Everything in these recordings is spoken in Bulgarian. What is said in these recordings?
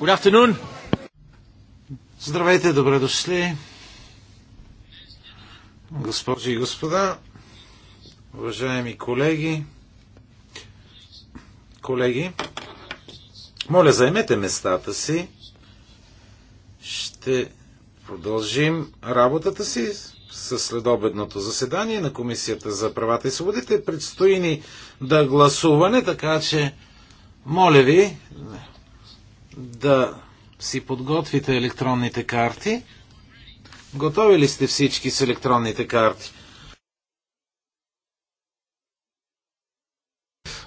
Good afternoon. Здравейте, добре дошли. Госпожи и господа, уважаеми колеги, колеги, моля, заемете местата си. Ще продължим работата си с следобедното заседание на Комисията за правата и свободите. Предстои ни да гласуване, така че моля ви, да си подготвите електронните карти. Готови ли сте всички с електронните карти?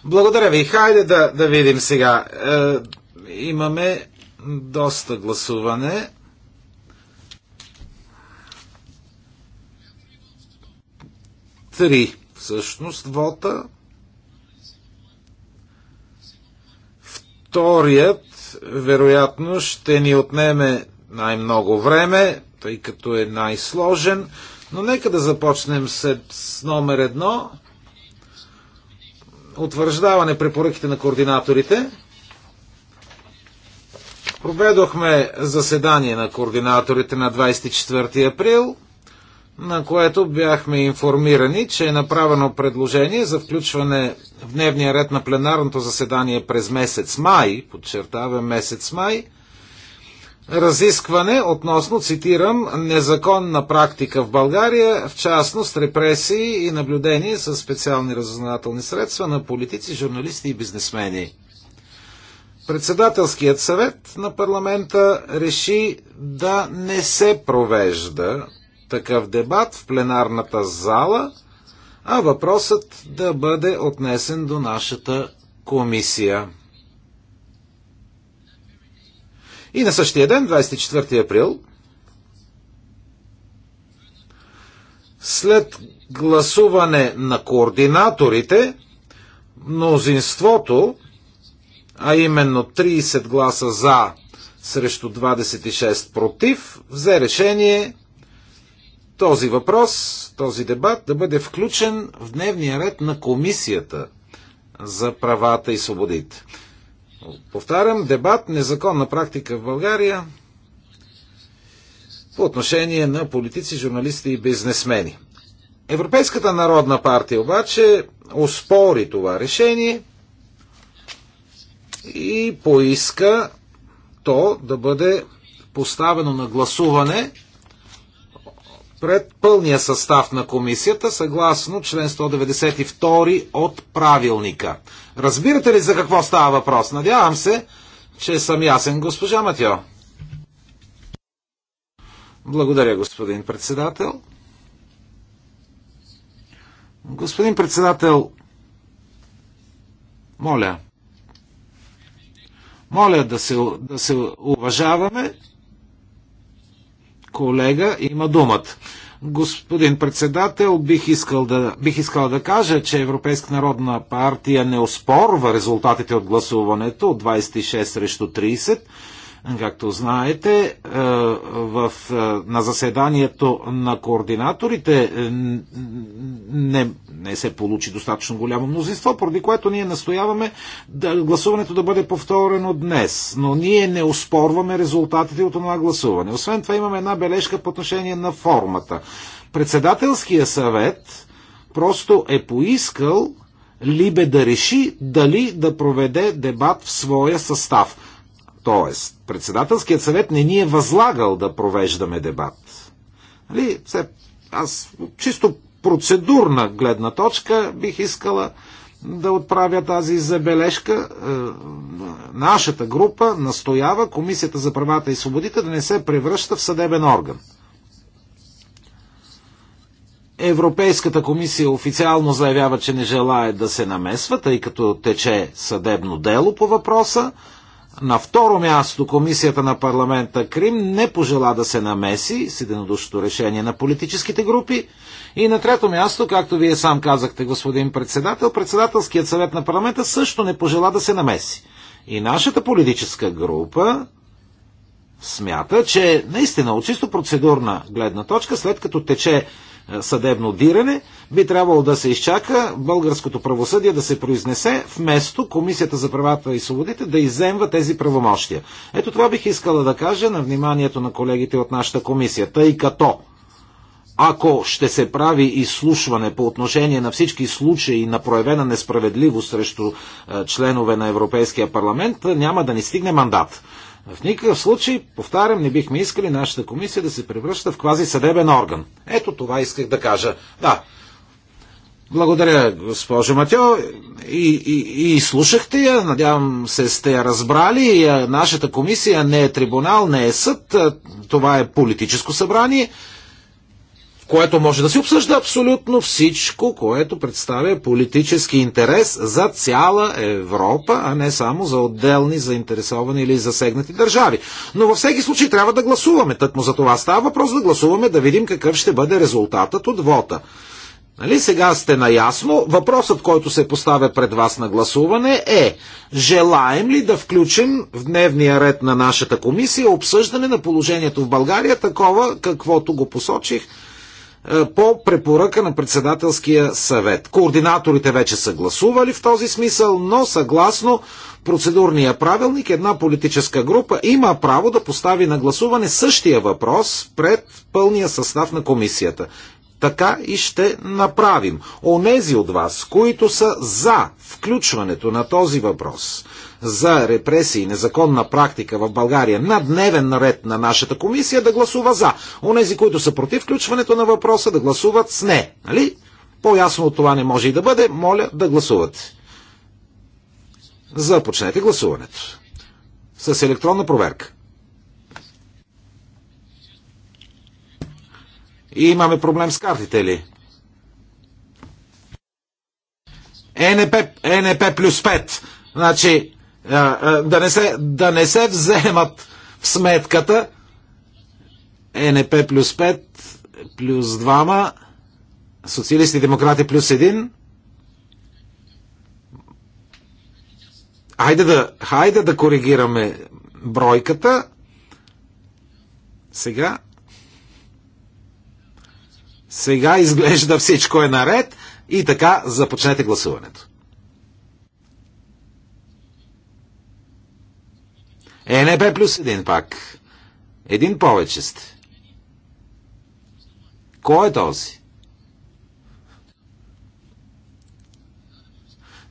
Благодаря ви. Хайде да, да видим сега. Е, имаме доста гласуване. Три всъщност вота. Вторият вероятно ще ни отнеме най-много време, тъй като е най-сложен, но нека да започнем с, номер едно. Утвърждаване препоръките на координаторите. Проведохме заседание на координаторите на 24 април на което бяхме информирани, че е направено предложение за включване в дневния ред на пленарното заседание през месец май, подчертавам месец май, разискване относно, цитирам, незаконна практика в България, в частност репресии и наблюдение с специални разузнавателни средства на политици, журналисти и бизнесмени. Председателският съвет на парламента реши да не се провежда такъв дебат в пленарната зала, а въпросът да бъде отнесен до нашата комисия. И на същия ден, 24 април, след гласуване на координаторите, мнозинството, а именно 30 гласа за срещу 26 против, взе решение този въпрос, този дебат да бъде включен в дневния ред на Комисията за правата и свободите. Повтарям, дебат, незаконна практика в България по отношение на политици, журналисти и бизнесмени. Европейската народна партия обаче оспори това решение и поиска то да бъде поставено на гласуване пред пълния състав на комисията, съгласно член 192 от правилника. Разбирате ли за какво става въпрос? Надявам се, че съм ясен, госпожа Матьо. Благодаря, господин председател. Господин председател, моля, моля да се, да се уважаваме колега има думата. Господин председател, бих искал, да, бих искал да кажа, че Европейска народна партия не оспорва резултатите от гласуването от 26 срещу 30. Както знаете, е, в, е, на заседанието на координаторите е, не, не се получи достатъчно голямо мнозинство, поради което ние настояваме да, гласуването да бъде повторено днес. Но ние не оспорваме резултатите от това гласуване. Освен това имаме една бележка по отношение на формата. Председателския съвет просто е поискал Либе да реши дали да проведе дебат в своя състав. Тоест, председателският съвет не ни е възлагал да провеждаме дебат. Нали? Все, аз чисто процедурна гледна точка бих искала да отправя тази забележка. Е, нашата група настоява Комисията за правата и свободите да не се превръща в съдебен орган. Европейската комисия официално заявява, че не желая да се намесва, тъй като тече съдебно дело по въпроса, на второ място комисията на парламента Крим не пожела да се намеси с единодушното решение на политическите групи. И на трето място, както вие сам казахте, господин председател, председателският съвет на парламента също не пожела да се намеси. И нашата политическа група смята, че наистина от чисто процедурна гледна точка, след като тече е, съдебно диране, би трябвало да се изчака българското правосъдие да се произнесе, вместо Комисията за правата и свободите да иземва тези правомощия. Ето това бих искала да кажа на вниманието на колегите от нашата комисия, тъй като ако ще се прави изслушване по отношение на всички случаи на проявена несправедливост срещу е, членове на Европейския парламент, няма да ни стигне мандат. В никакъв случай, повтарям, не бихме искали нашата комисия да се превръща в квази съдебен орган. Ето това исках да кажа. Да. Благодаря, госпожо Матьо. И, и, и слушахте я, надявам се сте я разбрали. Е, нашата комисия не е трибунал, не е съд. Е, това е политическо събрание в което може да се обсъжда абсолютно всичко, което представя политически интерес за цяла Европа, а не само за отделни заинтересовани или засегнати държави. Но във всеки случай трябва да гласуваме. Тъкмо за това става въпрос да гласуваме, да видим какъв ще бъде резултатът от вота. Нали, сега сте наясно. Въпросът, който се поставя пред вас на гласуване е желаем ли да включим в дневния ред на нашата комисия обсъждане на положението в България, такова каквото го посочих е, по препоръка на председателския съвет. Координаторите вече са гласували в този смисъл, но съгласно процедурния правилник една политическа група има право да постави на гласуване същия въпрос пред пълния състав на комисията. Така и ще направим. Онези от вас, които са за включването на този въпрос за репресии, и незаконна практика в България на дневен наред на нашата комисия да гласува за. Онези, които са против включването на въпроса, да гласуват с не. Нали? По-ясно от това не може и да бъде. Моля да гласувате. Започнете гласуването. С електронна проверка. И имаме проблем с картите ли? ЕНП, ЕНП плюс 5. Значи, да не се, да не се вземат в сметката НП плюс 5 плюс 2 социалисти и демократи плюс 1 Хайде да, хайде да коригираме бройката. Сега сега изглежда всичко е наред и така започнете гласуването. Е, не бе плюс един пак. Един повече сте. Кой е този?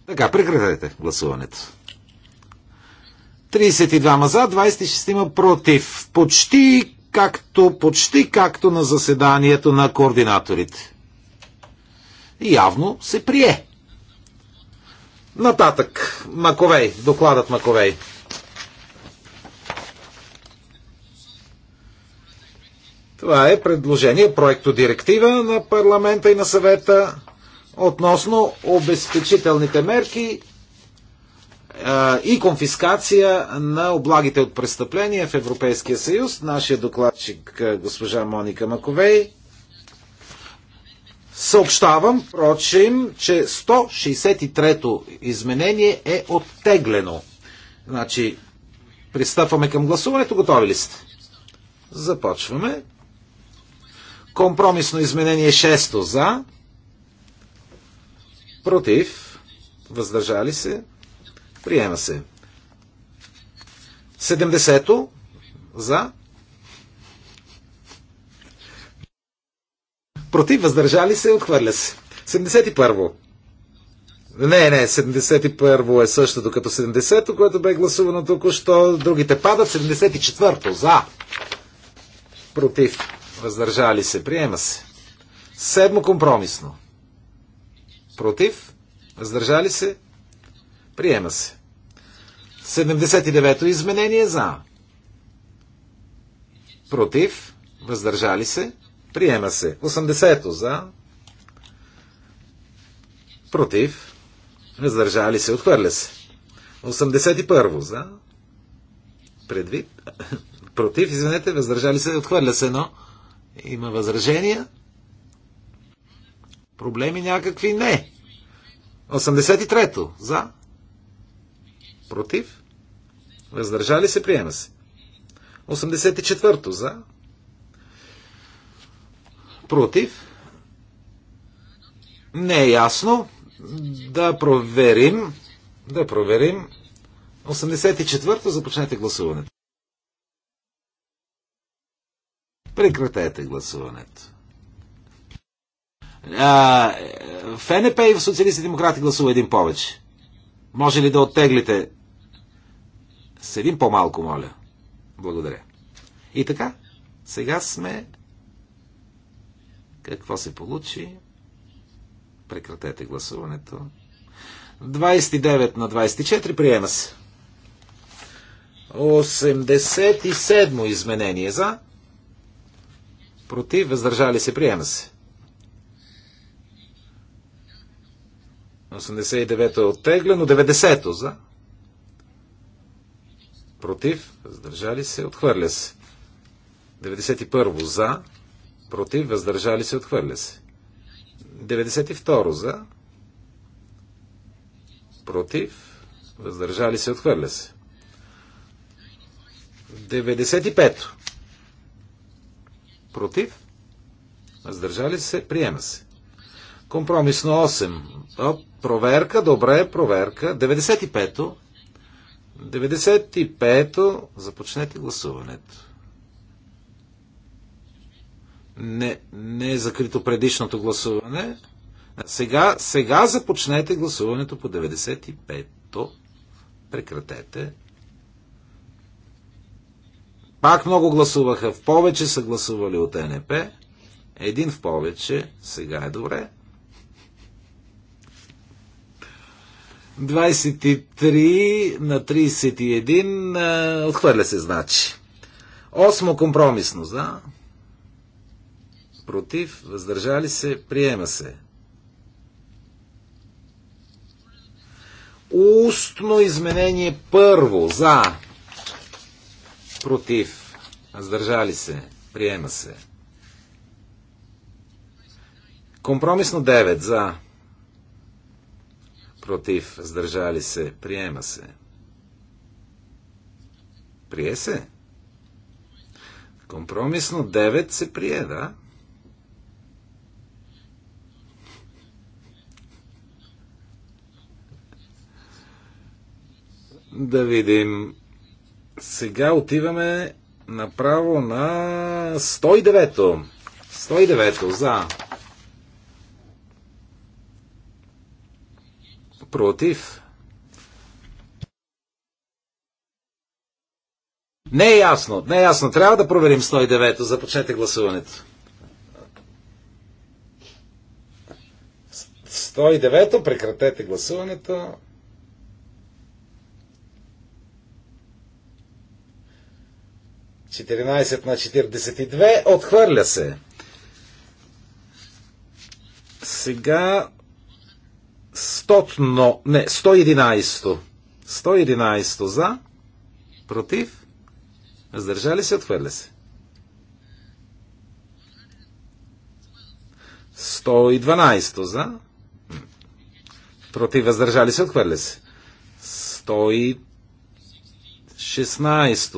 Така, прекратете гласуването. 32 за, 26 против. Почти както, почти както на заседанието на координаторите. И явно се прие. Нататък. Маковей. Докладът Маковей. Това е предложение, проекто директива на парламента и на съвета относно обезпечителните мерки и конфискация на облагите от престъпления в Европейския съюз. Нашия докладчик госпожа Моника Маковей. Съобщавам, прочим, че 163-то изменение е оттеглено. Значи, пристъпваме към гласуването. Готови ли сте? Започваме. Компромисно изменение 6 за. Против. Въздържали се. Приема се. 70-то за. Против. Въздържали се. Отхвърля се. 71-во. Не, не, 71-во е същото като 70-то, което бе гласувано току-що. Другите падат. 74-то за. Против Въздържали се. Приема се. Седмо компромисно. Против. Въздържали се. Приема се. 79-то изменение за. Против. Въздържали се. Приема се. 80-то за. Против. Въздържали се. Отхвърля се. 81-во за. Предвид. Против. Извинете. Въздържали се. Отхвърля се. Но. Има възражения? Проблеми някакви? Не. 83-то. За. Против. Въздържали се, приема се. 84-то. За. Против. Не е ясно. Да проверим. Да проверим. 84-то. Започнете гласуването. Прекратете гласуването. А, в НП и в социалисти демократи гласува един повече. Може ли да оттеглите с един по-малко, моля? Благодаря. И така, сега сме... Какво се получи? Прекратете гласуването. 29 на 24 приема се. 87 изменение за. Против, въздържали се, приема се. 89-то е оттеглено, 90-то за. Против, въздържали се, отхвърля се. 91-во за. Против, въздържали се, отхвърля се. 92 за. Против, въздържали се, отхвърля се. 95 Против? Въздържали се? Приема се. Компромисно 8. О, проверка, добре, проверка. 95-то. 95-то. Започнете гласуването. Не, не е закрито предишното гласуване. Сега, сега започнете гласуването по 95-то. Прекратете. Пак много гласуваха в повече, са гласували от НП. Един в повече, сега е добре. 23 на 31 отхвърля се, значи. Осмо компромисно, да? Против, въздържали се, приема се. Устно изменение първо, за против, въздържали се, приема се. Компромисно 9 за, против, въздържали се, приема се. Прие се. Компромисно 9 се прие, да? Да видим сега отиваме направо на 109-то. 109-то за. Против. Не е ясно, не е ясно. Трябва да проверим 109-то. Започнете гласуването. 109-то, прекратете гласуването. 14 на 42. Отхвърля се. Сега но, не, 111. 111 за, против, въздържали се, отхвърля се. 112 за, против, въздържали се, отхвърля се. 116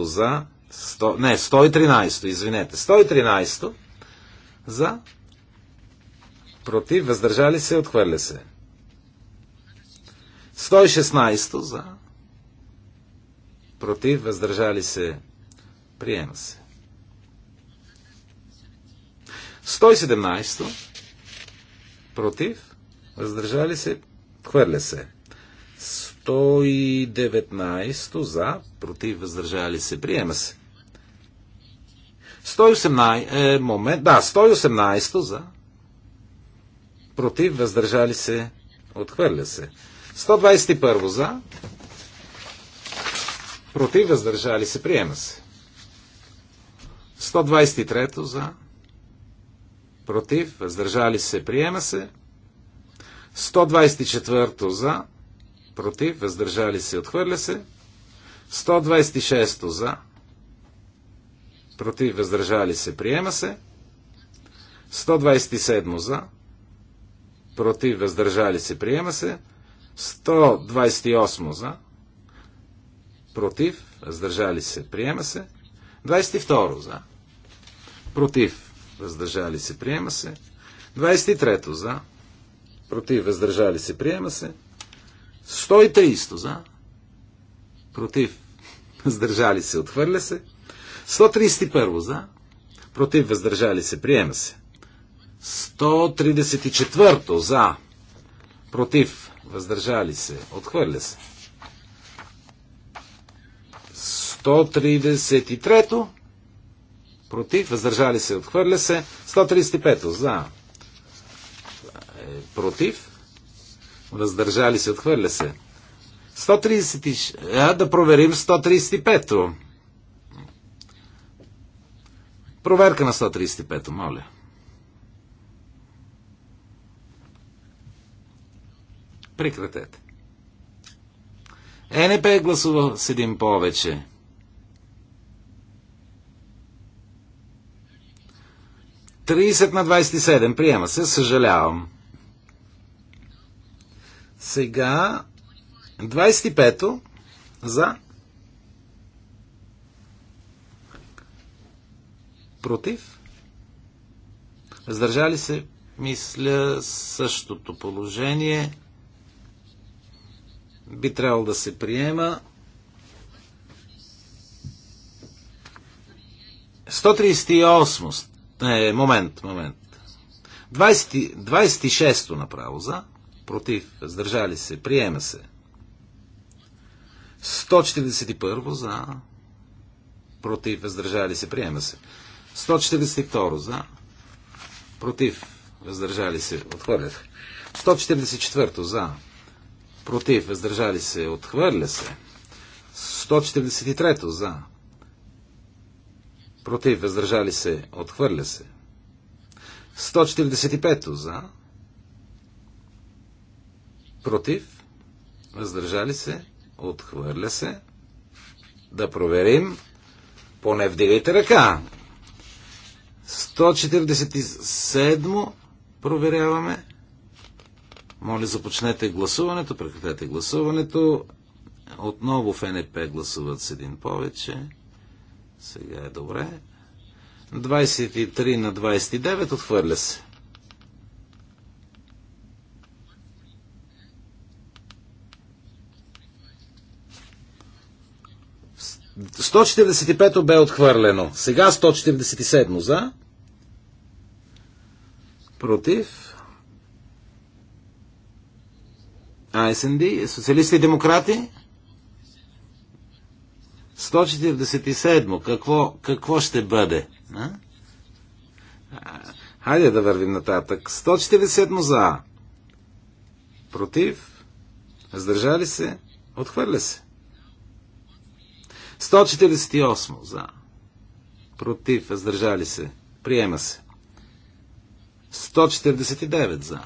за, 100, не, 113, извинете, 113 за, против, въздържали се, отхвърля се. 116 за, против, въздържали се, приема се. 117 против, въздържали се, хвърля се. 119 за, против, въздържали се, приема се. 118, е, момент, да, 118 за, против, въздържали се, отхвърля се. 121 за, против, въздържали се, приема се. 123 за, против, въздържали се, приема се. 124 за, против, въздържали се, отхвърля се. 126 за, против, въздържали се, приема се. 127 за, против, въздържали се, приема се. 128 за, против, въздържали се, приема се. 22 за, против, въздържали се, приема се. 23 за, против, въздържали се, приема се. 130 за, против, въздържали се, отхвърля се. 131 за. Против въздържали се. Приема се. 134 за. Против въздържали се. Отхвърля се. 133 против, въздържали се, отхвърля се. 135 за. Е, против, въздържали се, отхвърля се. 136. А, да проверим 135-то. Проверка на 135-то, моля. Прекратете. ЕНП гласува с един повече. Тридесет на 27. Приема се. Съжалявам. Сега 25-то за Против? Въздържали се? Мисля същото положение. Би трябвало да се приема. 138. Е, момент, момент. 20, 26-то направо за. Против. Въздържали се. Приема се. 141 за. Против. Въздържали се. Приема се. 142 за. Против. Въздържали се. Отхвърлях. 144 за. Против. Въздържали се. Отхвърля се. 143 за. Против. Въздържали се. Отхвърля се. 145 за. Против. Въздържали се. Отхвърля се. Да проверим. Поне вдигайте ръка. 147 проверяваме. Моля, започнете гласуването, прекратете гласуването. Отново в НП гласуват с един повече. Сега е добре. 23 на 29 отхвърля се. 145 бе отхвърлено. Сега 147 за. Против. АСНД, социалисти и демократи. 147. Какво, какво ще бъде? А? Хайде да вървим нататък. 147 за. Против. Сдържали се. Отхвърля се. 148 за. Против, въздържали се. Приема се. 149 за.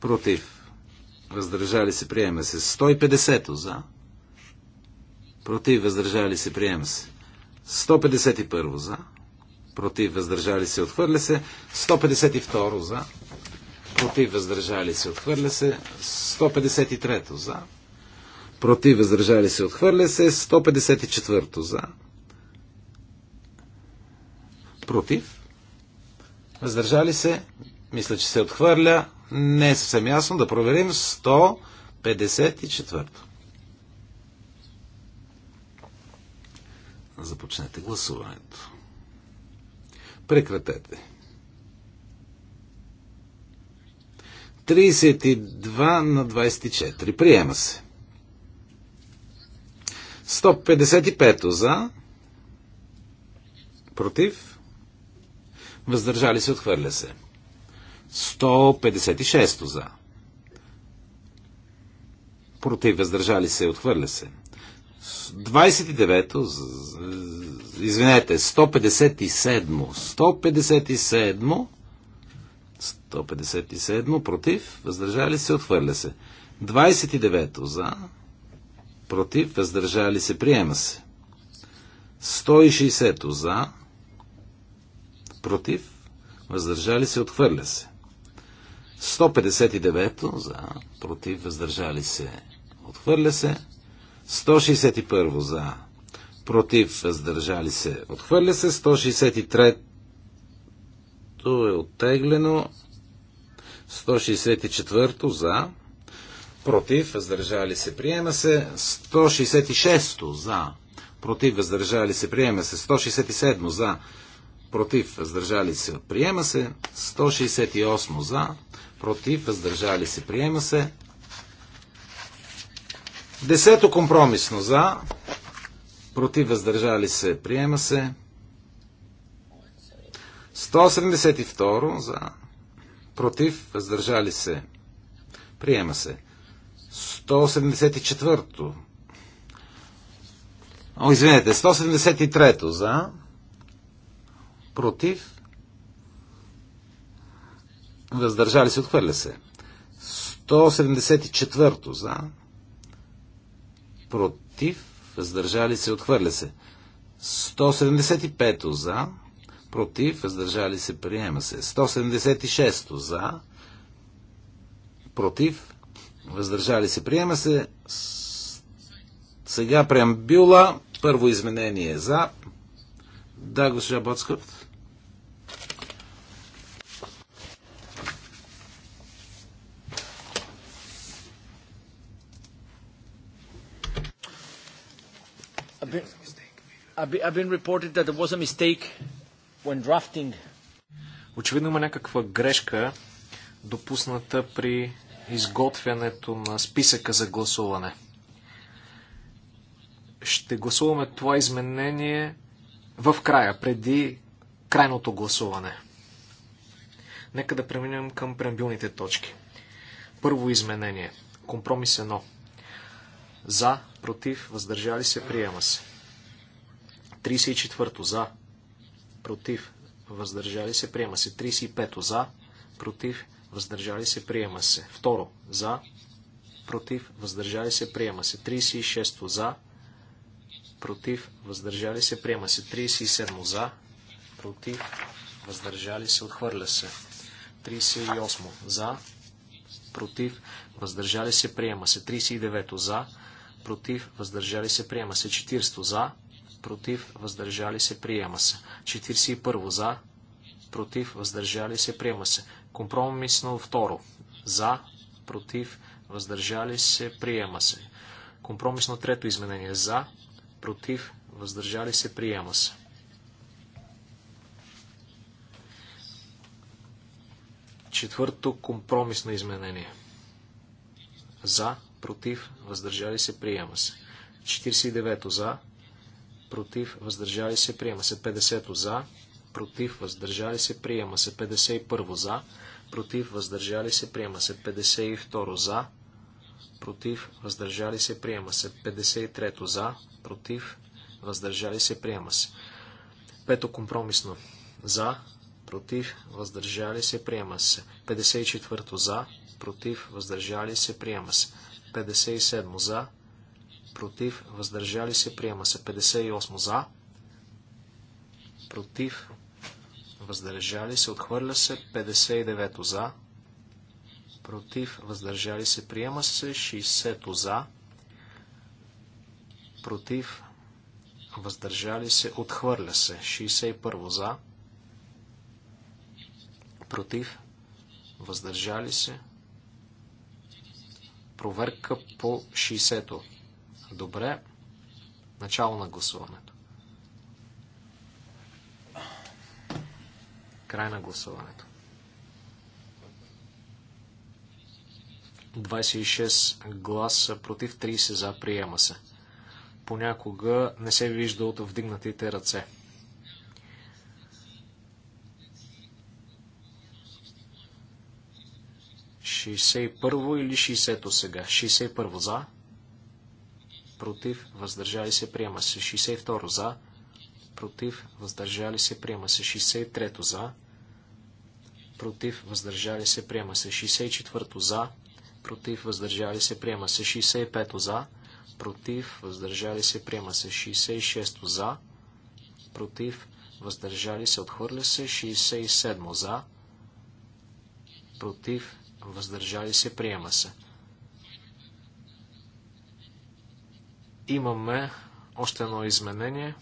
Против. Въздържали се. Приема се. 150 за. Против. Въздържали се. Приема се. 151 за. Против. Въздържали се. Отхвърля се. 152 за. Против. Въздържали се. Отхвърля се. 153 за против, въздържали се, отхвърля се. 154 за, против, въздържали се, мисля, че се отхвърля. Не е съвсем ясно, да проверим 154. то Започнете гласуването. Прекратете. 32 на 24. Приема се. 155 за. Против. Въздържали се, отхвърля се. 156 за. Против, въздържали се, отхвърля се. 29-то, извинете, 157-мо, 157-мо, 157 против, въздържали се, отхвърля се. 29-то за, против, въздържали се, приема се. 160 за, против, въздържали се, отхвърля се. 159 за, против, въздържали се, отхвърля се. 161 за, против, въздържали се, отхвърля се. 163 е оттеглено. 164 за, против, въздържали се, приема се. 166 за, против, въздържали се, приема се. 167 за, против, въздържали се, приема се. 168 за, против, въздържали се, приема се. Десето компромисно за, против, въздържали се, приема се. 172 за, против, въздържали се, приема се. 174-то. О, извинете, 173-то за. Против. Въздържали се, отхвърля се. 174-то за. Против. Въздържали се, отхвърля се. 175-то за. Против. Въздържали се, приема се. 176-то за. Против въздържали се, приема се. Сега преамбюла, първо изменение е за. Да, госпожа Боцкърт. Очевидно има някаква грешка, допусната при изготвянето на списъка за гласуване. Ще гласуваме това изменение в края, преди крайното гласуване. Нека да преминем към преамбилните точки. Първо изменение. Компромис 1. За, против, въздържали се, приема се. 34. За, против, въздържали се, приема се. 35. За, против, въздържали се, приема се. Второ, за, против, въздържали се, приема се. 36 за, против, въздържали се, приема се. 37 за, против, въздържали се, отхвърля се. 38 за, против, въздържали се, приема се. 39 за, против, въздържали се, приема се. 40 за, против, въздържали се, приема се. 41 за, против, въздържали се, приема се. Компромисно второ. За, против, въздържали се, приема се. Компромисно трето изменение. За, против, въздържали се, приема се. Четвърто компромисно изменение. За, против, въздържали се, приема се. 49 за, против, въздържали се, приема се. 50 за, против, въздържали се, приема се. 51 за, против, въздържали се, приема се. 52 за, против, въздържали се, приема се. 53 за, против, въздържали се, приема се. Пето компромисно. За, против, въздържали се, приема се. 54 за, против, въздържали се, приема се. 57 за, против, въздържали се, приема се. 58 за, против, въздържали се, отхвърля се, 59 за, против, въздържали се, приема се, 60 за, против, въздържали се, отхвърля се, 61 за, против, въздържали се, проверка по 60-то. Добре, начало на гласуване. Край на гласуването. 26 гласа против 30 за приема се. Понякога не се вижда от вдигнатите ръце. Шестдесет първо или 60-то сега? 61 за, против, въздържали се, приема се. 62 за, против, въздържали се, приема се. 63 за, против, въздържали се, приема се. 64-то за, против, въздържали се, приема се. 65-то за, против, въздържали се, приема се. 66-то за, против, въздържали се, отхвърля се. 67-то за, против, въздържали се, приема се. Имаме още едно изменение.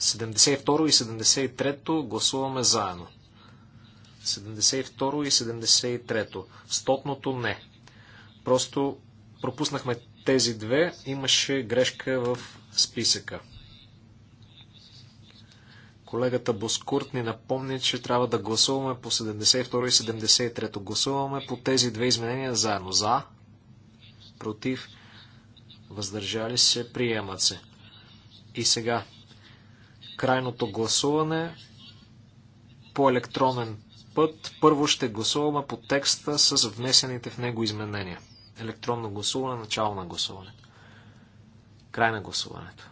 72 и 73 гласуваме заедно. 72 и 73. Стотното не. Просто пропуснахме тези две. Имаше грешка в списъка. Колегата Боскурт ни напомни, че трябва да гласуваме по 72 и 73. Гласуваме по тези две изменения заедно. За, против, въздържали се, приемат се. И сега крайното гласуване по електронен път. Първо ще гласуваме по текста с внесените в него изменения. Електронно гласуване, начало на гласуването. Край на гласуването.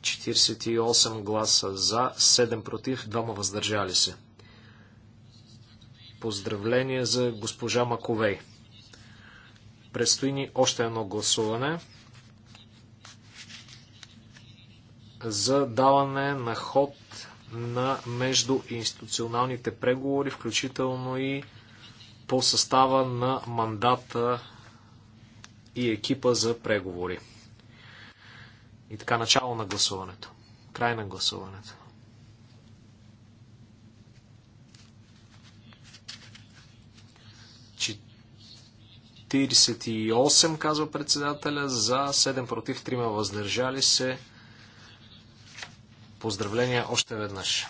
48 гласа за, 7 против, 2 въздържали се. Поздравление за госпожа Маковей. Предстои ни още едно гласуване. за даване на ход на междуинституционалните преговори, включително и по състава на мандата и екипа за преговори. И така, начало на гласуването. Край на гласуването. Чи... 48, казва председателя, за 7 против 3 въздържали се. Поздравления още веднъж.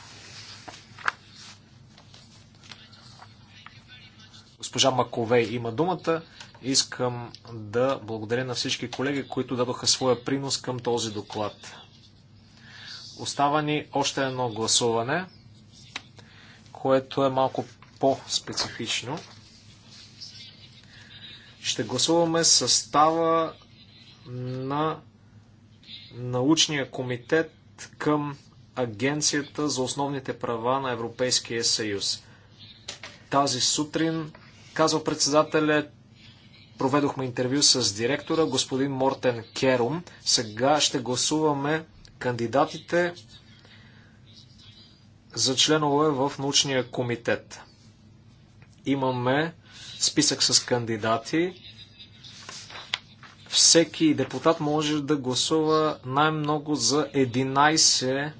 Госпожа Маковей има думата. Искам да благодаря на всички колеги, които дадоха своя принос към този доклад. Остава ни още едно гласуване, което е малко по-специфично. Ще гласуваме състава на научния комитет към Агенцията за основните права на Европейския съюз. Тази сутрин, казва председателя, проведохме интервю с директора, господин Мортен Керум. Сега ще гласуваме кандидатите за членове в научния комитет. Имаме списък с кандидати всеки депутат може да гласува най-много за 11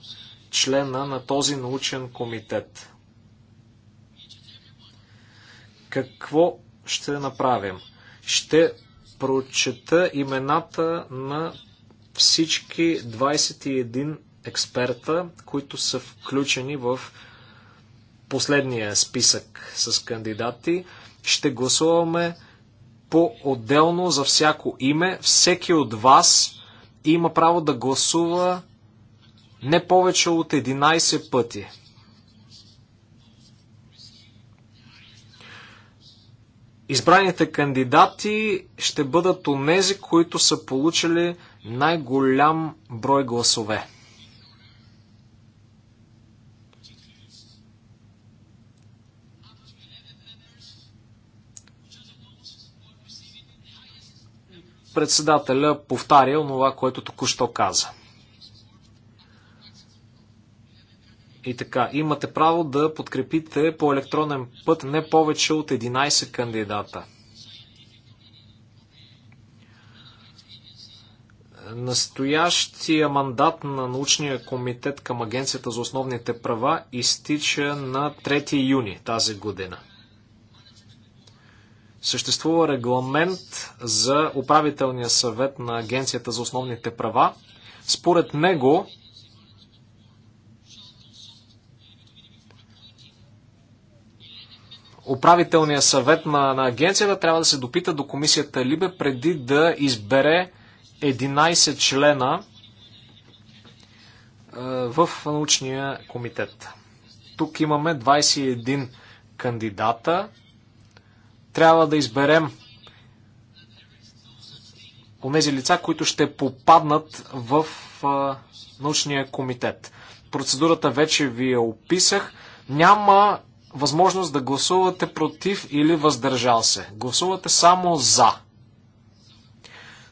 члена на този научен комитет. Какво ще направим? Ще прочета имената на всички 21 експерта, които са включени в последния списък с кандидати. Ще гласуваме по-отделно за всяко име. Всеки от вас има право да гласува не повече от 11 пъти. Избраните кандидати ще бъдат онези, които са получили най-голям брой гласове. Председателя повтаря това, което току-що каза. И така, имате право да подкрепите по електронен път не повече от 11 кандидата. Настоящия мандат на научния комитет към Агенцията за основните права изтича на 3 юни тази година. Съществува регламент за управителния съвет на Агенцията за основните права. Според него управителния съвет на, на агенцията трябва да се допита до комисията Либе преди да избере 11 члена е, в научния комитет. Тук имаме 21 кандидата. Трябва да изберем онези лица, които ще попаднат в а, научния комитет. Процедурата вече ви я описах. Няма възможност да гласувате против или въздържал се. Гласувате само за.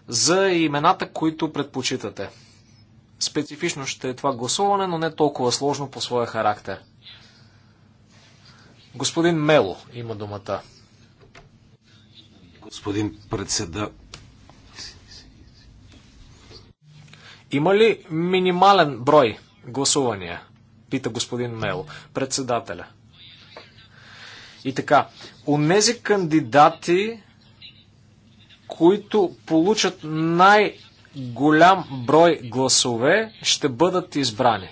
За имената, които предпочитате. Специфично ще е това гласуване, но не толкова сложно по своя характер. Господин Мело има думата господин председател. Има ли минимален брой гласувания? Пита господин Мел, председателя. И така, онези кандидати, които получат най-голям брой гласове, ще бъдат избрани.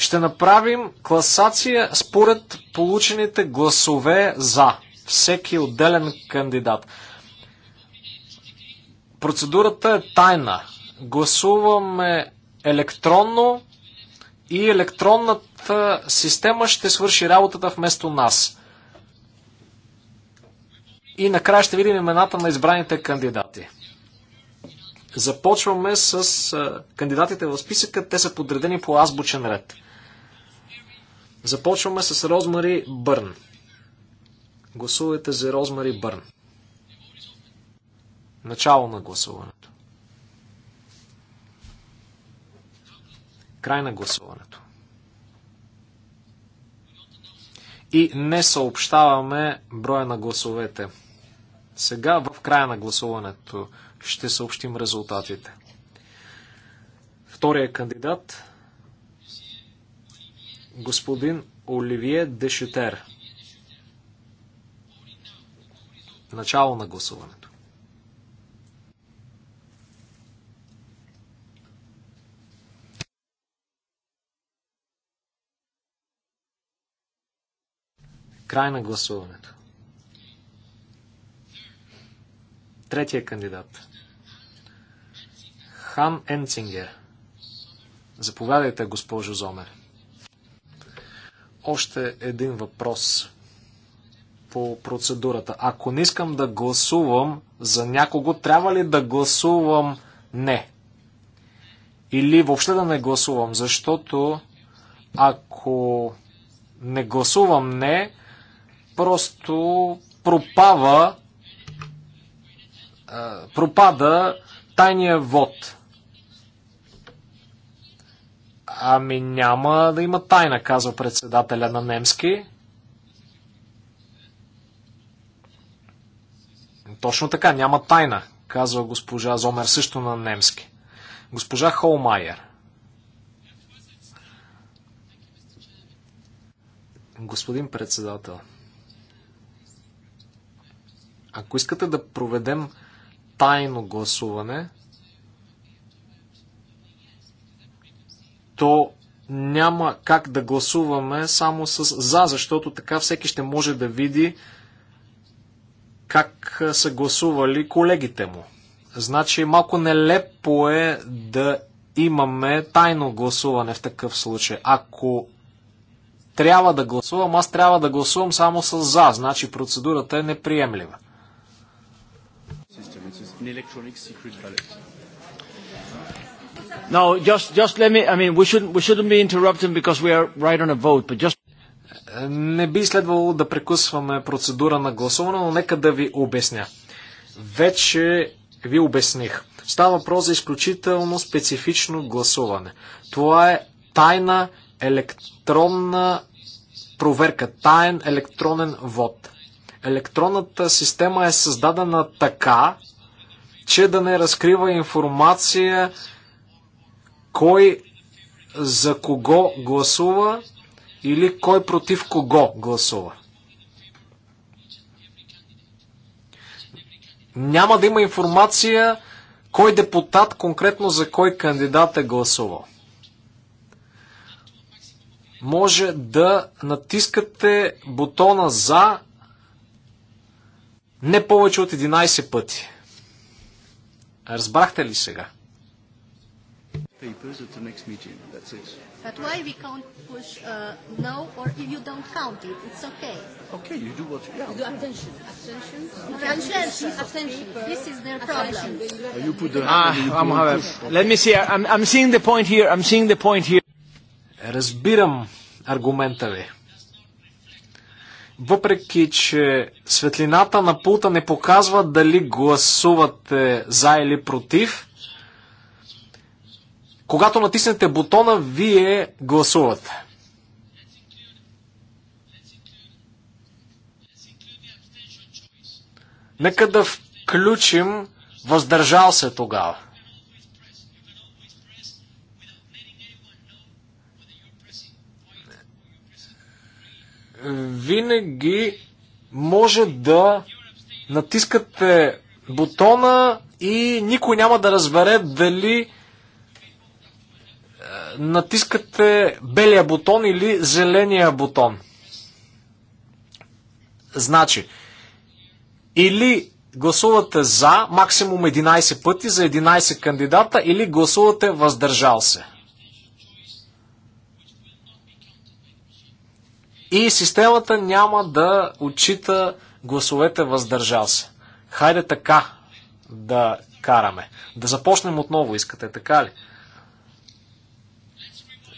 Ще направим класация според получените гласове за всеки отделен кандидат. Процедурата е тайна. Гласуваме електронно и електронната система ще свърши работата вместо нас. И накрая ще видим имената на избраните кандидати. Започваме с кандидатите в списъка. Те са подредени по азбучен ред. Започваме с Розмари Бърн. Гласувайте за Розмари Бърн. Начало на гласуването. Край на гласуването. И не съобщаваме броя на гласовете. Сега в края на гласуването ще съобщим резултатите. Втория кандидат господин Оливие Дешетер. Начало на гласуването. Край на гласуването. Третия кандидат. Хан Енцингер. Заповядайте, госпожо Зомер. Още един въпрос по процедурата. Ако не искам да гласувам за някого, трябва ли да гласувам не? Или въобще да не гласувам, защото ако не гласувам не, просто пропава, пропада тайния вод. Ами няма да има тайна, казва председателя на немски. Точно така, няма тайна, казва госпожа Зомер също на немски. Госпожа Холмайер. Господин председател, ако искате да проведем тайно гласуване, то няма как да гласуваме само с за, защото така всеки ще може да види как са гласували колегите му. Значи малко нелепо е да имаме тайно гласуване в такъв случай. Ако трябва да гласувам, аз трябва да гласувам само с за, значи процедурата е неприемлива. electronic secret ballot. Now, just, just let me, I mean, we shouldn't, we shouldn't be interrupting because we are right on a vote, but just... Не би следвало да прекъсваме процедура на гласуване, но нека да ви обясня. Вече ви обясних. Става въпрос за изключително специфично гласуване. Това е тайна електронна проверка, тайн електронен вод. Електронната система е създадена така, че да не разкрива информация кой за кого гласува или кой против кого гласува. Няма да има информация кой депутат конкретно за кой кандидат е гласувал. Може да натискате бутона за не повече от 11 пъти. Разбрахте ли сега? papers at the next meeting. That's it. But why we can't push uh, no or if you don't count it? It's okay. Okay, you do what you yeah, do. Abstention. Abstention. Abstention. Abstention. This is their problem. Uh, You put the ah, I'm have, let me see. I'm, I'm seeing the point here. I'm seeing the point here. Разбирам аргумента ви. Въпреки, че светлината на пулта не показва дали гласувате за или против, когато натиснете бутона, вие гласувате. Нека да включим въздържал се тогава. Винаги може да натискате бутона и никой няма да разбере дали натискате белия бутон или зеления бутон. Значи, или гласувате за максимум 11 пъти за 11 кандидата или гласувате въздържал се. И системата няма да отчита гласовете въздържал се. Хайде така да караме. Да започнем отново, искате така ли?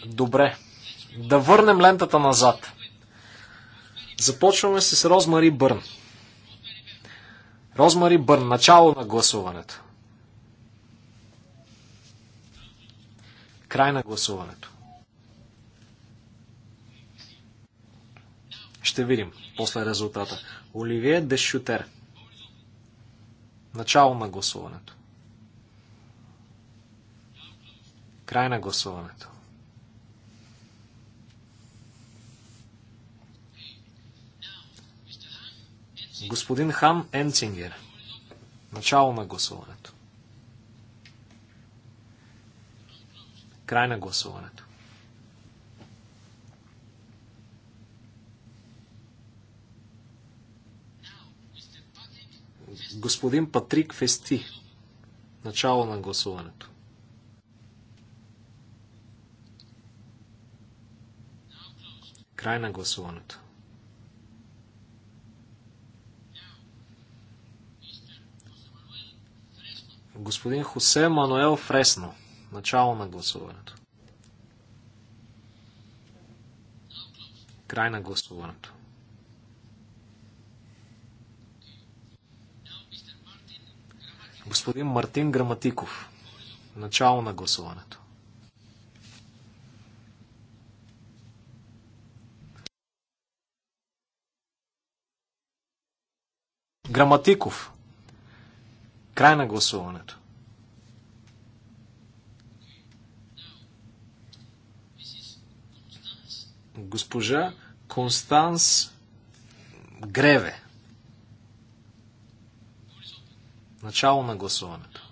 Добре. Да върнем лентата назад. Започваме с Розмари Бърн. Розмари Бърн, начало на гласуването. Край на гласуването. Ще видим после резултата. Оливие Дешютер. Начало на гласуването. Край на гласуването. Господин Хам Енцингер. Начало на гласуването. Край на гласуването. Господин Патрик Фести. Начало на гласуването. Край на гласуването. Господин Хосе Мануел Фресно. Начало на гласуването. Край на гласуването. Господин Мартин Граматиков. Начало на гласуването. Граматиков. Край на гласуването. Госпожа Констанс Греве. Начало на гласуването.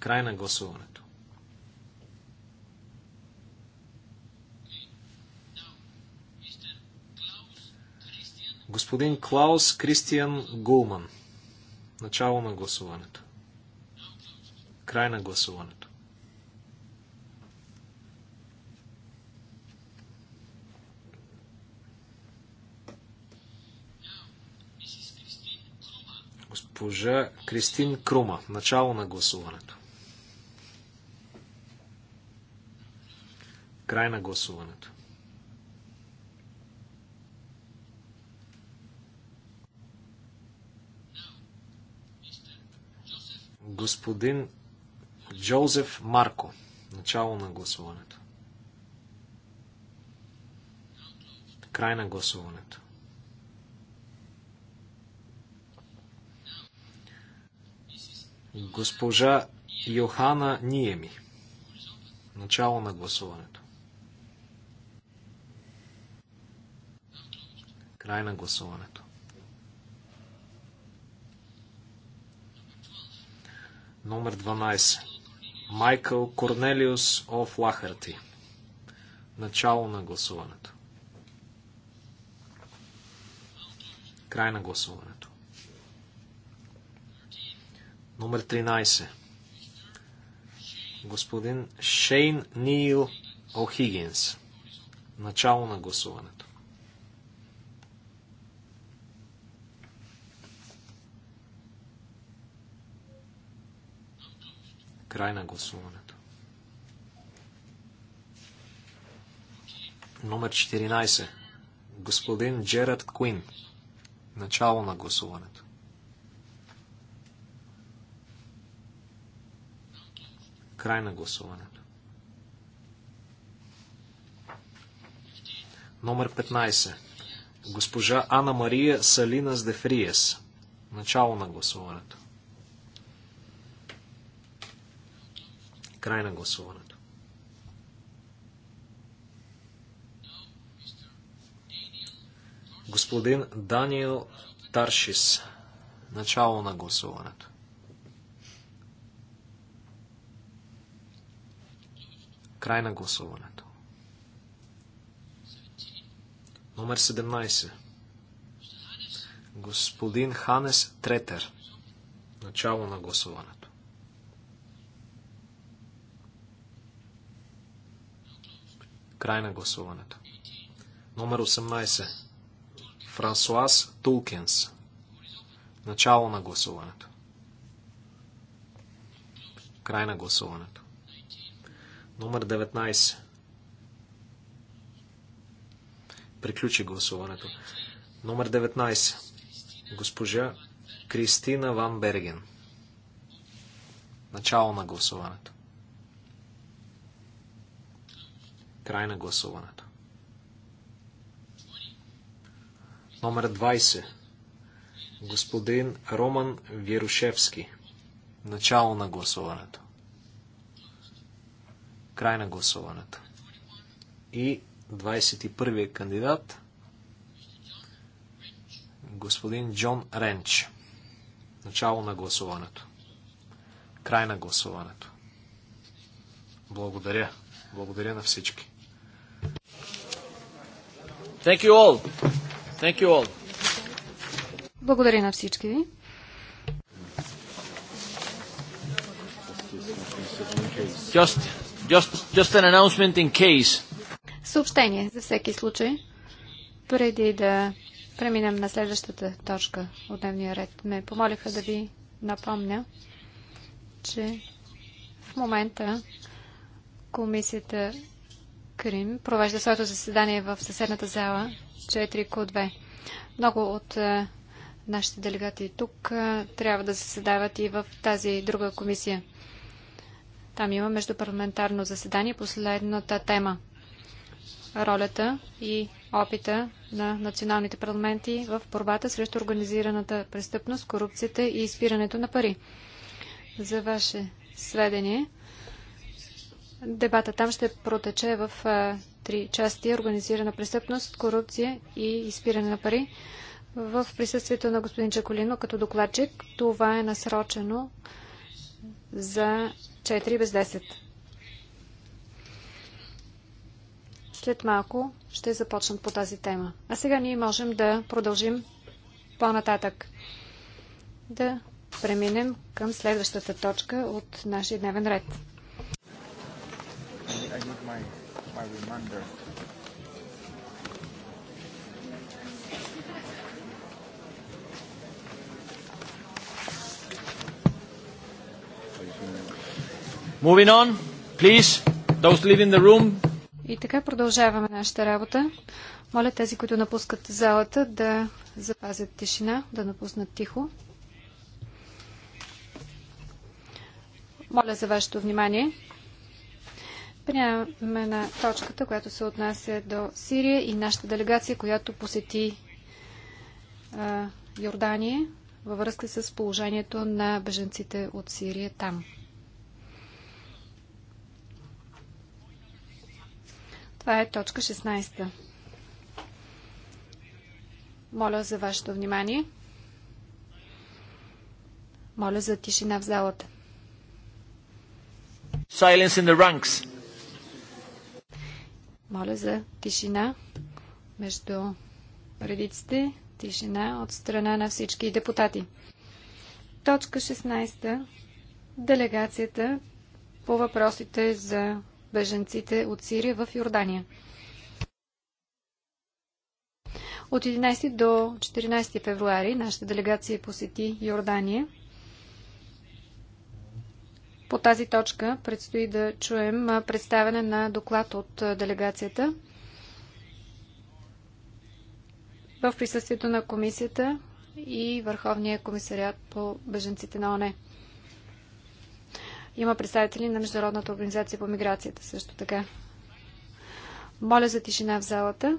Край на гласуването. Господин Клаус Кристиан Гулман. Начало на гласуването. Край на гласуването. Госпожа Кристин Крума. Начало на гласуването. Край на гласуването. господин Джозеф Марко. Начало на гласуването. Край на гласуването. Госпожа Йохана Ниеми. Начало на гласуването. Край на гласуването. Номер 12. Майкъл Корнелиус Оф Лахарти. Начало на гласуването. Край на гласуването. Номер 13. Господин Шейн Нил Охигинс. Начало на гласуването. Край на гласуването. Номер 14. Господин Джерард Куин. Начало на гласуването. Край на гласуването. Номер 15. Госпожа Анна Мария Салина Сдефриес. Начало на гласуването. Край на гласуването. Господин Даниел Таршис. Начало на гласуването. Край на гласуването. Номер 17. Господин Ханес Третер. Начало на гласуването. Край на гласуването. Номер 18. Франсуаз Тулкинс. Начало на гласуването. Край на гласуването. Номер 19. Приключи гласуването. Номер 19. Госпожа Кристина Ван Берген. Начало на гласуването. Край на гласуването. Номер 20. Господин Роман Вирушевски. Начало на гласуването. Край на гласуването. И 21-я кандидат. Господин Джон Ренч. Начало на гласуването. Край на гласуването. Благодаря. Благодаря на всички. Thank you all. Thank you all. Благодаря на всички ви. Just, just, just an announcement in case. Съобщение за всеки случай. Преди да преминем на следващата точка от дневния ред, ме помолиха да ви напомня, че в момента комисията Крим провежда своето заседание в съседната зала 4 к 2 Много от е, нашите делегати тук е, трябва да заседават и в тази друга комисия. Там има междупарламентарно заседание. Последната тема ролята и опита на националните парламенти в борбата срещу организираната престъпност, корупцията и изпирането на пари. За ваше сведение, Дебата там ще протече в три части – организирана престъпност, корупция и изпиране на пари. В присъствието на господин Чаколино като докладчик това е насрочено за 4 без 10. След малко ще започнат по тази тема. А сега ние можем да продължим по-нататък. Да преминем към следващата точка от нашия дневен ред. I need I need my, my reminder. Moving on, please, those leaving the room. И така продължаваме нашата работа. Моля тези, които напускат залата, да запазят тишина, да напуснат тихо. Моля за вашето внимание. Приемаме на точката, която се отнася до Сирия и нашата делегация, която посети а, Йордания във връзка с положението на беженците от Сирия там. Това е точка 16. Моля за вашето внимание. Моля за тишина в залата. Silence in the ranks. Моля за тишина между редиците, тишина от страна на всички депутати. Точка 16. Делегацията по въпросите за беженците от Сирия в Йордания. От 11 до 14 февруари нашата делегация посети Йордания. По тази точка предстои да чуем представяне на доклад от делегацията в присъствието на комисията и Върховния комисариат по беженците на ОНЕ. Има представители на Международната организация по миграцията също така. Моля за тишина в залата.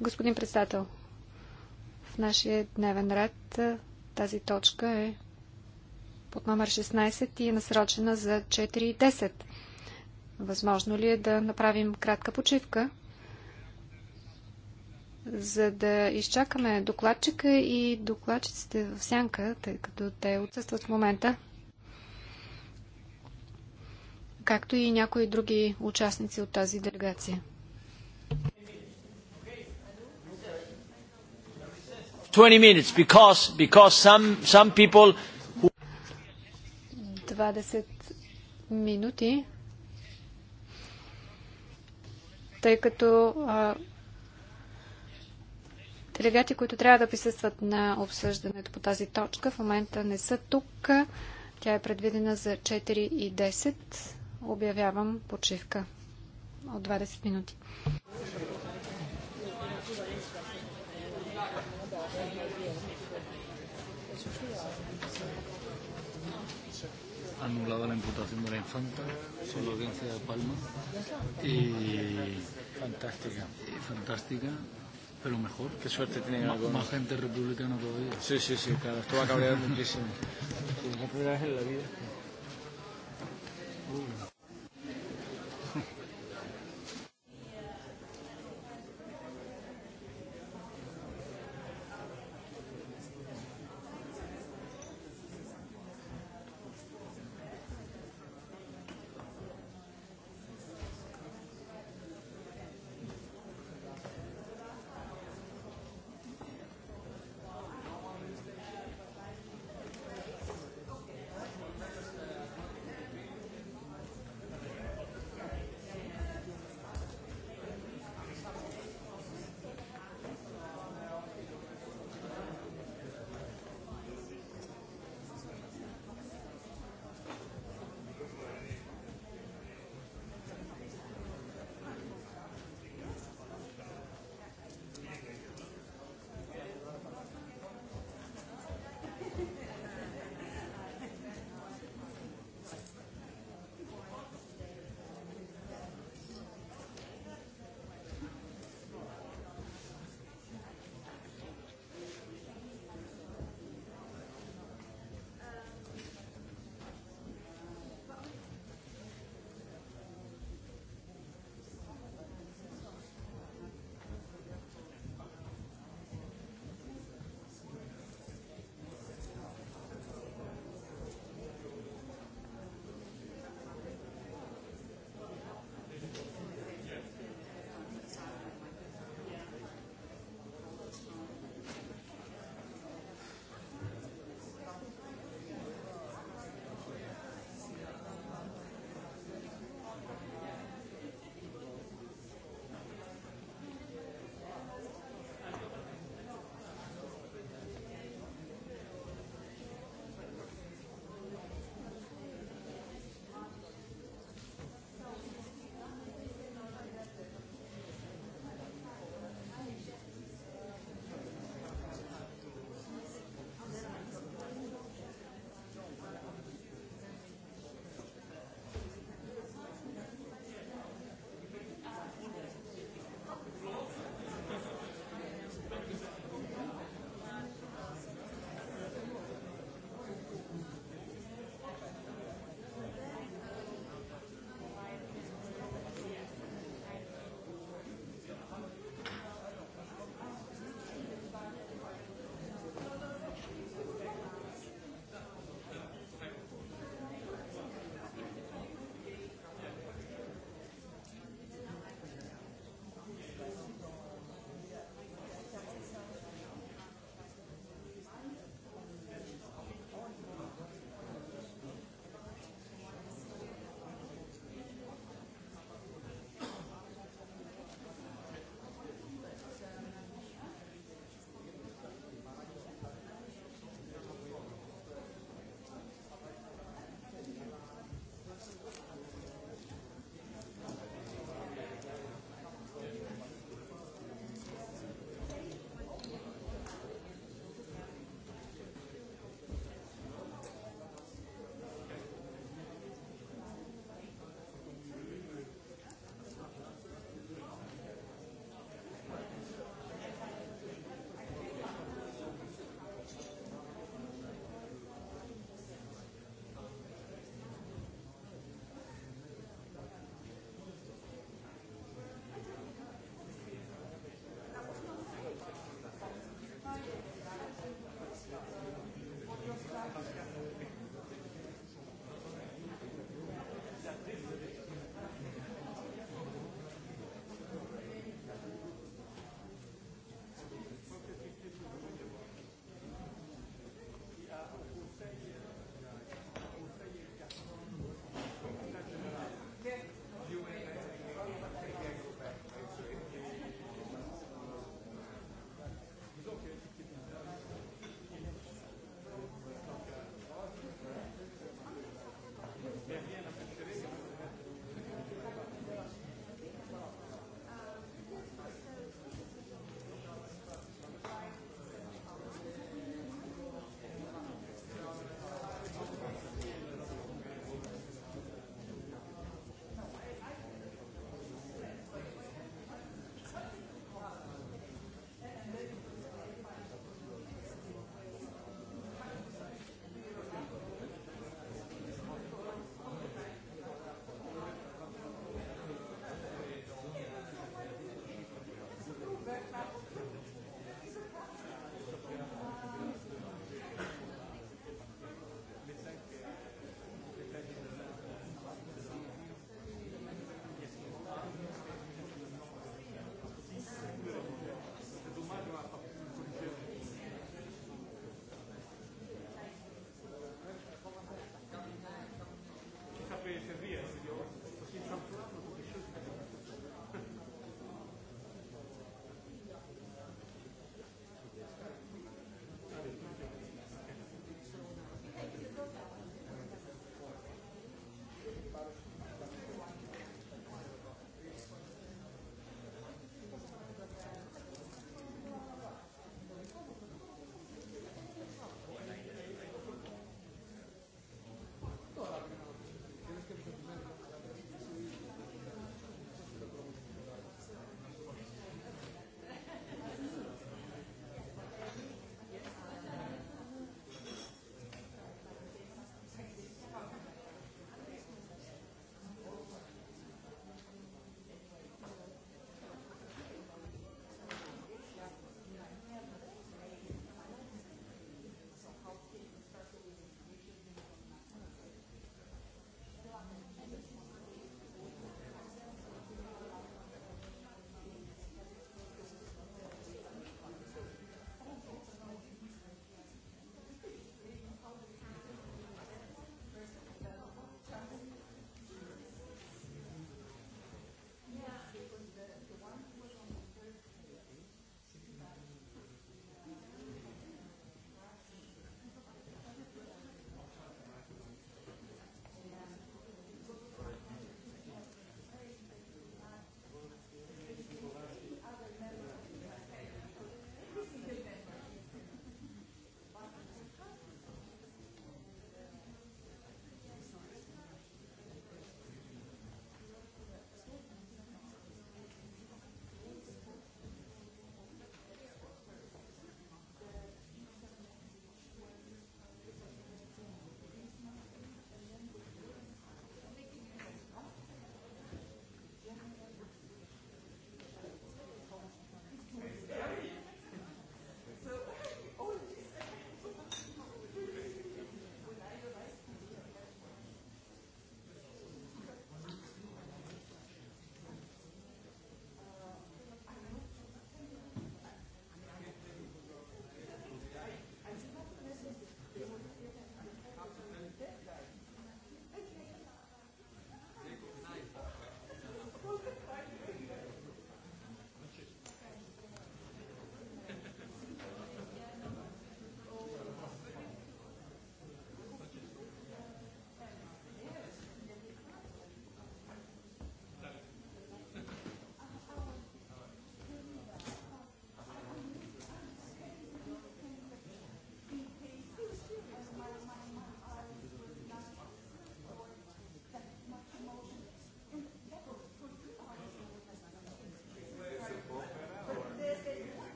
Господин председател, в нашия дневен ред тази точка е под номер 16 и е насрочена за 4.10. Възможно ли е да направим кратка почивка, за да изчакаме докладчика и докладчиците в сянка, тъй като те отсъстват в момента, както и някои други участници от тази делегация? 20 minutes because, because some, some people 20 минути, тъй като а, делегати, които трябва да присъстват на обсъждането по тази точка, в момента не са тук. Тя е предвидена за 4 и 10. Обявявам почивка от 20 минути. Thank you anulado la imputación de la infanta por la audiencia de Palma y fantástica, y fantástica pero mejor. Qué suerte tienen algo. Más gente republicana todavía. Sí, sí, sí, claro. Esto va a cabrear muchísimo. Es la primera vez en la vida.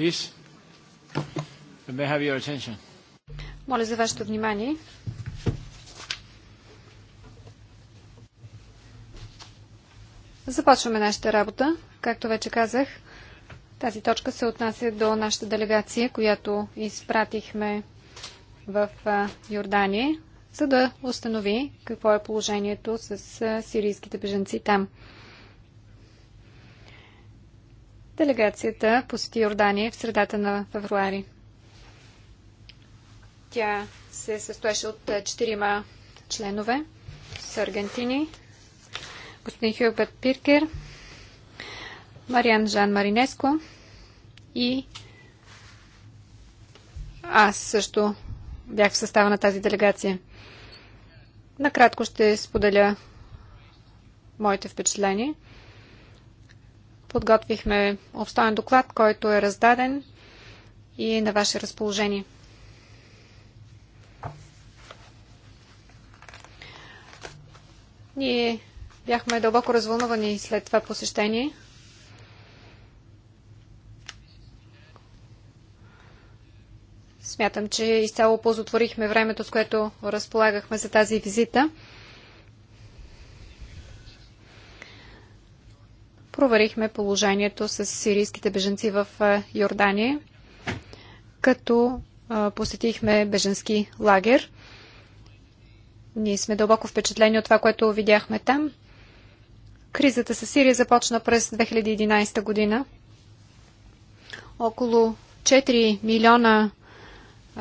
please. have your attention. Моля за вашето внимание. Започваме нашата работа. Както вече казах, тази точка се отнася до нашата делегация, която изпратихме в Йордания, за да установи какво е положението с сирийските беженци там. Делегацията посети Йордания в средата на февруари. Тя се състоеше от е, четирима членове с Аргентини, господин Хюбет Пиркер, Мариан Жан Маринеско и аз също бях в състава на тази делегация. Накратко ще споделя моите впечатления подготвихме обстоен доклад, който е раздаден и е на ваше разположение. Ние бяхме дълбоко развълнувани след това посещение. Смятам, че изцяло ползотворихме времето, с което разполагахме за тази визита. проверихме положението с сирийските беженци в е, Йордания, като е, посетихме беженски лагер. Ние сме дълбоко впечатлени от това, което видяхме там. Кризата с Сирия започна през 2011 година. Около 4 милиона е,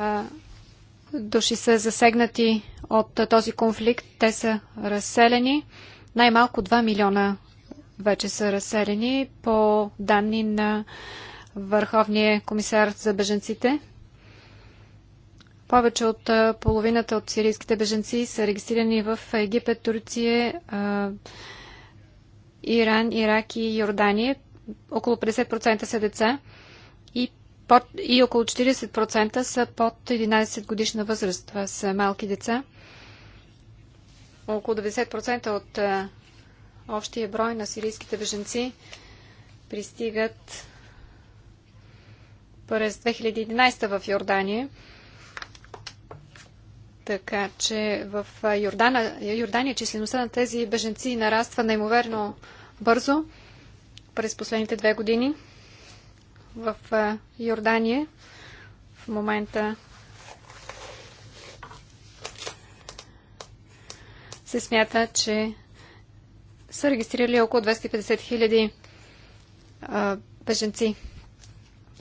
души са засегнати от този конфликт. Те са разселени. Най-малко 2 милиона вече са разселени по данни на Върховния комисар за беженците. Повече от половината от сирийските беженци са регистрирани в Египет, Турция, Иран, Ирак и Йордания. Около 50% са деца и, под, и около 40% са под 11 годишна възраст. Това са малки деца. Около 90% от общия брой на сирийските беженци пристигат през 2011 в Йордания. Така че в Йордана, Йордания числеността на тези беженци нараства неимоверно бързо през последните две години. В Йордания в момента се смята, че са регистрирали около 250 хиляди беженци.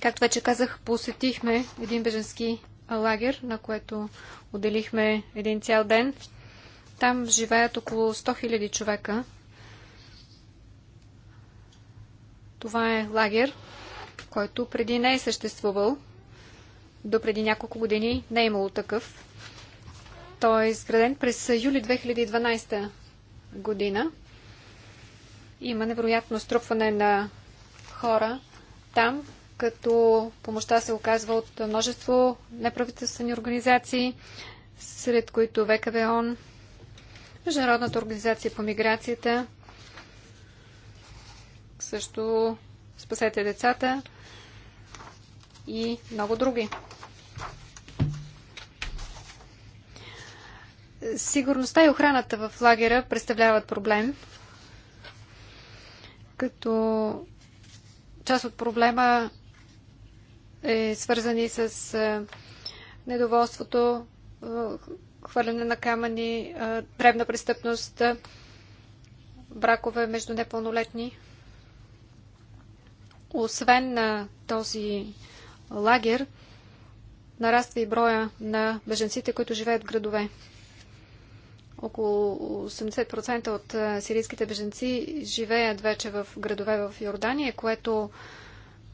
Както вече казах, посетихме един беженски лагер, на което отделихме един цял ден. Там живеят около 100 000 човека. Това е лагер, който преди не е съществувал. До преди няколко години не е имало такъв. Той е изграден през юли 2012 година. Има невероятно струпване на хора там, като помощта се оказва от множество неправителствени организации, сред които ВКВОН, Международната организация по миграцията, също Спасете децата и много други. Сигурността и охраната в лагера представляват проблем като част от проблема е свързани с недоволството, хвърляне на камъни, древна престъпност, бракове между непълнолетни. Освен на този лагер, нараства и броя на беженците, които живеят в градове. Около 80% от е, сирийските беженци живеят вече в градове в Йордания, което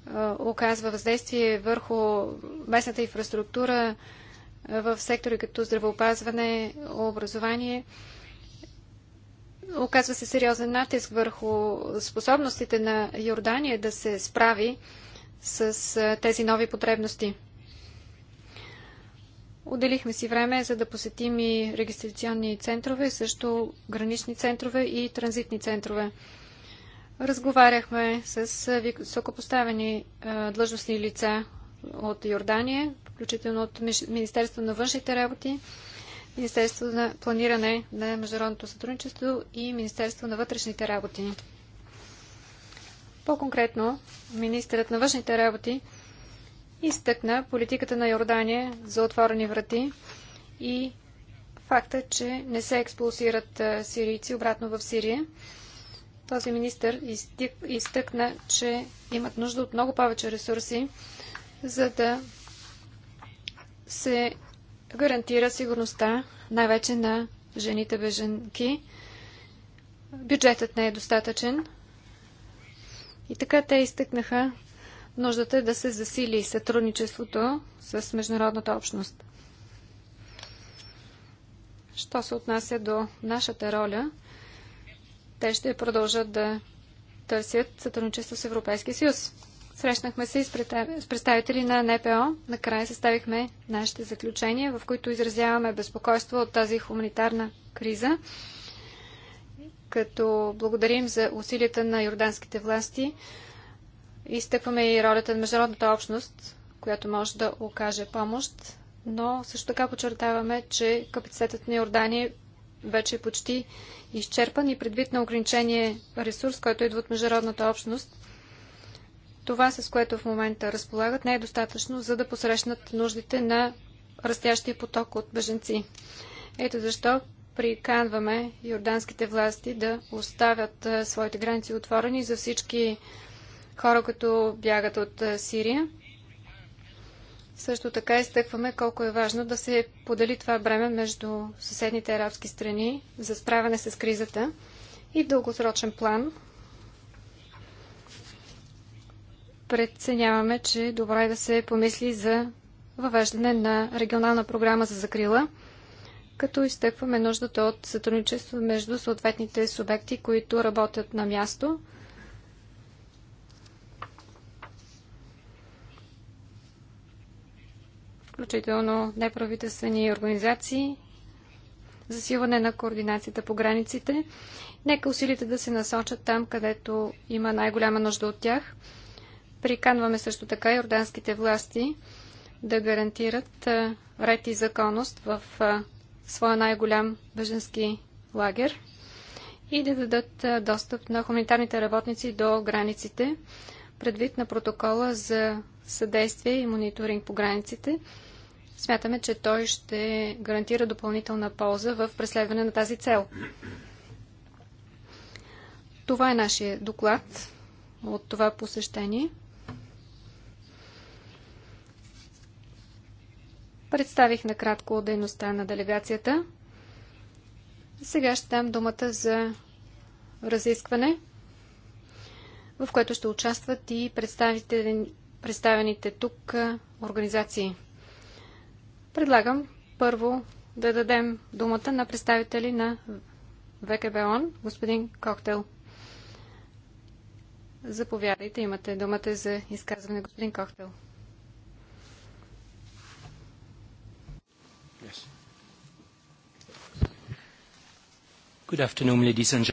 е, оказва въздействие върху местната инфраструктура е, в сектори като здравеопазване, образование. Оказва се сериозен натиск върху способностите на Йордания да се справи с тези нови потребности. Отделихме си време, за да посетим и регистрационни центрове, също гранични центрове и транзитни центрове. Разговаряхме с високопоставени длъжностни лица от Йордания, включително от Министерство на външните работи, Министерство на планиране на международното сътрудничество и Министерство на вътрешните работи. По-конкретно, министърът на външните работи изтъкна политиката на Йордания за отворени врати и факта, че не се експулсират сирийци обратно в Сирия. Този министр изтъкна, че имат нужда от много повече ресурси, за да се гарантира сигурността, най-вече на жените беженки. Бюджетът не е достатъчен. И така те изтъкнаха нуждата е да се засили сътрудничеството с международната общност. Що се отнася до нашата роля, те ще продължат да търсят сътрудничество с Европейския съюз. Срещнахме се и с представители на НПО. Накрая съставихме нашите заключения, в които изразяваме безпокойство от тази хуманитарна криза, като благодарим за усилията на Йорданските власти Изтъкваме и ролята на международната общност, която може да окаже помощ, но също така подчертаваме, че капацитетът на Йордания вече е почти изчерпан и предвид на ограничение ресурс, който идва от международната общност, това, с което в момента разполагат, не е достатъчно, за да посрещнат нуждите на растящия поток от беженци. Ето защо приканваме йорданските власти да оставят своите граници отворени за всички хора, които бягат от Сирия. Също така изтъкваме колко е важно да се подели това бреме между съседните арабски страни за справяне с кризата и в дългосрочен план. Преценяваме, че е добре е да се помисли за въвеждане на регионална програма за закрила, като изтъкваме нуждата от сътрудничество между съответните субекти, които работят на място – включително неправителствени организации, засилване на координацията по границите. Нека усилите да се насочат там, където има най-голяма нужда от тях. Приканваме също така йорданските власти да гарантират ред и законност в своя най-голям бъженски лагер и да дадат достъп на хуманитарните работници до границите, предвид на протокола за съдействие и мониторинг по границите, Смятаме, че той ще гарантира допълнителна полза в преследване на тази цел. Това е нашия доклад от това посещение. Представих накратко дейността на делегацията. Сега ще дам думата за разискване, в което ще участват и представените тук организации. Предлагам първо да дадем думата на представители на ВКБОН, господин Коктел. Заповядайте, имате думата за изказване, господин Коктел. Yes. And...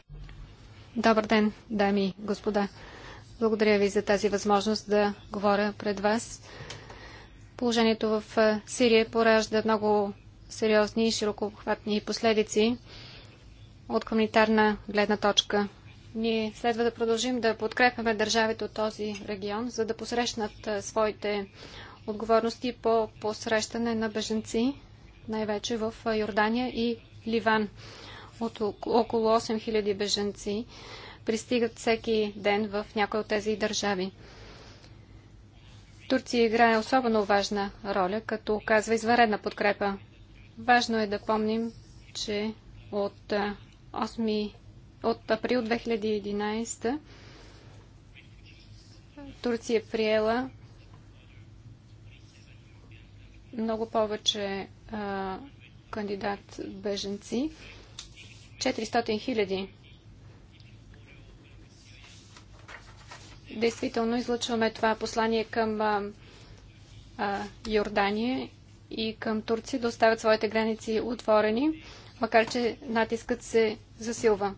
Добър ден, дами и господа. Благодаря ви за тази възможност да говоря пред вас Положението в е, Сирия поражда много сериозни и широкохватни последици от хуманитарна гледна точка. Ние следва да продължим да подкрепяме държавите от този регион, за да посрещнат е, своите отговорности по посрещане на беженци, най-вече в е, Йордания и Ливан. От около 8000 беженци пристигат всеки ден в някои от тези държави. Турция играе особено важна роля, като оказва извънредна подкрепа. Важно е да помним, че от, 8, от април 2011 Турция приела много повече кандидат-беженци. 400 хиляди действително излъчваме това послание към а, а, Йордания и към Турция да оставят своите граници отворени, макар че натискът се засилва.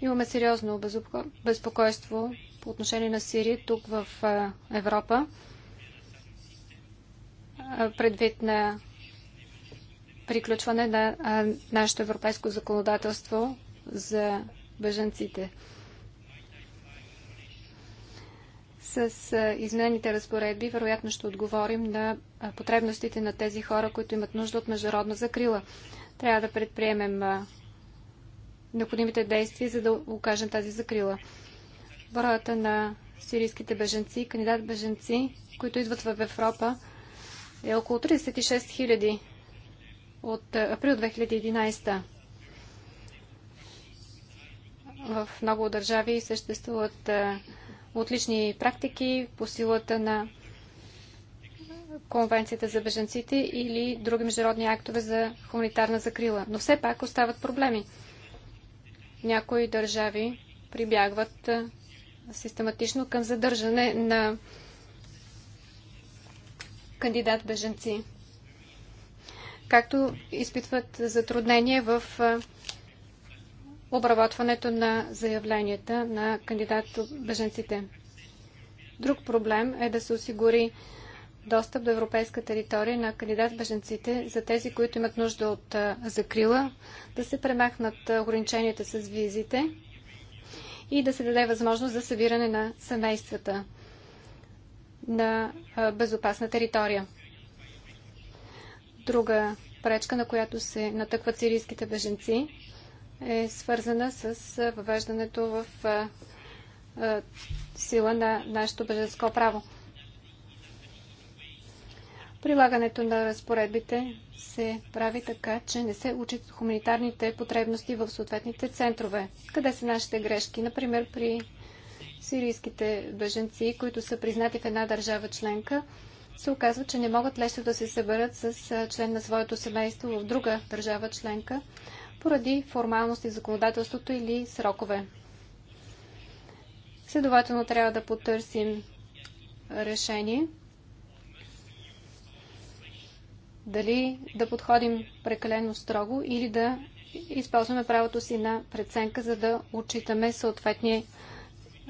Имаме сериозно безпокойство по отношение на Сирия тук в Европа, предвид на приключване на нашето европейско законодателство за бежанците. С изменените разпоредби вероятно ще отговорим на потребностите на тези хора, които имат нужда от международна закрила. Трябва да предприемем необходимите действия, за да окажем тази закрила. Броята на сирийските беженци, кандидат-беженци, които идват в Европа, е около 36 000 от април 2011. В много държави съществуват отлични практики по силата на Конвенцията за беженците или други международни актове за хуманитарна закрила. Но все пак остават проблеми. Някои държави прибягват систематично към задържане на кандидат-беженци, както изпитват затруднение в обработването на заявленията на кандидат-беженците. Друг проблем е да се осигури достъп до европейска територия на кандидат-беженците за тези, които имат нужда от закрила, да се премахнат ограниченията с визите и да се даде възможност за събиране на семействата на безопасна територия. Друга пречка, на която се натъкват сирийските беженци, е свързана с въвеждането в сила на нашето беженско право. Прилагането на разпоредбите се прави така, че не се учат хуманитарните потребности в съответните центрове. Къде са нашите грешки? Например, при сирийските беженци, които са признати в една държава членка, се оказва, че не могат лесно да се съберат с член на своето семейство в друга държава членка, поради формалности в законодателството или срокове. Следователно трябва да потърсим решение дали да подходим прекалено строго или да използваме правото си на преценка, за да отчитаме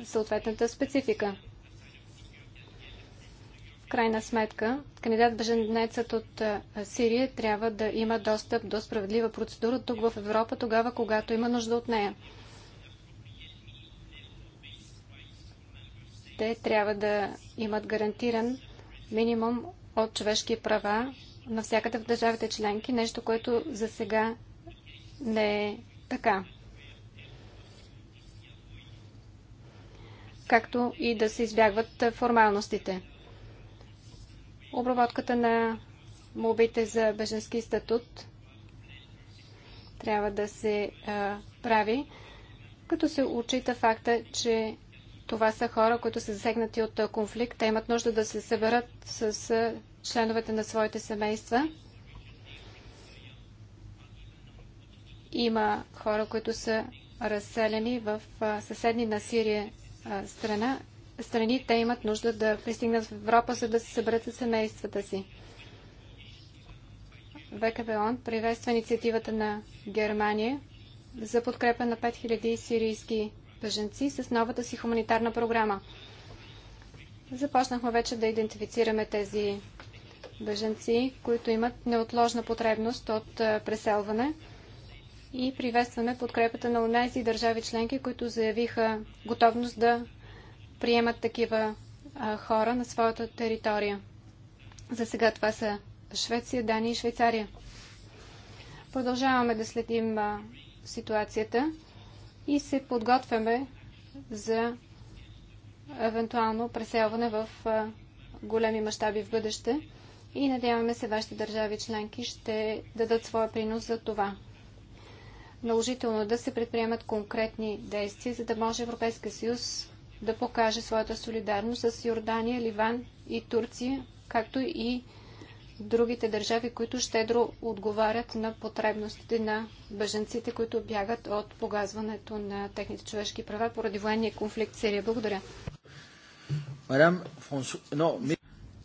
съответната специфика. В крайна сметка, кандидат беженецът от Сирия трябва да има достъп до справедлива процедура тук в Европа, тогава когато има нужда от нея. Те трябва да имат гарантиран минимум от човешки права навсякъде в държавите членки, нещо, което за сега не е така. Както и да се избягват формалностите обработката на мобите за беженски статут трябва да се а, прави, като се учита факта, че това са хора, които са засегнати от конфликт. Те имат нужда да се съберат с членовете на своите семейства. Има хора, които са разселени в съседни на Сирия страна страни те имат нужда да пристигнат в Европа, за да се съберат с семействата си. ВКБОН приветства инициативата на Германия за подкрепа на 5000 сирийски беженци с новата си хуманитарна програма. Започнахме вече да идентифицираме тези беженци, които имат неотложна потребност от преселване и приветстваме подкрепата на унези държави членки, които заявиха готовност да приемат такива а, хора на своята територия. За сега това са Швеция, Дания и Швейцария. Продължаваме да следим а, ситуацията и се подготвяме за евентуално преселване в а, големи мащаби в бъдеще и надяваме се вашите държави членки ще дадат своя принос за това. Наложително е да се предприемат конкретни действия, за да може Европейския съюз да покаже своята солидарност с Йордания, Ливан и Турция, както и другите държави, които щедро отговарят на потребностите на бъженците, които бягат от погазването на техните човешки права поради военния конфликт в Сирия. Благодаря.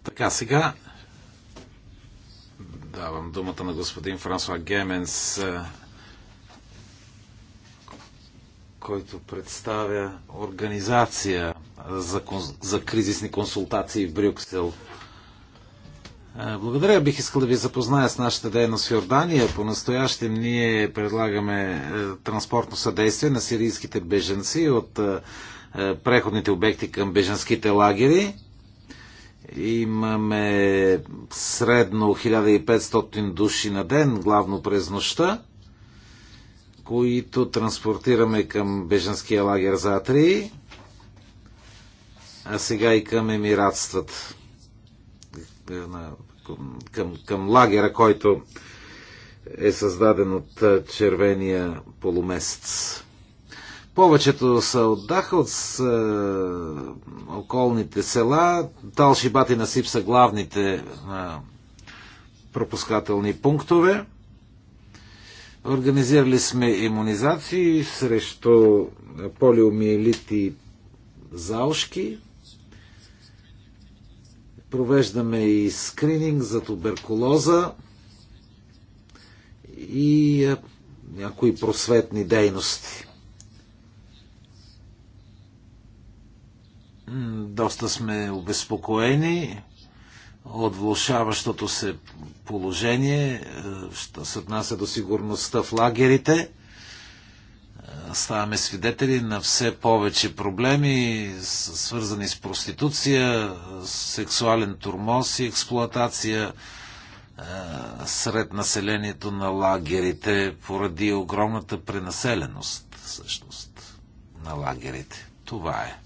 Така, сега давам думата на господин Франсуа Геменс, който представя организация за, за кризисни консултации в Брюксел. Благодаря. Бих искал да ви запозная с нашата дейност в Йордания. По-настоящем ние предлагаме е, транспортно съдействие на сирийските беженци от е, е, преходните обекти към беженските лагери. Имаме средно 1500 души на ден, главно през нощта които транспортираме към беженския лагер за Атри, а сега и към емиратствата. Към, към лагера, който е създаден от червения полумесец. Повечето са отдаха от с е, околните села. талшибати на Насип са главните е, пропускателни пунктове. Организирали сме иммунизации срещу полиомиелит и заошки. Провеждаме и скрининг за туберкулоза и е, някои просветни дейности. Доста сме обезпокоени от влушаващото се положение, е, що се отнася до сигурността в лагерите. Е, ставаме свидетели на все повече проблеми, свързани с проституция, сексуален турмоз и експлоатация е, сред населението на лагерите, поради огромната пренаселеност, всъщност, на лагерите. Това е.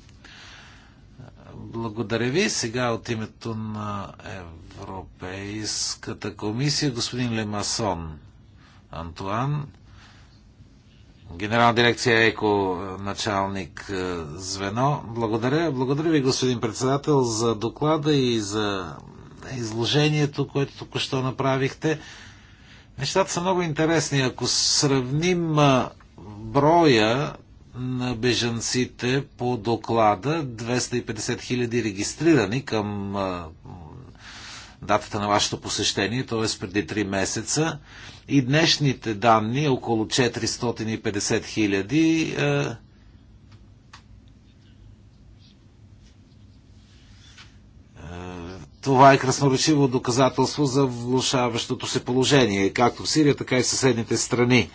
Благодаря ви. Сега от името на Европейската комисия господин Лемасон Антуан, генерална дирекция ЕКО, началник е, звено. Благодаря. Благодаря ви, господин председател, за доклада и за изложението, което току-що направихте. Нещата са много интересни. Ако сравним броя на бежанците по доклада 250 000 регистрирани към датата на вашето посещение, т.е. преди 3 месеца. И днешните данни, около 450 000. Това е красноречиво доказателство за влушаващото се положение, както в Сирия, така и в съседните страни.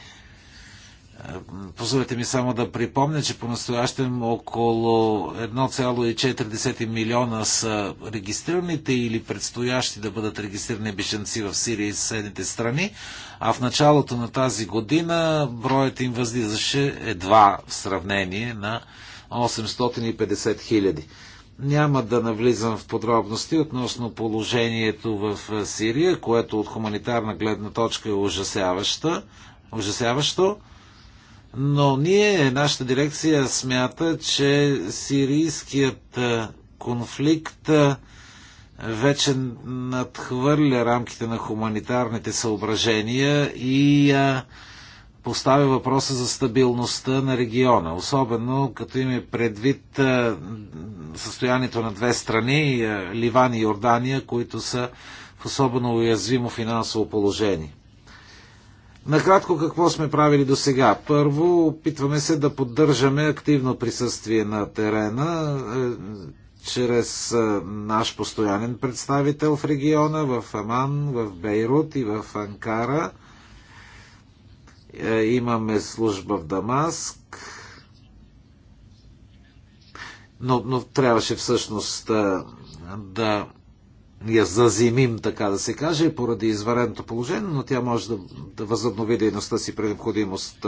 Позволете ми само да припомня, че по-настоящем около 1,4 милиона са регистрираните или предстоящи да бъдат регистрирани бежанци в Сирия и съседните страни, а в началото на тази година броят им възлизаше едва в сравнение на 850 хиляди. Няма да навлизам в подробности относно положението в Сирия, което от хуманитарна гледна точка е ужасяващо. ужасяващо но ние, нашата дирекция смята, че сирийският конфликт вече надхвърля рамките на хуманитарните съображения и поставя въпроса за стабилността на региона, особено като има е предвид състоянието на две страни, Ливан и Йордания, които са в особено уязвимо финансово положение. Накратко какво сме правили до сега? Първо, опитваме се да поддържаме активно присъствие на терена е, чрез е, наш постоянен представител в региона, в Аман, в Бейрут и в Анкара. Е, имаме служба в Дамаск. Но, но трябваше всъщност да я зазимим, така да се каже, поради извареното положение, но тя може да, да възобнови дейността си при необходимост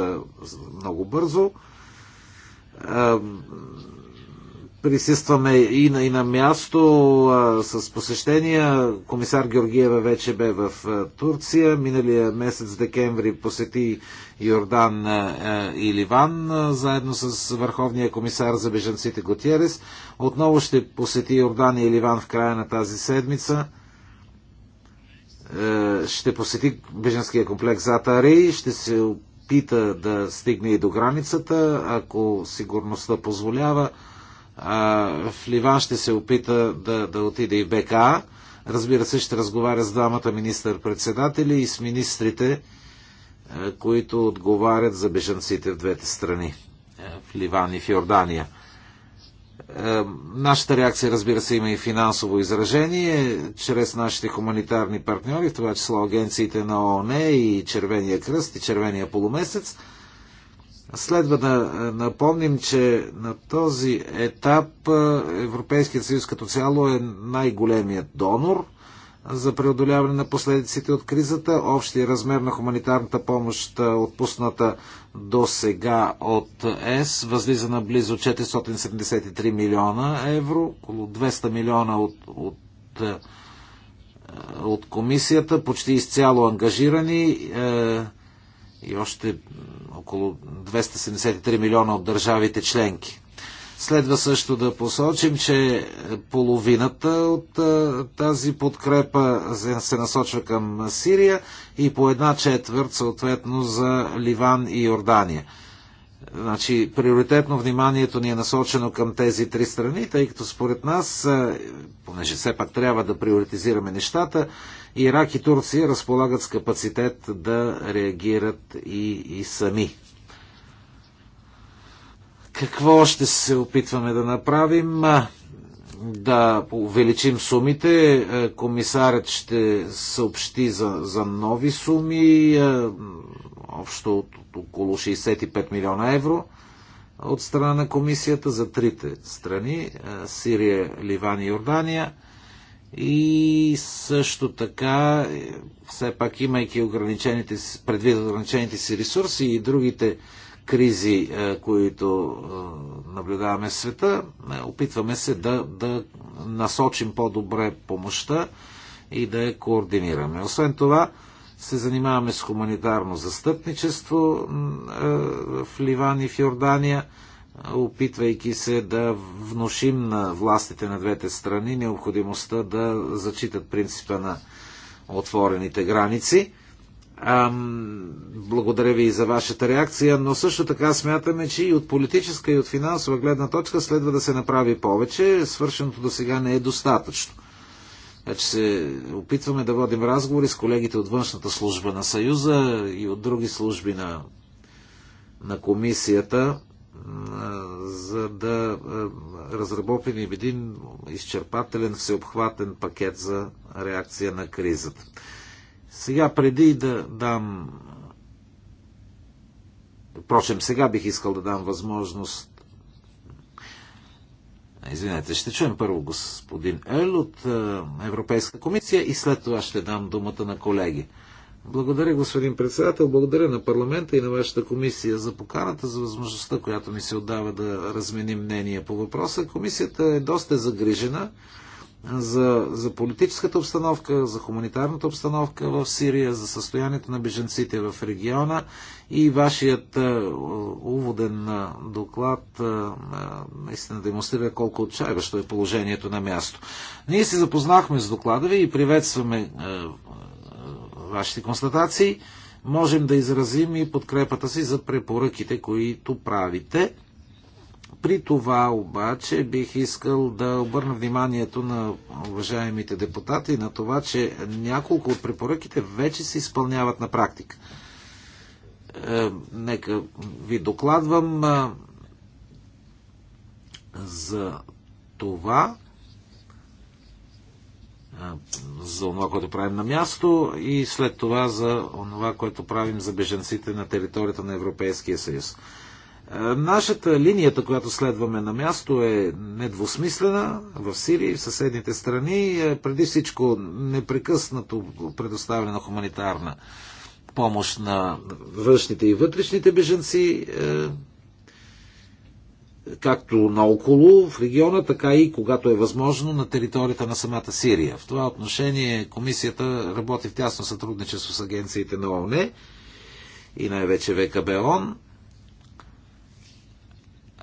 много бързо присъстваме и на, и на място а, с посещения. Комисар Георгиева вече бе в а, Турция. Миналия месец декември посети Йордан а, и Ливан, а, заедно с Върховния комисар за бежанците Готиерес. Отново ще посети Йордан и Ливан в края на тази седмица. А, ще посети бежанския комплекс Затари, ще се опита да стигне и до границата, ако сигурността позволява в Ливан ще се опита да, да отиде и БКА. Разбира се, ще разговаря с двамата министър-председатели и с министрите, които отговарят за бежанците в двете страни, в Ливан и в Йордания. Нашата реакция, разбира се, има и финансово изражение, чрез нашите хуманитарни партньори, в това число агенциите на ООН и Червения кръст и Червения полумесец – Следва да е, напомним, че на този етап е, Европейският съюз като цяло е най-големият донор за преодоляване на последиците от кризата. Общия размер на хуманитарната помощ, е, отпусната до сега от ЕС, възлиза на близо 473 милиона евро, около 200 милиона от, от, от комисията, почти изцяло ангажирани. Е, и още около 273 милиона от държавите членки. Следва също да посочим, че половината от тази подкрепа се насочва към Сирия и по една четвърт съответно за Ливан и Йордания. Значи, приоритетно вниманието ни е насочено към тези три страни, тъй като според нас, понеже все пак трябва да приоритизираме нещата, Ирак и Турция разполагат с капацитет да реагират и, и сами. Какво ще се опитваме да направим? Да увеличим сумите. Комисарят ще съобщи за, за нови суми, общо от около 65 милиона евро от страна на комисията за трите страни Сирия, Ливан и Йордания – и също така, е, все пак имайки ограничените, предвид ограничените си ресурси и другите кризи, е, които е, наблюдаваме в света, опитваме се да, да насочим по-добре помощта и да я координираме. Освен това, се занимаваме с хуманитарно застъпничество в Ливан и в Йордания – опитвайки се да внушим на властите на двете страни необходимостта да зачитат принципа на отворените граници. Ам, благодаря ви и за вашата реакция, но също така смятаме, че и от политическа и от финансова гледна точка следва да се направи повече. Свършеното до сега не е достатъчно. Значи се опитваме да водим разговори с колегите от външната служба на Съюза и от други служби на, на комисията за да е, разработим един изчерпателен, всеобхватен пакет за реакция на кризата. Сега, преди да дам. Впрочем, сега бих искал да дам възможност. Извинете, ще чуем първо господин Ел от е, Европейска комисия и след това ще дам думата на колеги. Благодаря, господин председател. Благодаря на парламента и на вашата комисия за поканата, за възможността, която ни се отдава да разменим мнение по въпроса. Комисията е доста загрижена за, за политическата обстановка, за хуманитарната обстановка в Сирия, за състоянието на беженците в региона и вашият е, уводен е, доклад е, наистина демонстрира колко отчаиващо е положението на място. Ние се запознахме с доклада ви и приветстваме вашите констатации, можем да изразим и подкрепата си за препоръките, които правите. При това обаче бих искал да обърна вниманието на уважаемите депутати на това, че няколко от препоръките вече се изпълняват на практика. Е, нека ви докладвам е, за това за това, което правим на място и след това за това, което правим за беженците на територията на Европейския съюз. Нашата линията, която следваме на място е недвусмислена в Сирия и в съседните страни. Преди всичко непрекъснато предоставяне на хуманитарна помощ на външните и вътрешните беженци както наоколо в региона, така и когато е възможно на територията на самата Сирия. В това отношение комисията работи в тясно сътрудничество с агенциите на ООН и най-вече ВКБОН.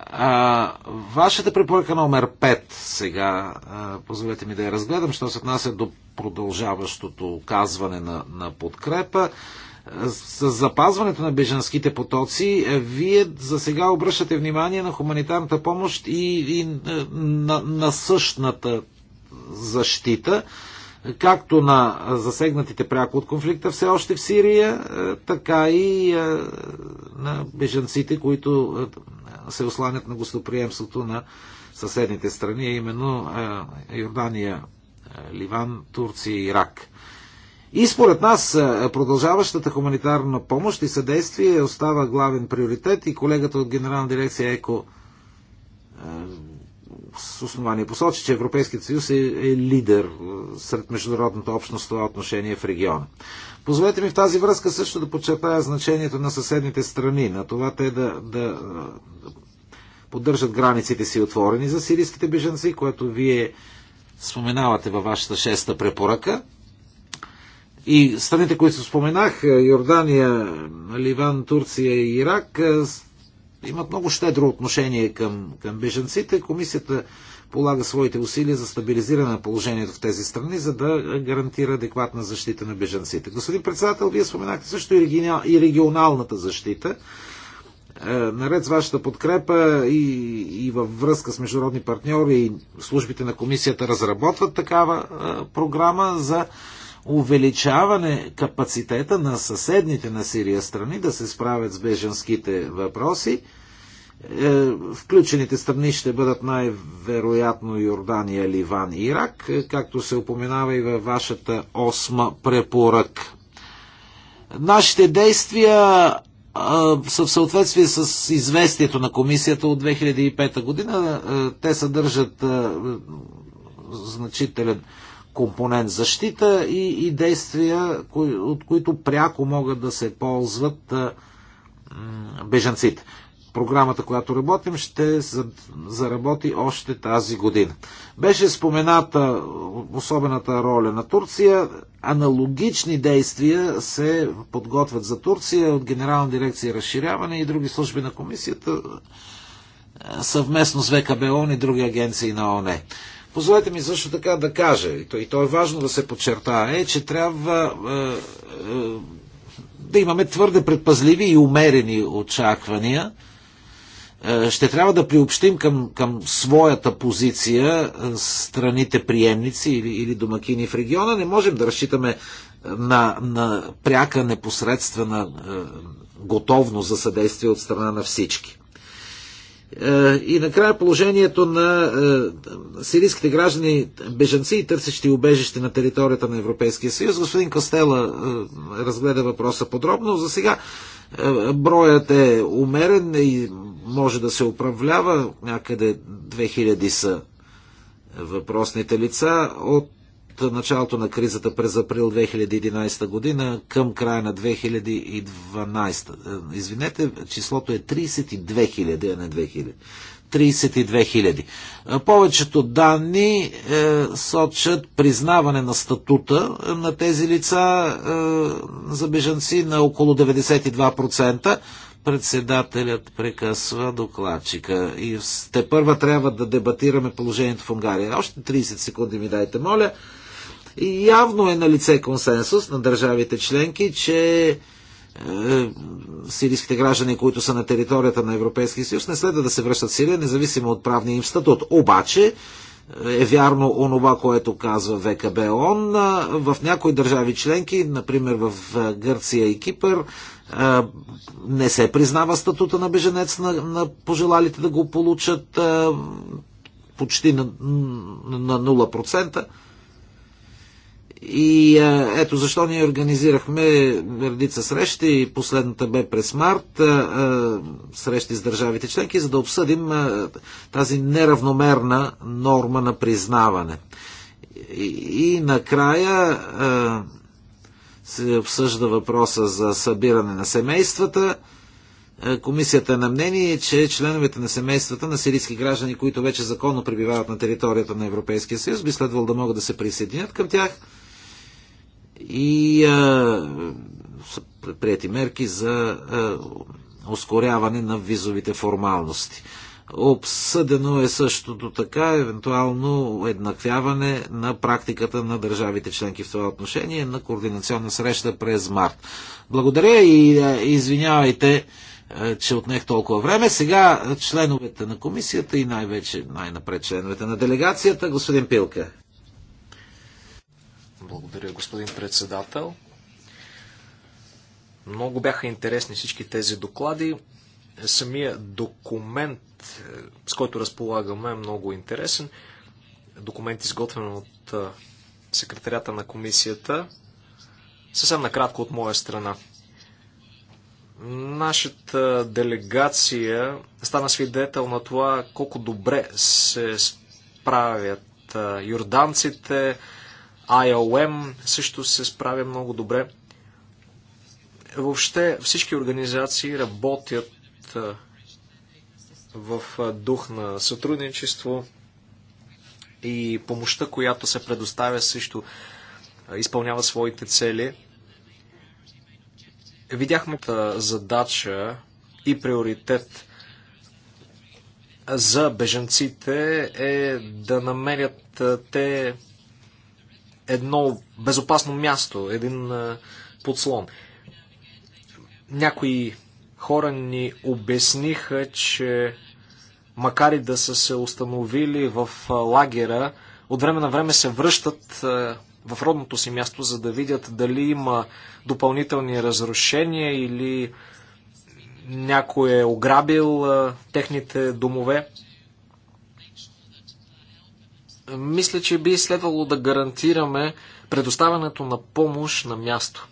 А, вашата препоръка номер 5 сега, а, позволете ми да я разгледам, що се отнася до продължаващото оказване на, на подкрепа. С запазването на бежанските потоци, е, вие за сега обръщате внимание на хуманитарната помощ и, и е, на, на същната защита, както на засегнатите пряко от конфликта все още в Сирия, е, така и на бежанците, които се осланят на гостоприемството на съседните страни, именно Йордания, Ливан, Турция и Ирак. И според нас е, продължаващата хуманитарна помощ и съдействие остава главен приоритет и колегата от Генерална дирекция ЕКО е, с основание посочи, че Европейският съюз е, е лидер е, сред международната общност това отношение в региона. Позволете ми в тази връзка също да подчертая значението на съседните страни, на това те да, да поддържат границите си отворени за сирийските беженци, което вие споменавате във вашата шеста препоръка. И страните, които споменах, е, Йордания, Ливан, Турция и Ирак, е, имат много щедро отношение към, към беженците. Комисията полага своите усилия за стабилизиране на положението в тези страни, за да гарантира адекватна защита на беженците. Господин председател, вие споменахте също и регионалната защита. Е, наред с вашата подкрепа и, и във връзка с международни партньори и службите на комисията разработват такава програма за увеличаване капацитета на съседните на Сирия страни да се справят с беженските въпроси. Е, включените страни ще бъдат най-вероятно Йордания, Ливан и Ирак, е, както се упоминава и във вашата осма препорък. Нашите действия е, са в съответствие с известието на комисията от 2005 година. Те съдържат значителен компонент защита и, и действия, кои, от които пряко могат да се ползват а, бежанците. Програмата, която работим, ще заработи още тази година. Беше спомената особената роля на Турция. Аналогични действия се подготвят за Турция от Генерална дирекция разширяване и други служби на комисията съвместно с ВКБОН и други агенции на ОНЕ. Позволете ми също така да кажа, и то, и то е важно да се подчертае, че трябва е, е, да имаме твърде предпазливи и умерени очаквания. Е, ще трябва да приобщим към, към своята позиция е, страните приемници или, или домакини в региона. Не можем да разчитаме на, на пряка, непосредствена е, готовност за съдействие от страна на всички. Е, и накрая положението на е, сирийските граждани, бежанци и търсещи убежище на територията на Европейския съюз. Господин Костела е, разгледа въпроса подробно. За сега броят е умерен и може да се управлява. Някъде 2000 са въпросните лица от от началото на кризата през април 2011 година към края на 2012. Е, извинете, числото е 32 000, а не 2000. 32 000. Повечето данни е, сочат признаване на статута на тези лица е, за бежанци на около 92%. Председателят прекъсва докладчика. И те първа трябва да дебатираме положението в Унгария. Още 30 секунди ми дайте, моля. Явно е на лице консенсус на държавите членки, че е, сирийските граждани, които са на територията на Европейския съюз, не следва да се връщат в Сирия, независимо от правния им статут. Обаче, е вярно онова, което казва ВКБ ООН. Е, в някои държави членки, например в е, Гърция и Кипър, е, не се признава статута на беженец на, на пожелалите да го получат почти на, на 0%. И ето защо ние организирахме редица срещи. Последната бе през март. Срещи с държавите членки, за да обсъдим тази неравномерна норма на признаване. И, и накрая се обсъжда въпроса за събиране на семействата. Комисията е на мнение, че членовете на семействата на сирийски граждани, които вече законно пребивават на територията на Европейския съюз, би следвало да могат да се присъединят към тях и са предприяти мерки за ускоряване на визовите формалности. Обсъдено е същото така, евентуално еднаквяване на практиката на държавите членки в това отношение на координационна среща през март. Благодаря и извинявайте, че отнех толкова време. Сега членовете на комисията и най-вече най-напред членовете на делегацията, господин Пилка. Благодаря, господин председател. Много бяха интересни всички тези доклади. Самия документ, е, с който разполагаме, е много интересен. Документ изготвен от е, секретарята на комисията. Съвсем накратко от моя страна. Нашата делегация стана свидетел на това колко добре се справят е, йорданците, IOM също се справя много добре. Въобще всички организации работят в дух на сътрудничество и помощта, която се предоставя също изпълнява своите цели. Видяхме задача и приоритет за беженците е да намерят те едно безопасно място, един подслон. Някои хора ни обясниха, че макар и да са се установили в лагера, от време на време се връщат в родното си място, за да видят дали има допълнителни разрушения или някой е ограбил техните домове мисля, че би следвало да гарантираме предоставянето на помощ на място.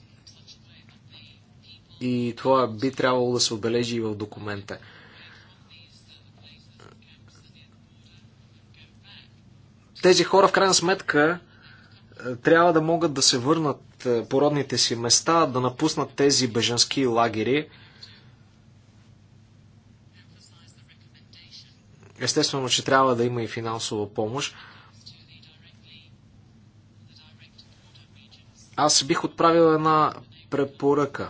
И това би трябвало да се отбележи и в документа. Тези хора в крайна сметка е, трябва да могат да се върнат е, по родните си места, да напуснат тези бежански лагери. Естествено, че трябва да има и финансова помощ. Аз бих отправил една препоръка.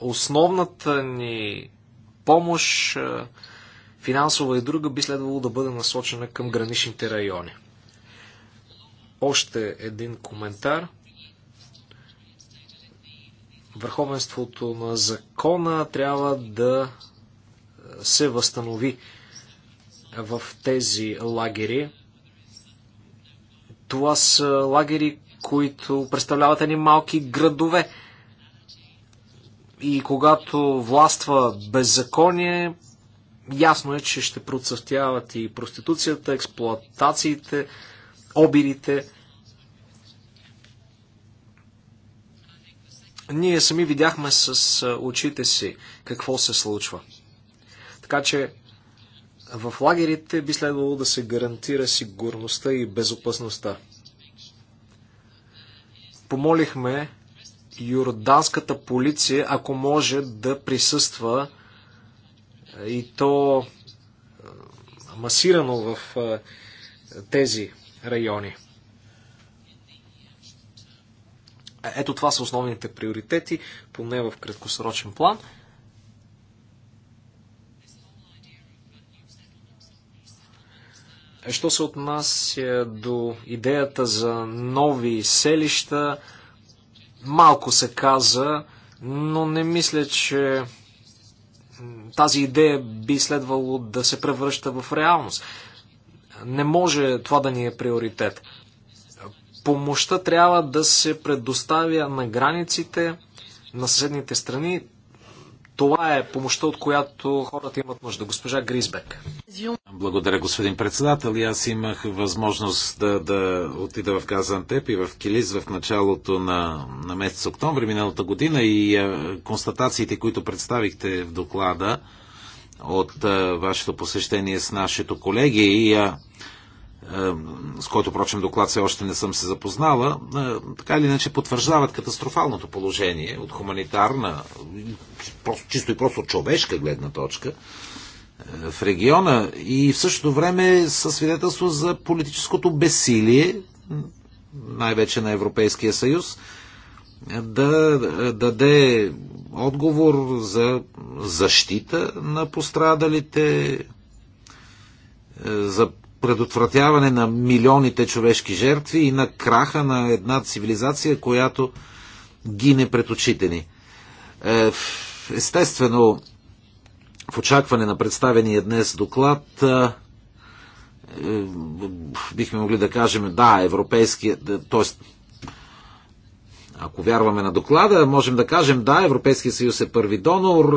Основната ни помощ, е, финансова и друга, би следвало да бъде насочена към граничните райони. Още един коментар. Върховенството на закона трябва да е, се възстанови в тези лагери. Това са лагери, които представляват едни малки градове. И когато властва беззаконие, ясно е, че ще процъфтяват и проституцията, експлоатациите, обирите. Ние сами видяхме с очите си какво се случва. Така че в лагерите би следвало да се гарантира сигурността и безопасността. Помолихме Йорданската полиция, ако може да присъства е, и то е, масирано в е, тези райони. Ето това са основните приоритети, поне в краткосрочен план – Що се отнася до идеята за нови селища, малко се каза, но не мисля, че тази идея би следвало да се превръща в реалност. Не може това да ни е приоритет. Помощта трябва да се предоставя на границите, на съседните страни. Това е помощта, от която хората имат нужда. Госпожа Гризбек. Благодаря, господин председател. И аз имах възможност да, да отида в Казантеп и в Килиз в началото на, на месец октомври миналата година и а, е, констатациите, които представихте в доклада от а, е, вашето посещение с нашето колеги и а, е, е, с който, впрочем, доклад все още не съм се запознала, е, така или иначе потвърждават катастрофалното положение от хуманитарна, просто, чисто и просто човешка гледна точка е, в региона и в същото време са свидетелство за политическото бесилие, най-вече на Европейския съюз, да даде отговор за защита на пострадалите, за предотвратяване на милионите човешки жертви и на краха на една цивилизация, която гине пред очите ни. Е, естествено, в очакване на представения днес доклад, е, е, бихме могли да кажем, да, европейския, т.е. ако вярваме на доклада, можем да кажем, да, Европейския съюз е първи донор,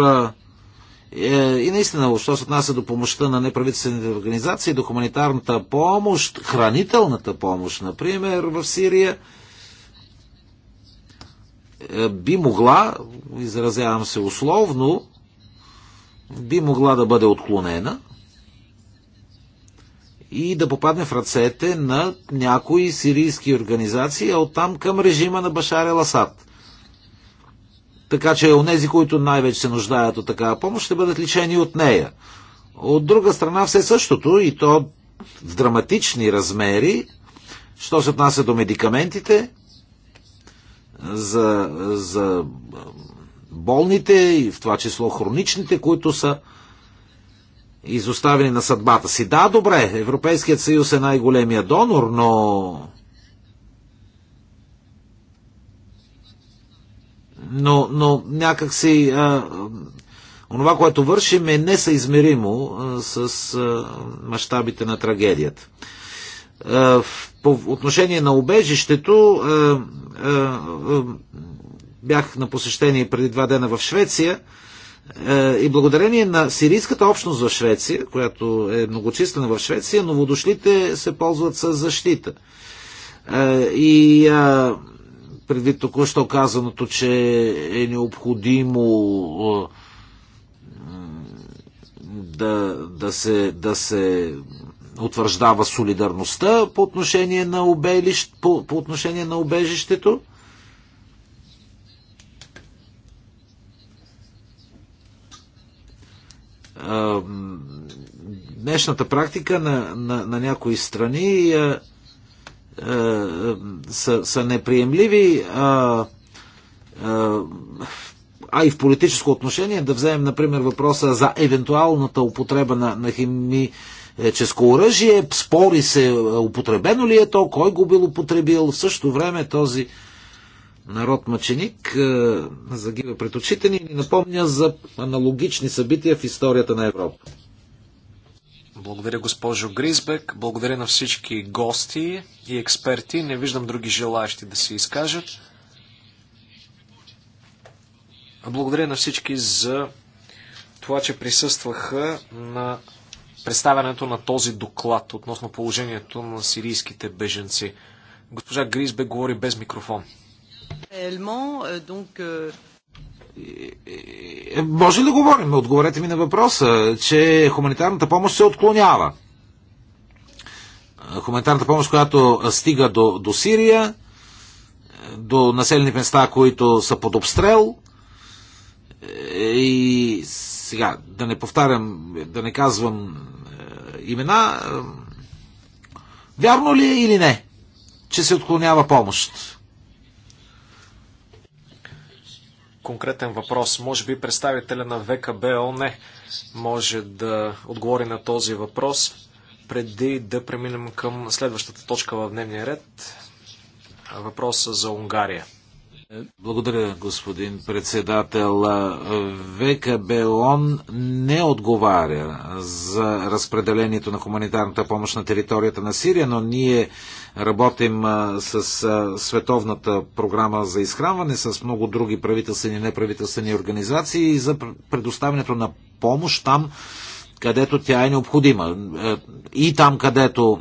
е, и наистина, що се отнася до помощта на неправителствените организации, до хуманитарната помощ, хранителната помощ, например, в Сирия, е, би могла, изразявам се условно, би могла да бъде отклонена и да попадне в ръцете на някои сирийски организации, а оттам към режима на Башар Еласад. Така че онези, които най-вече се нуждаят от такава помощ, ще бъдат лишени от нея. От друга страна все същото и то в драматични размери, що се отнася до медикаментите, за, за болните и в това число хроничните, които са изоставени на съдбата си. Да, добре, Европейският съюз е най-големия донор, но но, но някакси си онова, което вършим е несъизмеримо а, с а, мащабите на трагедията. А, по отношение на убежището, а, а, а, бях на посещение преди два дена в Швеция а, и благодарение на сирийската общност в Швеция, която е многочислена в Швеция, новодошлите се ползват с защита. А, и а, предвид току-що казаното, че е необходимо да, да, се, да се утвърждава солидарността по отношение на, обелищ, по, по отношение на обежището. Днешната практика на, на, на някои страни е, са, са неприемливи, а, а, и в политическо отношение да вземем, например, въпроса за евентуалната употреба на, на хими ческо оръжие, спори се е, употребено ли е то, кой го бил употребил. В същото време този народ мъченик е, загива пред очите ни и напомня за аналогични събития в историята на Европа. Благодаря, госпожо Гризбек. Благодаря на всички гости и експерти. Не виждам други желаящи да се изкажат. Благодаря на всички за това, че присъстваха на представянето на този доклад относно положението на сирийските беженци. Госпожа Гризбек говори без микрофон. Може ли да говорим? Отговорете ми на въпроса, че хуманитарната помощ се отклонява. Хуманитарната помощ, която стига до, до Сирия, до населени места, които са под обстрел. И сега, да не повтарям, да не казвам е, имена, е, вярно ли е или не, че се отклонява помощ? конкретен въпрос. Може би представителя на ВКБО не може да отговори на този въпрос преди да преминем към следващата точка в дневния ред. Въпроса за Унгария. Благодаря, господин председател. ВКБ ОН не отговаря за разпределението на хуманитарната помощ на територията на Сирия, но ние Работим с Световната програма за изхранване, с много други правителствени и неправителствени организации за предоставянето на помощ там, където тя е необходима. Е, и там, където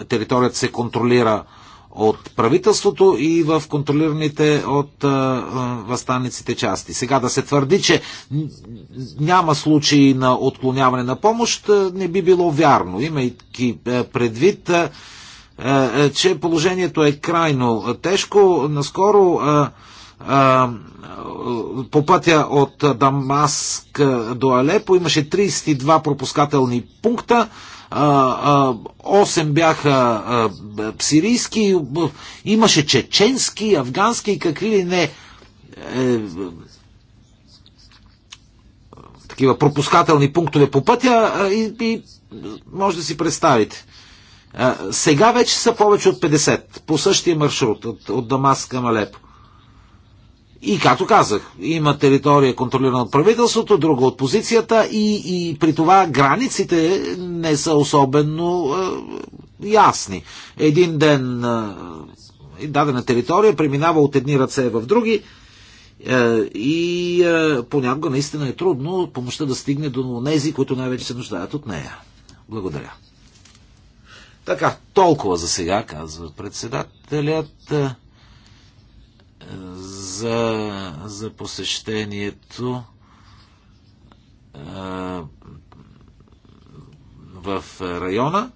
е, територията се контролира от правителството и в контролираните от е, възстанниците части. Сега да се твърди, че няма случаи на отклоняване на помощ, не би било вярно, имайки предвид а, е, е, че положението е крайно тежко. Наскоро е, по пътя от Дамаск до Алепо имаше 32 пропускателни пункта. 8 бяха сирийски, имаше чеченски, афгански и какви ли не такива пропускателни пунктове по пътя и, и може да си представите. Сега вече са повече от 50 по същия маршрут от, от Дамас към Алепо. И както казах, има територия контролирана от правителството, друга от позицията и, и при това границите не са особено е, ясни. Един ден е, дадена територия преминава от едни ръце в други е, и е, понякога наистина е трудно помощта да стигне до тези, които най-вече се нуждаят от нея. Благодаря. Така, толкова за сега, казва председателят, за, за посещението в района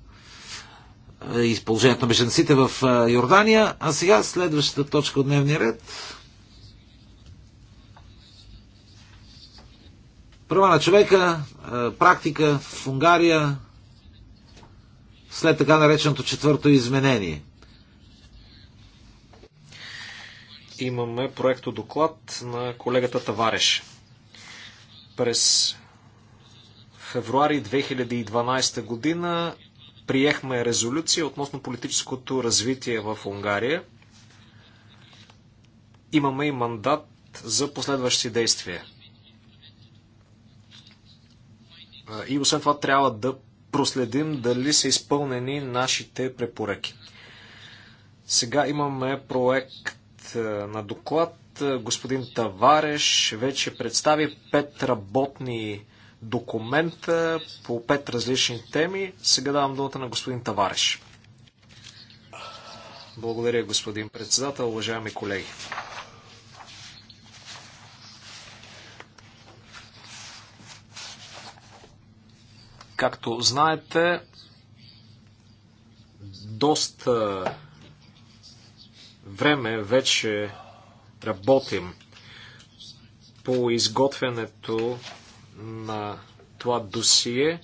и положението на беженците в Йордания. А сега следващата точка от дневния ред. Права на човека, практика в Унгария, след така нареченото четвърто изменение. Имаме проекто доклад на колегата Тавареш. През февруари 2012 година приехме резолюция относно политическото развитие в Унгария. Имаме и мандат за последващи действия. И освен това трябва да проследим дали са изпълнени нашите препоръки. Сега имаме проект е, на доклад. Е, господин Тавареш вече представи пет работни документа по пет различни теми. Сега давам думата на господин Тавареш. Благодаря, господин председател, уважаеми колеги. Както знаете, доста време вече работим по изготвянето на това досие.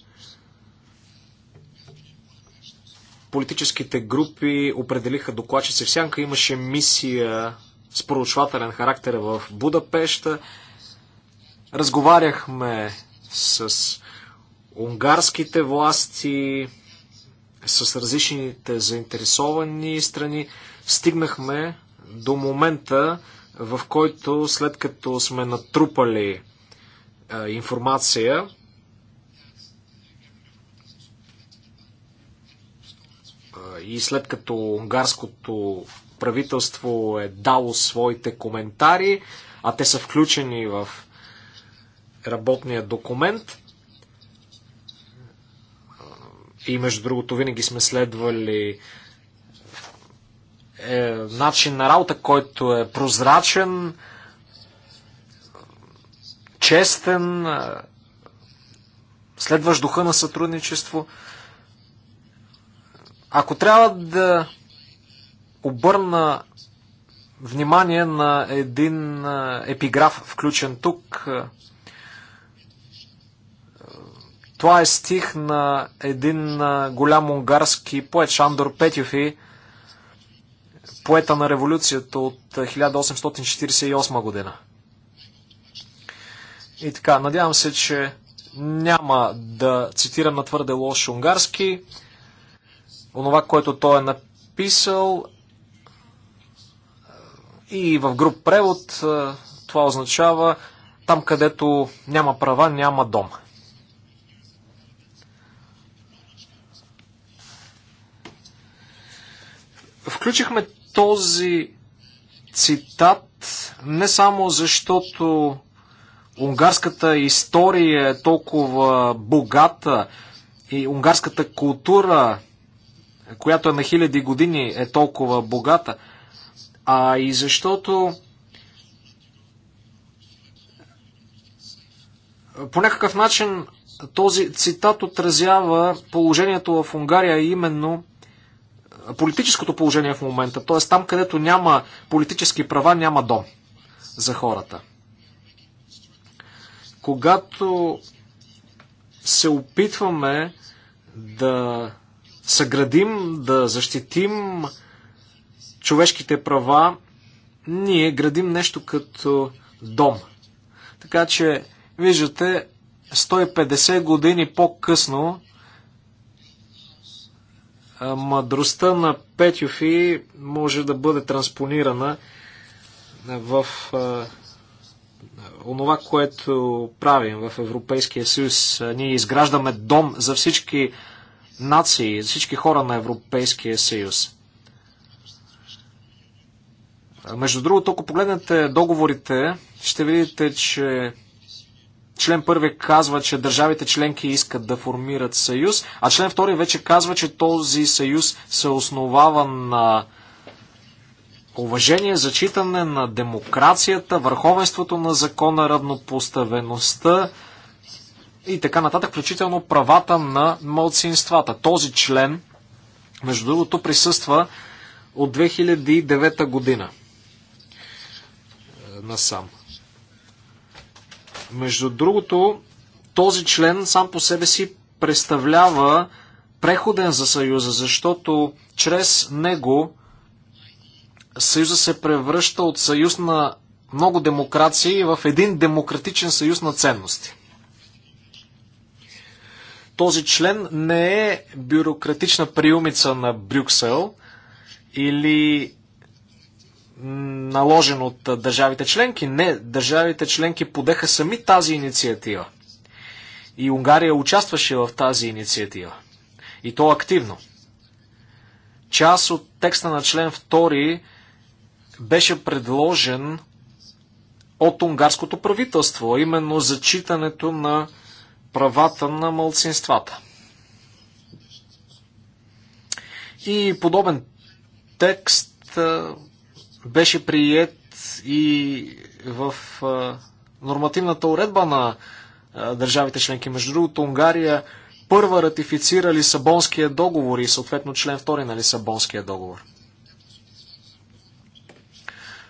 Политическите групи определиха докладчици в сянка. Имаше мисия с проучвателен характер в Будапешта. Разговаряхме с унгарските власти, с различните заинтересовани страни, стигнахме до момента, в който след като сме натрупали а, е, информация, е, и след като унгарското правителство е дало своите коментари, а те са включени в работния документ, и между другото винаги сме следвали е, начин на работа, който е прозрачен, честен, е, следващ духа на сътрудничество. Ако трябва да обърна внимание на един е, епиграф, включен тук, е, това е стих на един голям унгарски поет Шандор Петюфи, поета на революцията от 1848 година. И така, надявам се, че няма да цитирам на твърде лош унгарски. Онова, което той е написал и в груп превод, това означава там, където няма права, няма дом. Включихме този цитат не само защото унгарската история е толкова богата и унгарската култура, която е на хиляди години, е толкова богата, а и защото по някакъв начин този цитат отразява положението в Унгария, именно политическото положение в момента. Т.е. там, където няма политически права, няма дом за хората. Когато се опитваме да съградим, да защитим човешките права, ние градим нещо като дом. Така че, виждате, 150 години по-късно мъдростта на Петюфи може да бъде транспонирана в онова, което правим в Европейския съюз. Ние изграждаме дом за всички нации, за всички хора на Европейския съюз. Между другото, ако погледнете договорите, ще видите, че Член първи казва, че държавите членки искат да формират съюз, а член втори вече казва, че този съюз се основава на уважение, зачитане на демокрацията, върховенството на закона, равнопоставеността и така нататък, включително правата на младсинствата. Този член, между другото, присъства от 2009 година е, насам. Между другото, този член сам по себе си представлява преходен за Съюза, защото чрез него Съюза се превръща от съюз на много демокрации в един демократичен съюз на ценности. Този член не е бюрократична приумица на Брюксел или наложен от държавите членки. Не, държавите членки подеха сами тази инициатива. И Унгария участваше в тази инициатива. И то активно. Част от текста на член 2 беше предложен от унгарското правителство, именно зачитането на правата на малцинствата. И подобен текст беше прият и в нормативната уредба на държавите членки. Между другото, Унгария първа ратифицира Лисабонския договор и съответно член 2 на Лисабонския договор.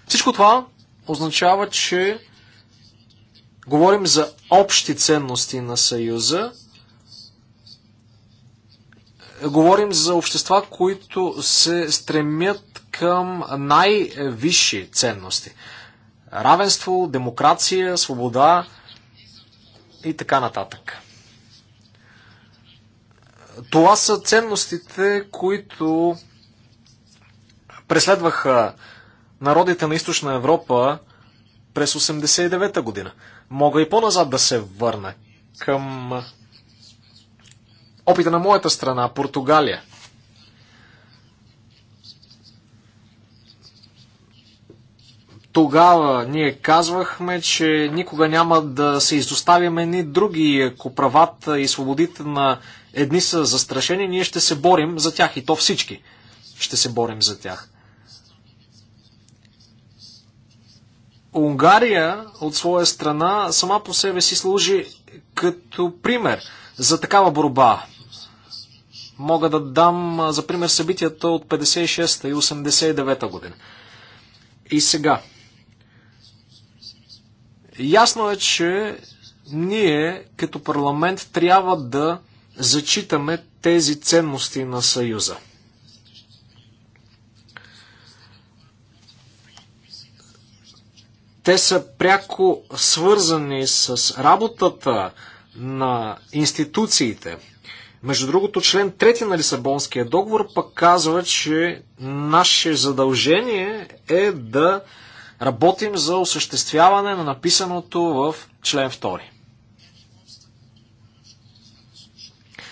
Всичко това означава, че говорим за общи ценности на Съюза, говорим за общества, които се стремят към най-висши ценности. Равенство, демокрация, свобода и така нататък. Това са ценностите, които преследваха народите на източна Европа през 89-та година. Мога и по-назад да се върна към опита на моята страна, Португалия – Тогава ние казвахме, че никога няма да се изоставяме ни други, ако правата и свободите на едни са застрашени, ние ще се борим за тях и то всички ще се борим за тях. Унгария от своя страна сама по себе си служи като пример за такава борба. Мога да дам за пример събитията от 56-та и 89-та година. И сега, Ясно е, че ние като парламент трябва да зачитаме тези ценности на Съюза. Те са пряко свързани с работата на институциите. Между другото, член 3 на Лисабонския договор пък казва, че наше задължение е да Работим за осъществяване на написаното в член 2.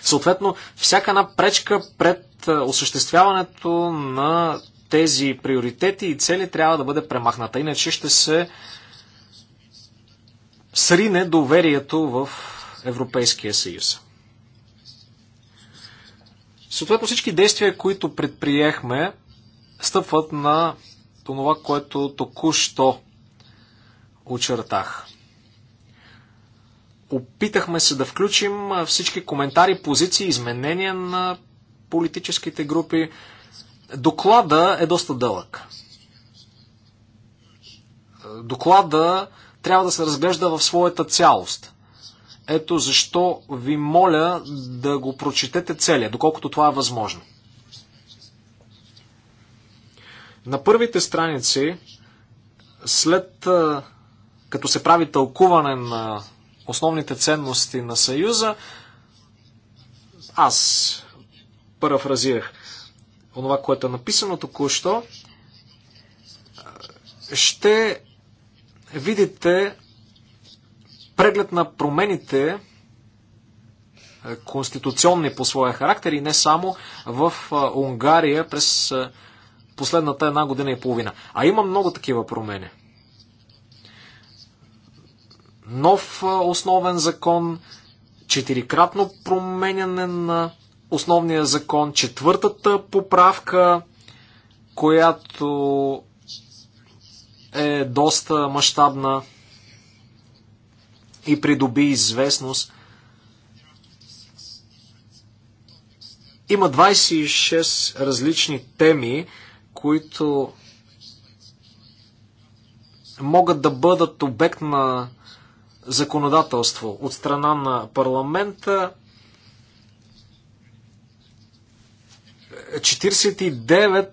Съответно, всяка една пречка пред е, осъществяването на тези приоритети и цели трябва да бъде премахната. Иначе ще се срине доверието в Европейския съюз. Съответно всички действия, които предприехме, стъпват на това, което току-що очертах. Опитахме се да включим всички коментари, позиции, изменения на политическите групи. Доклада е доста дълъг. Доклада трябва да се разглежда в своята цялост. Ето защо ви моля да го прочетете целия, доколкото това е възможно. На първите страници, след като се прави тълкуване на основните ценности на Съюза, аз парафразирах онова, което е написано току-що, ще видите преглед на промените конституционни по своя характер и не само в Унгария през последната една година и половина. А има много такива промени. Нов основен закон, четирикратно променяне на основния закон, четвъртата поправка, която е доста мащабна и придоби известност. Има 26 различни теми, които могат да бъдат обект на законодателство от страна на парламента. 49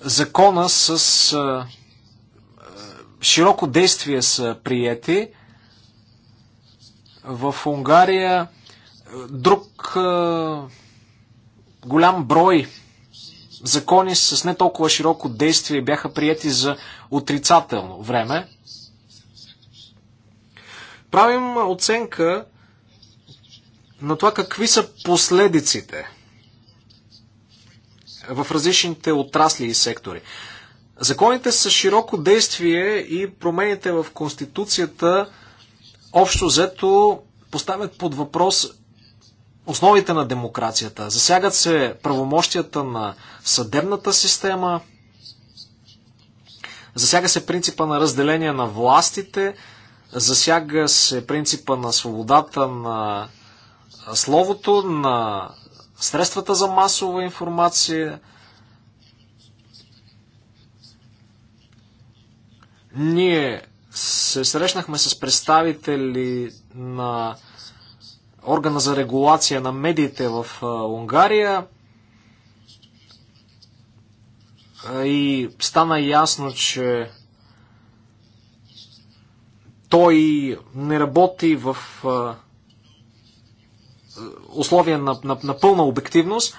закона с широко действие са приети. В Унгария друг голям брой закони с не толкова широко действие бяха прияти за отрицателно време. Правим оценка на това какви са последиците в различните отрасли и сектори. Законите с широко действие и промените в Конституцията общо взето поставят под въпрос основите на демокрацията. Засягат се правомощията на съдебната система, засяга се принципа на разделение на властите, засяга се принципа на свободата на словото, на средствата за масова информация. Ние се срещнахме с представители на органа за регулация на медиите в Унгария и стана ясно, че той не работи в условия на, на, на пълна обективност.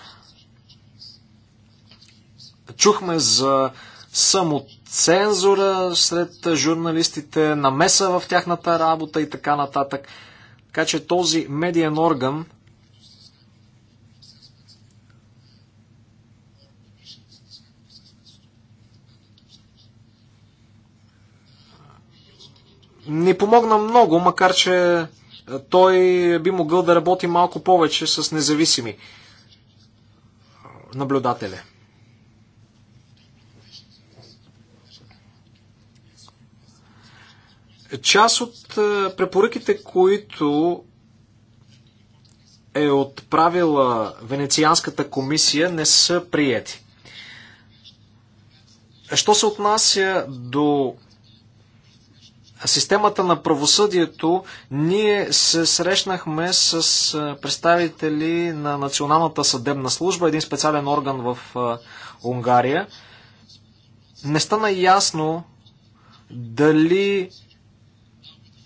Чухме за самоцензура сред журналистите, намеса в тяхната работа и така нататък. Така че този медиен орган не помогна много, макар че е, той би могъл да работи малко повече с независими е, наблюдатели. Част от е, препоръките, които е отправила Венецианската комисия, не са приети. Що се отнася до системата на правосъдието, ние се срещнахме с е, представители на Националната съдебна служба, един специален орган в е, Унгария. Не стана ясно дали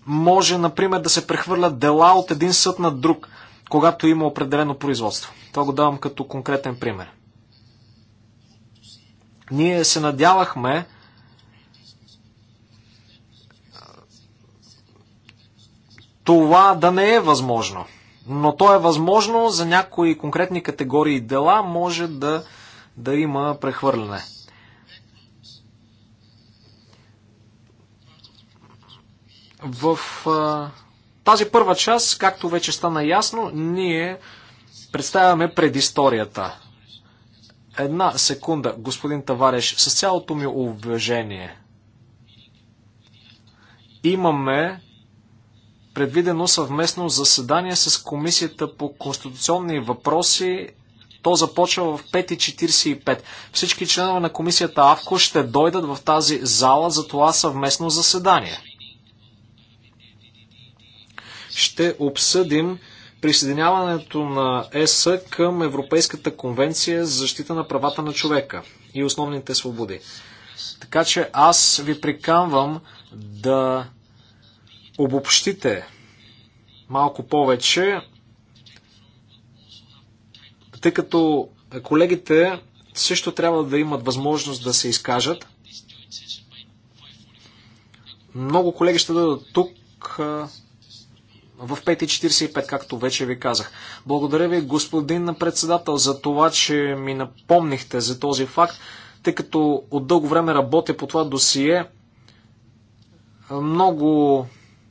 може, например, да се прехвърлят дела от един съд на друг, когато има определено производство. Това го давам като конкретен пример. Ние се надявахме, това да не е възможно. Но то е възможно за някои конкретни категории дела, може да, да има прехвърляне. В а, тази първа част, както вече стана ясно, ние представяме предисторията. Една секунда, господин Тавареш, с цялото ми уважение. Имаме предвидено съвместно заседание с Комисията по конституционни въпроси. То започва в 5.45. Всички членове на комисията АВКО ще дойдат в тази зала за това съвместно заседание ще обсъдим присъединяването на ЕС към Европейската конвенция за защита на правата на човека и основните свободи. Така че аз ви приканвам да обобщите малко повече, тъй като колегите също трябва да имат възможност да се изкажат. Много колеги ще дадат тук в 5.45, както вече ви казах. Благодаря ви, господин председател, за това, че ми напомнихте за този факт, тъй като от дълго време работя по това досие. Много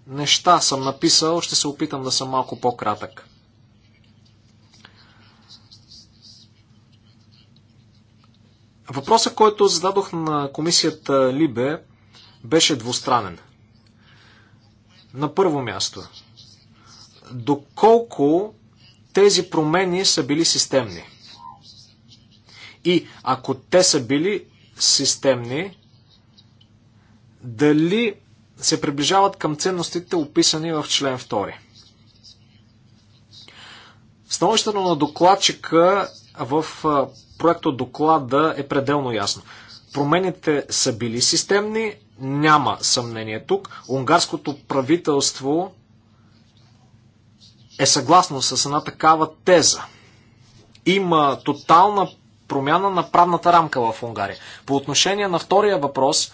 неща съм написал, ще се опитам да съм малко по-кратък. Въпросът, който зададох на комисията Либе, беше двустранен. На първо място, доколко тези промени са били системни. И ако те са били системни, дали се приближават към ценностите, описани в член 2. Становището на докладчика в проекто доклада е пределно ясно. Промените са били системни, няма съмнение тук. Унгарското правителство е съгласно с една такава теза. Има тотална промяна на правната рамка в Унгария. По отношение на втория въпрос,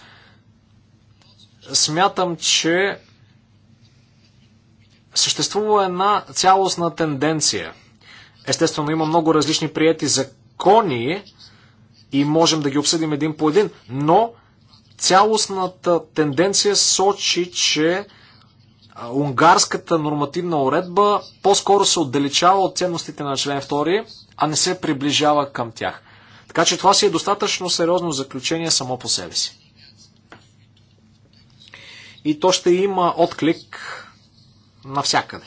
смятам, че съществува една цялостна тенденция. Естествено, има много различни прияти закони и можем да ги обсъдим един по един, но цялостната тенденция сочи, че унгарската нормативна уредба по-скоро се отдалечава от ценностите на член 2, а не се приближава към тях. Така че това си е достатъчно сериозно заключение само по себе си. И то ще има отклик навсякъде.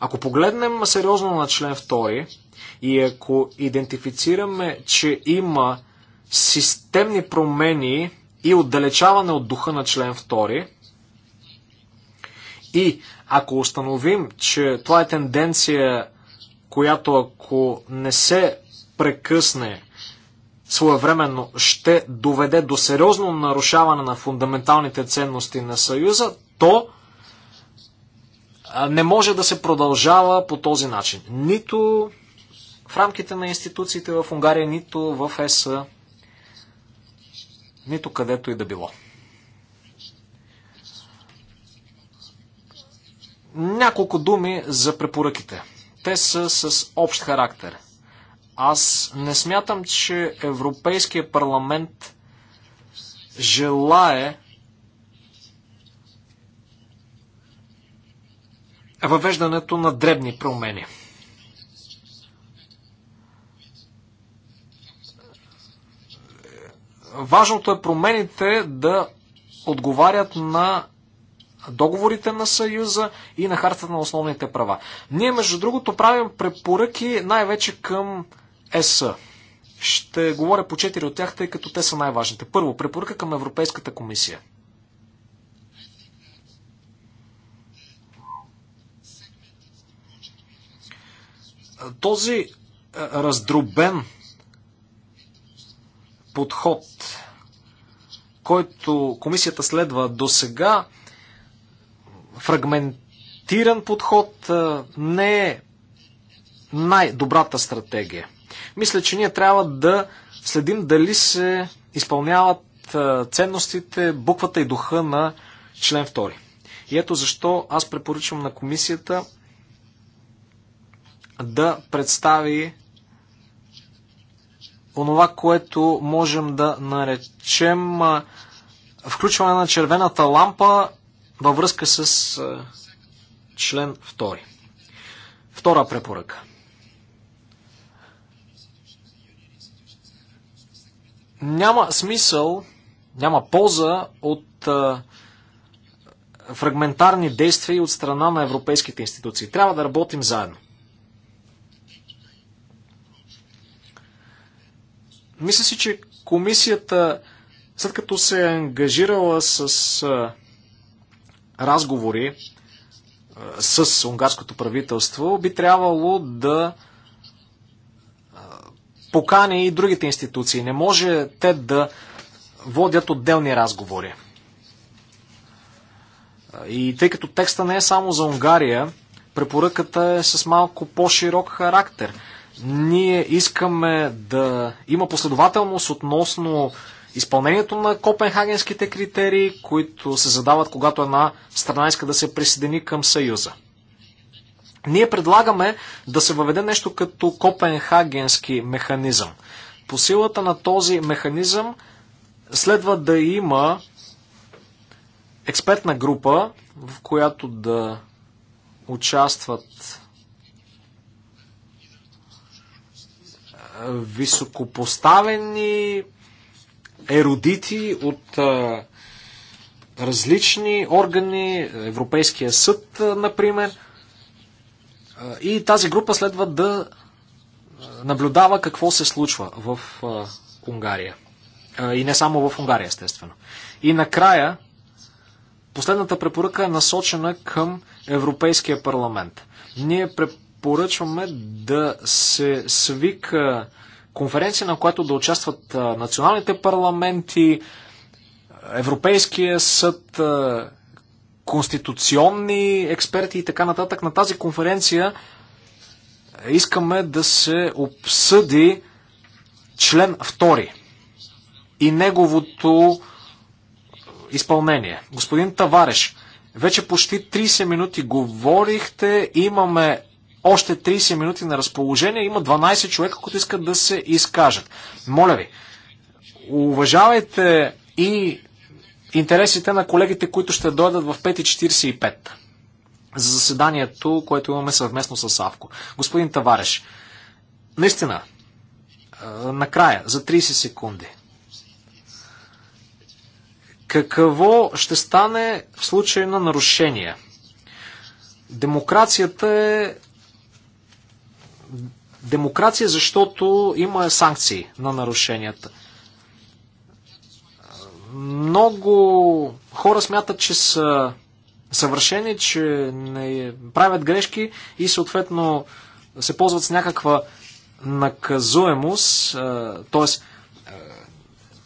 Ако погледнем сериозно на член 2 и ако идентифицираме, че има системни промени и отдалечаване от духа на член и ако установим, че това е тенденция, която ако не се прекъсне своевременно, ще доведе до сериозно нарушаване на фундаменталните ценности на Съюза, то не може да се продължава по този начин. Нито в рамките на институциите в Унгария, нито в ЕС, нито където и да било. Няколко думи за препоръките. Те са с общ характер. Аз не смятам, че Европейския парламент желае въвеждането на дребни промени. Важното е промените да отговарят на договорите на Съюза и на хартата на основните права. Ние, между другото, правим препоръки най-вече към ЕС. Ще говоря по четири от тях, тъй като те са най-важните. Първо, препоръка към Европейската комисия. Този е, раздробен подход, който комисията следва до сега, фрагментиран подход не е най-добрата стратегия. Мисля, че ние трябва да следим дали се изпълняват ценностите, буквата и духа на член 2. И ето защо аз препоръчвам на комисията да представи онова, което можем да наречем включване на червената лампа във връзка с член 2. Втора препоръка. Няма смисъл, няма полза от фрагментарни действия от страна на европейските институции. Трябва да работим заедно. Мисля си, че комисията, след като се е ангажирала с разговори с унгарското правителство, би трябвало да покани и другите институции. Не може те да водят отделни разговори. И тъй като текста не е само за Унгария, препоръката е с малко по-широк характер. Ние искаме да има последователност относно изпълнението на копенхагенските критерии, които се задават, когато една страна иска да се присъедини към Съюза. Ние предлагаме да се въведе нещо като копенхагенски механизъм. По силата на този механизъм следва да има експертна група, в която да участват високопоставени еродити от а, различни органи, Европейския съд, а, например. И тази група следва да наблюдава какво се случва в а, Унгария. А, и не само в Унгария, естествено. И накрая, последната препоръка е насочена към Европейския парламент. Ние препоръчваме да се свика конференция, на която да участват националните парламенти, Европейския съд, конституционни експерти и така нататък. На тази конференция искаме да се обсъди член 2 и неговото изпълнение. Господин Тавареш, вече почти 30 минути говорихте, имаме още 30 минути на разположение. Има 12 човека, които искат да се изкажат. Моля ви, уважавайте и интересите на колегите, които ще дойдат в 5.45 за заседанието, което имаме съвместно с Авко. Господин Тавареш, наистина, накрая, за 30 секунди. Какво ще стане в случай на нарушение? Демокрацията е демокрация, защото има санкции на нарушенията. Много хора смятат, че са съвършени, че не е- правят грешки и съответно се ползват с някаква наказуемост, е, т.е. Е,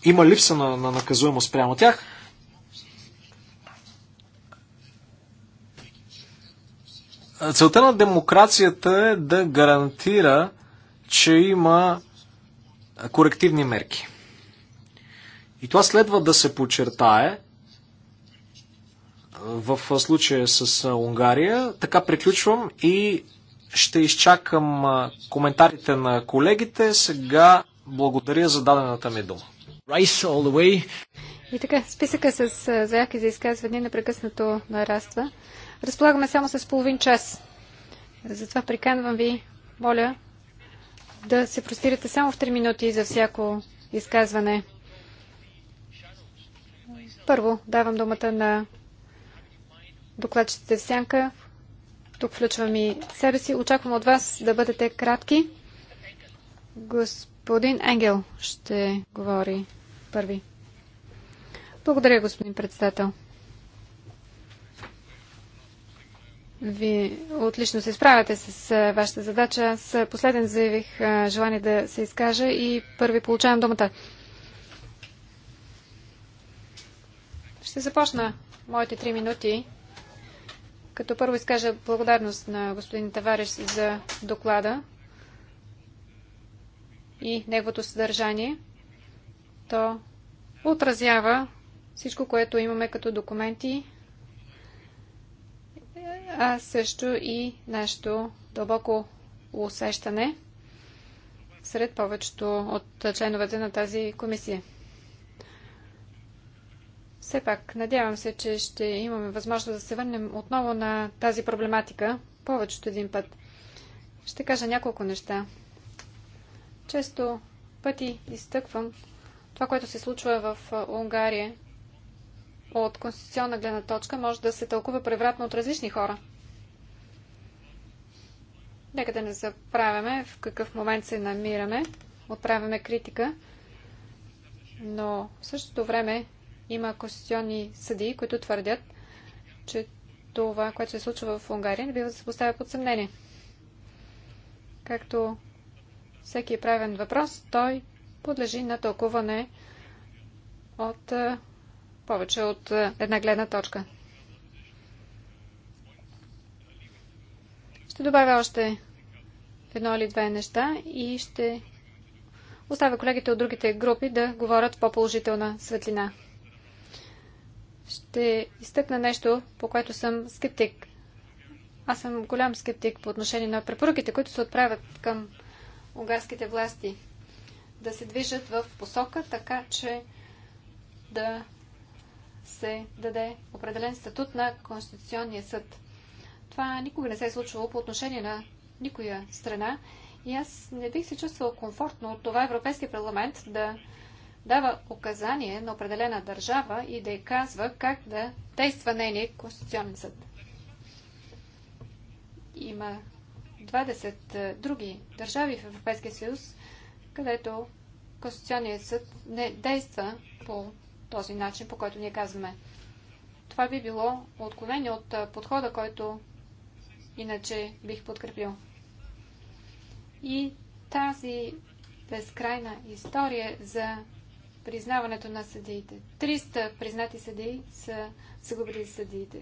има липса на, на наказуемост прямо тях. Целта на демокрацията е да гарантира, че има корективни мерки. И това следва да се подчертае в случая с Унгария. Така приключвам и ще изчакам коментарите на колегите. Сега благодаря за дадената ми дума. И така, списъка с заявки за изказване е непрекъснато нараства разполагаме само с половин час. Затова приканвам ви, моля, да се простирате само в 3 минути за всяко изказване. Първо давам думата на докладчите в сянка. Тук включвам и себе си. Очаквам от вас да бъдете кратки. Господин Енгел ще говори първи. Благодаря, господин председател. Вие отлично се справяте с вашата задача. Аз последен заявих желание да се изкажа и първи получавам думата. Ще започна моите три минути, като първо изкажа благодарност на господин Тавариш за доклада и неговото съдържание. То отразява всичко, което имаме като документи а също и нашето дълбоко усещане сред повечето от членовете на тази комисия. Все пак, надявам се, че ще имаме възможност да се върнем отново на тази проблематика повечето един път. Ще кажа няколко неща. Често пъти изтъквам това, което се случва в Унгария от конституционна гледна точка може да се тълкува превратно от различни хора. Нека да не забравяме в какъв момент се намираме, отправяме критика, но в същото време има конституционни съдии, които твърдят, че това, което се случва в Унгария, не бива да се поставя под съмнение. Както всеки е правен въпрос, той подлежи на тълкуване от повече от е, една гледна точка. Ще добавя още едно или две неща и ще оставя колегите от другите групи да говорят по-положителна светлина. Ще изтъкна нещо, по което съм скептик. Аз съм голям скептик по отношение на препоръките, които се отправят към унгарските власти да се движат в посока, така че да се даде определен статут на Конституционния съд. Това никога не се е случвало по отношение на никоя страна и аз не бих се чувствал комфортно от това Европейския парламент да дава указание на определена държава и да й казва как да действа нейния Конституционен съд. Има 20 е, други държави в Европейския съюз, където Конституционният съд не действа по този начин, по който ние казваме. Това би било отклонение от подхода, който иначе бих подкрепил. И тази безкрайна история за признаването на съдиите. 300 признати съдии са загубили съдиите.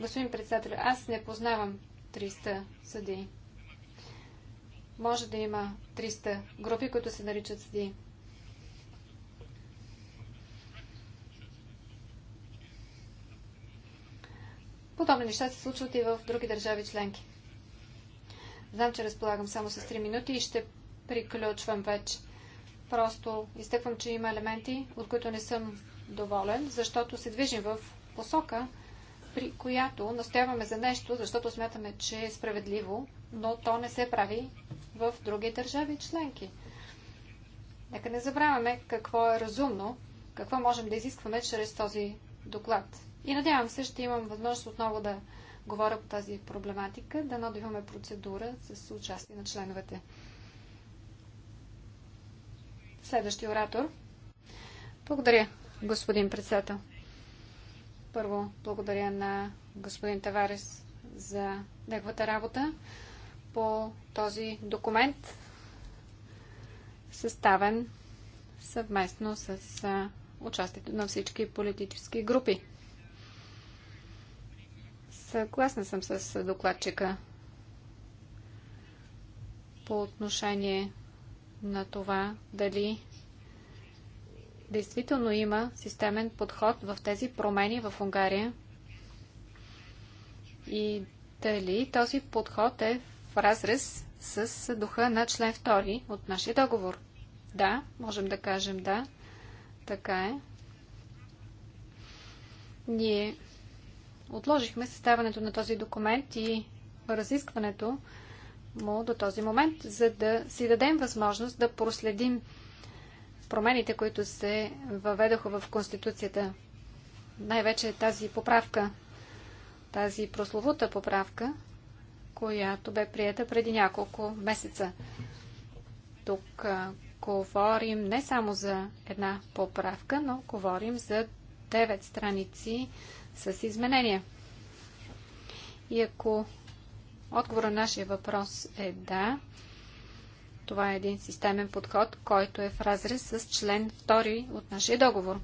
Господин председател, аз не познавам 300 съдии. Може да има 300 групи, които се наричат съдии. Подобни неща се случват и в други държави членки. Знам, че разполагам само с 3 минути и ще приключвам вече. Просто изтъквам, че има елементи, от които не съм доволен, защото се движим в посока, при която настояваме за нещо, защото смятаме, че е справедливо, но то не се прави в други държави членки. Нека не забравяме какво е разумно, какво можем да изискваме чрез този доклад. И надявам се, ще имам възможност отново да говоря по тази проблематика, да надиваме процедура с участие на членовете. Следващия оратор. Благодаря, господин председател. Първо, благодаря на господин Таварес за неговата работа по този документ, съставен съвместно с участието на всички политически групи. Съгласна съм с докладчика по отношение на това дали действително има системен подход в тези промени в Унгария и дали този подход е в разрез с духа на член 2 от нашия договор. Да, можем да кажем да, така е. Ние отложихме съставането на този документ и разискването му до този момент, за да си дадем възможност да проследим промените, които се въведоха в Конституцията. Най-вече тази поправка, тази прословута поправка, която бе прията преди няколко месеца. Тук говорим не само за една поправка, но говорим за девет страници с изменения. И ако отговорът на нашия въпрос е да, това е един системен подход, който е в разрез с член 2 от нашия договор.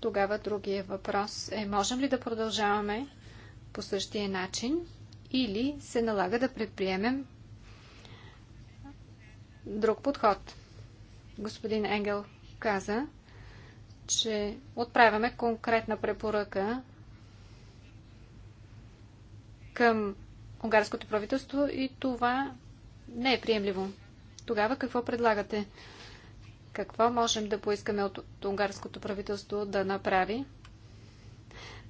Тогава другия въпрос е, можем ли да продължаваме по същия начин или се налага да предприемем друг подход. Господин Енгел каза, че отправяме конкретна препоръка към унгарското правителство и това не е приемливо. Тогава какво предлагате? Какво можем да поискаме от, унгарското правителство да направи?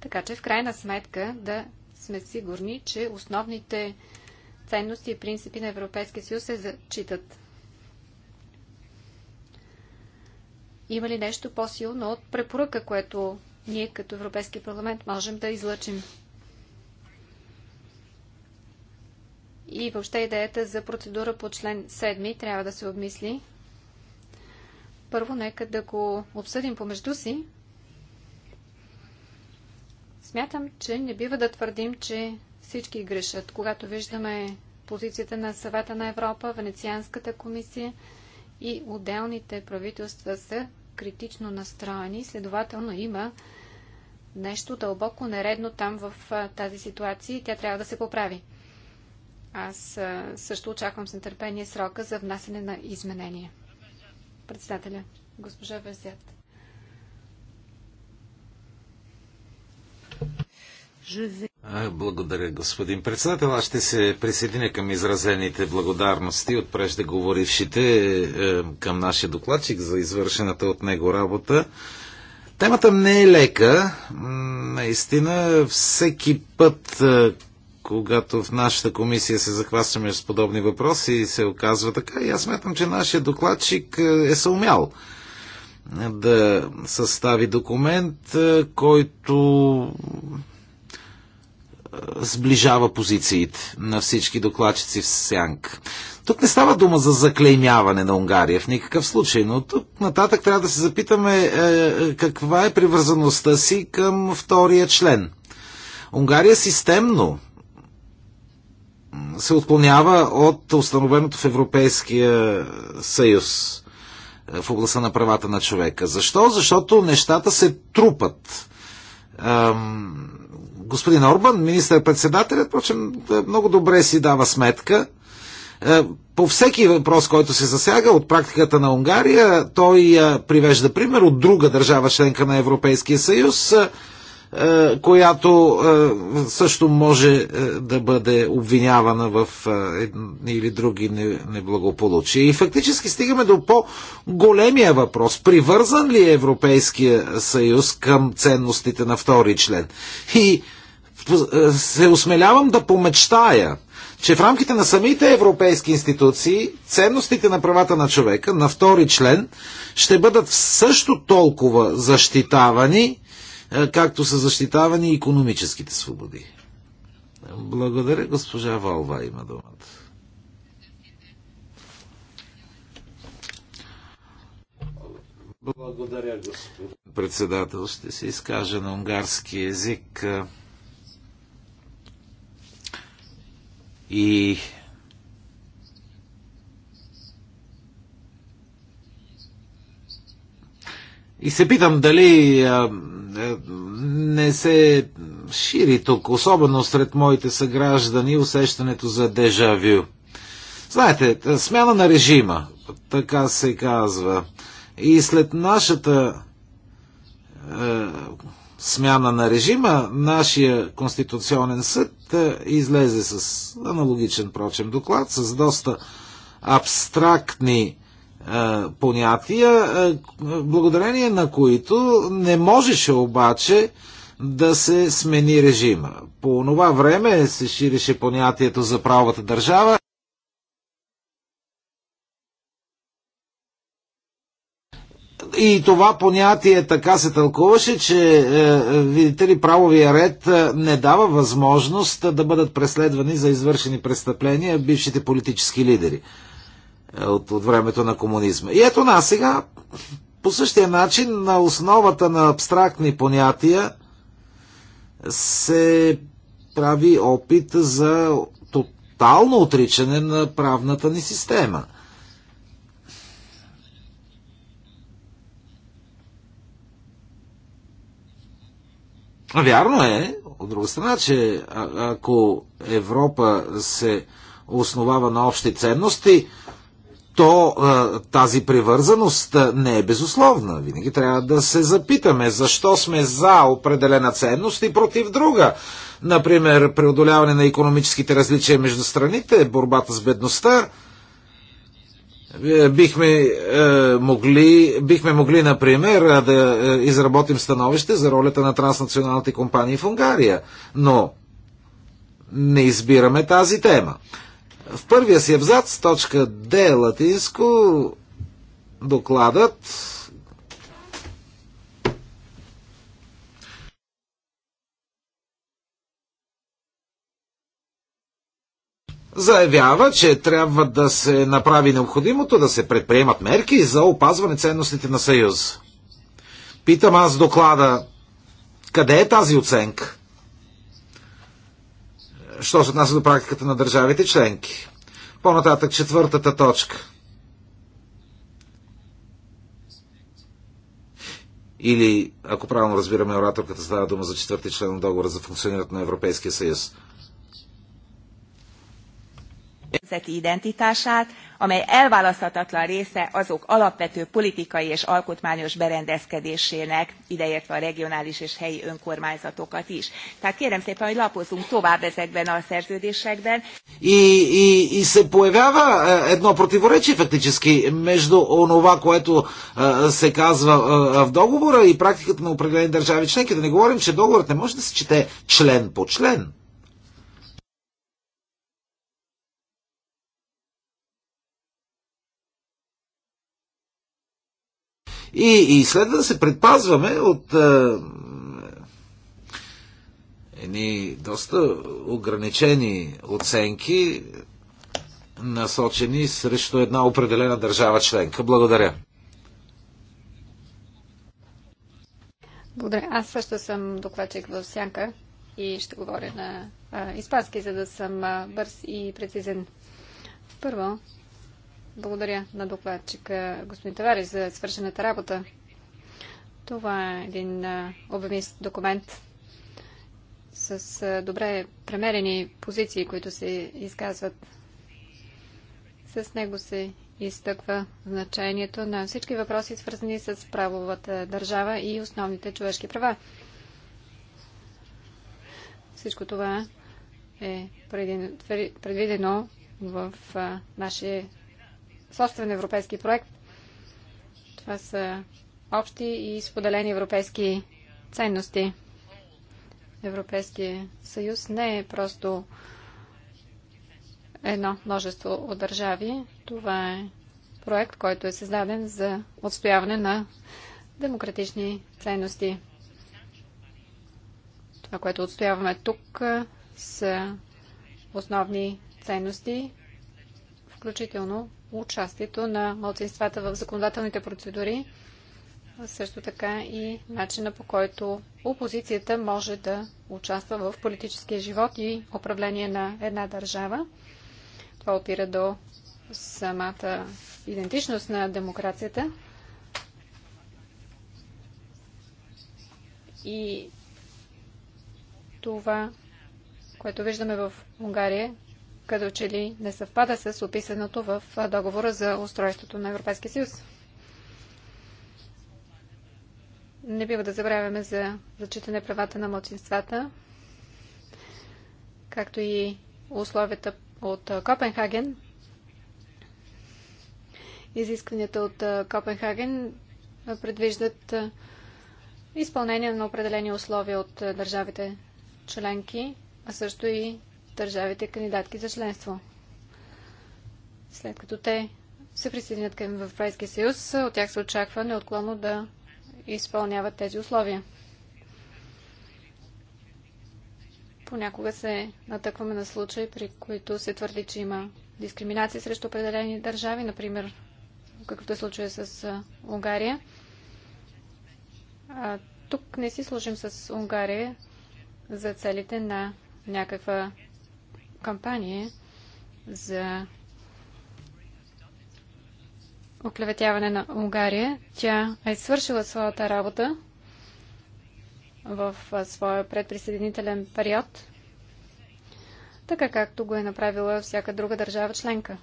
Така че в крайна сметка да сме сигурни, че основните ценности и принципи на Европейския съюз се зачитат. Има ли нещо по-силно от препоръка, което ние като Европейски парламент можем да излъчим? И въобще идеята за процедура по член 7 трябва да се обмисли. Първо, нека да го обсъдим помежду си. Смятам, че не бива да твърдим, че всички грешат. Когато виждаме позицията на съвета на Европа, Венецианската комисия и отделните правителства са критично настроени, следователно има нещо дълбоко нередно там в тази ситуация и тя трябва да се поправи. Аз също очаквам с нетърпение срока за внасене на изменения. Председателя, госпожа Везят. Je благодаря, господин председател. Аз ще се присъединя към изразените благодарности от преждеговорившите е, е, към нашия докладчик за извършената от него работа. Темата не е лека. Наистина, всеки път, е, когато в нашата комисия се захващаме с подобни въпроси, се оказва така. И аз смятам, че нашия докладчик е съумял да състави документ, който сближава позициите на всички докладчици в Сянк. Тук не става дума за заклеймяване на Унгария в никакъв случай, но тук нататък трябва да се запитаме е, е каква е привързаността си към втория член. Унгария системно се отклонява от установеното в Европейския съюз е, в областта на правата на човека. Защо? Защото нещата се трупат. Ам, господин Орбан, министър-председателят, впрочем, много добре си дава сметка. Е, по всеки въпрос, който се засяга от практиката на Унгария, той е, привежда пример от друга държава, членка на Европейския съюз, е, която също може да бъде обвинявана в едни или други неблагополучия. И фактически стигаме до по-големия въпрос. Привързан ли е Европейския съюз към ценностите на втори член? И се осмелявам да помечтая, че в рамките на самите европейски институции ценностите на правата на човека на втори член ще бъдат също толкова защитавани, е, както са защитавани и економическите свободи. Благодаря, госпожа Валва има думата. Благодаря, господин председател. Ще се изкажа на унгарски язик. И И се питам дали а, е, не се шири тук, особено сред моите съграждани, усещането за дежавю. Знаете, смяна на режима, така се казва. И след нашата е, смяна на режима, нашия Конституционен съд е, излезе с аналогичен, прочем, доклад, с доста абстрактни е, понятия, е, благодарение на които не можеше обаче да се смени режима. По това време се ширише понятието за правовата държава. И това понятие така се тълкуваше, че, е, е, видите ли, правовия ред е, не дава възможност да бъдат преследвани за извършени престъпления бившите политически лидери от, от времето на комунизма. И ето нас сега, по същия начин, на основата на абстрактни понятия се прави опит за тотално отричане на правната ни система – Вярно е, от друга страна, че ако Европа се основава на общи ценности, то а, тази привързаност не е безусловна. Винаги трябва да се запитаме защо сме за определена ценност и против друга. Например, преодоляване на економическите различия между страните, борбата с бедността, е, бихме, е, могли, бихме могли, например, е, да е, изработим становище за ролята на транснационалните компании в Унгария, но не избираме тази тема. В първия си абзац, точка Д латинско, докладът заявява, че трябва да се направи необходимото, да се предприемат мерки за опазване ценностите на Съюз. Питам аз доклада, къде е тази оценка? Що се отнася до практиката на държавите членки? По-нататък четвъртата точка. Или, ако правилно разбираме ораторката, става дума за четвърти член на договора за функционирането на Европейския съюз – nemzeti identitását, amely elválaszthatatlan része azok alapvető politikai és alkotmányos berendezkedésének, ideértve a regionális és helyi önkormányzatokat is. Tehát kérem szépen, hogy lapozunk tovább ezekben a szerződésekben. И, и, и се появява едно противоречие фактически между онова, което се казва в договора и практиката на определени държави членки. Да не говорим, че договорът не може да се чете член по член. И, и следва да се предпазваме от е, едни доста ограничени оценки, насочени срещу една определена държава членка. Благодаря. Благодаря. Аз също съм докладчик в Сянка и ще говоря на а, е, испански, за да съм а, е, бърз и прецизен. Първо, благодаря на докладчика господин Тавари за свършената работа. Това е един обемист документ с добре премерени позиции, които се изказват. С него се изтъква значението на всички въпроси, свързани с правовата държава и основните човешки права. Всичко това е предвидено в нашия собствен европейски проект. Това са общи и споделени европейски ценности. Европейския съюз не е просто едно множество от държави. Това е проект, който е създаден за отстояване на демократични ценности. Това, което отстояваме тук, е, са основни ценности, включително участието на младсинствата в законодателните процедури, също така и начина по който опозицията може да участва в политическия живот и управление на една държава. Това опира до самата идентичност на демокрацията. И това, което виждаме в Унгария, като че ли не съвпада с описаното в договора за устройството на Европейския съюз. Не бива да забравяме за зачитане правата на младсинствата, както и условията от Копенхаген. Изискванията от Копенхаген предвиждат изпълнение на определени условия от държавите членки, а също и държавите кандидатки за членство. След като те се присъединят към Европейския съюз, от тях се очаква неотклонно да изпълняват тези условия. Понякога се натъкваме на случаи, при които се твърди, че има дискриминация срещу определени държави, например, какъвто е случая с Унгария. А, тук не си служим с Унгария за целите на някаква кампания за оклеветяване на Унгария. Тя е свършила своята работа в своя предприсъединителен период, така както го е направила всяка друга държава членка.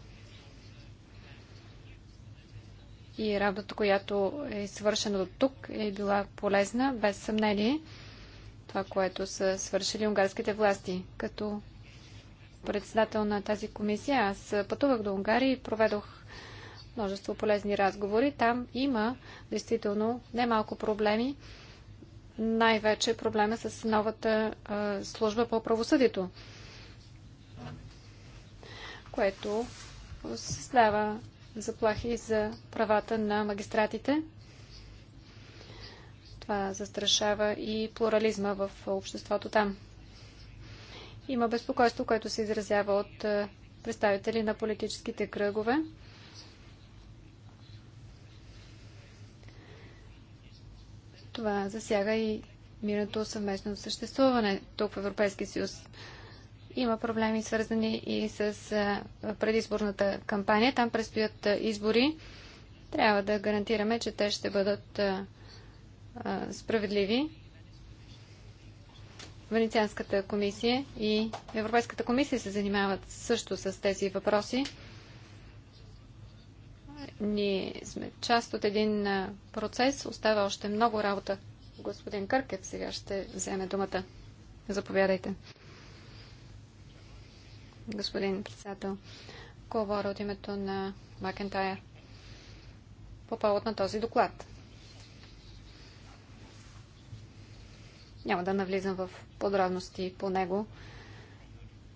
И работата, която е свършена до тук, е била полезна, без съмнение, това, което са свършили унгарските власти, като председател на тази комисия, аз пътувах до Унгария и проведох множество полезни разговори. Там има действително немалко проблеми. Най-вече проблема с новата а, служба по правосъдието, което създава заплахи за правата на магистратите. Това застрашава и плурализма в обществото там. Има безпокойство, което се изразява от е, представители на политическите кръгове. Това засяга и мирното съвместно съществуване тук в Европейския съюз. Има проблеми свързани и с е, предизборната кампания. Там предстоят е, избори. Трябва да гарантираме, че те ще бъдат справедливи. Венецианската комисия и Европейската комисия се занимават също с тези въпроси. Ние сме част от един процес. Остава още много работа. Господин Къркев сега ще вземе думата. Заповядайте. Господин председател, говоря от името на Макентайр по повод на този доклад. Няма да навлизам в подробности по него,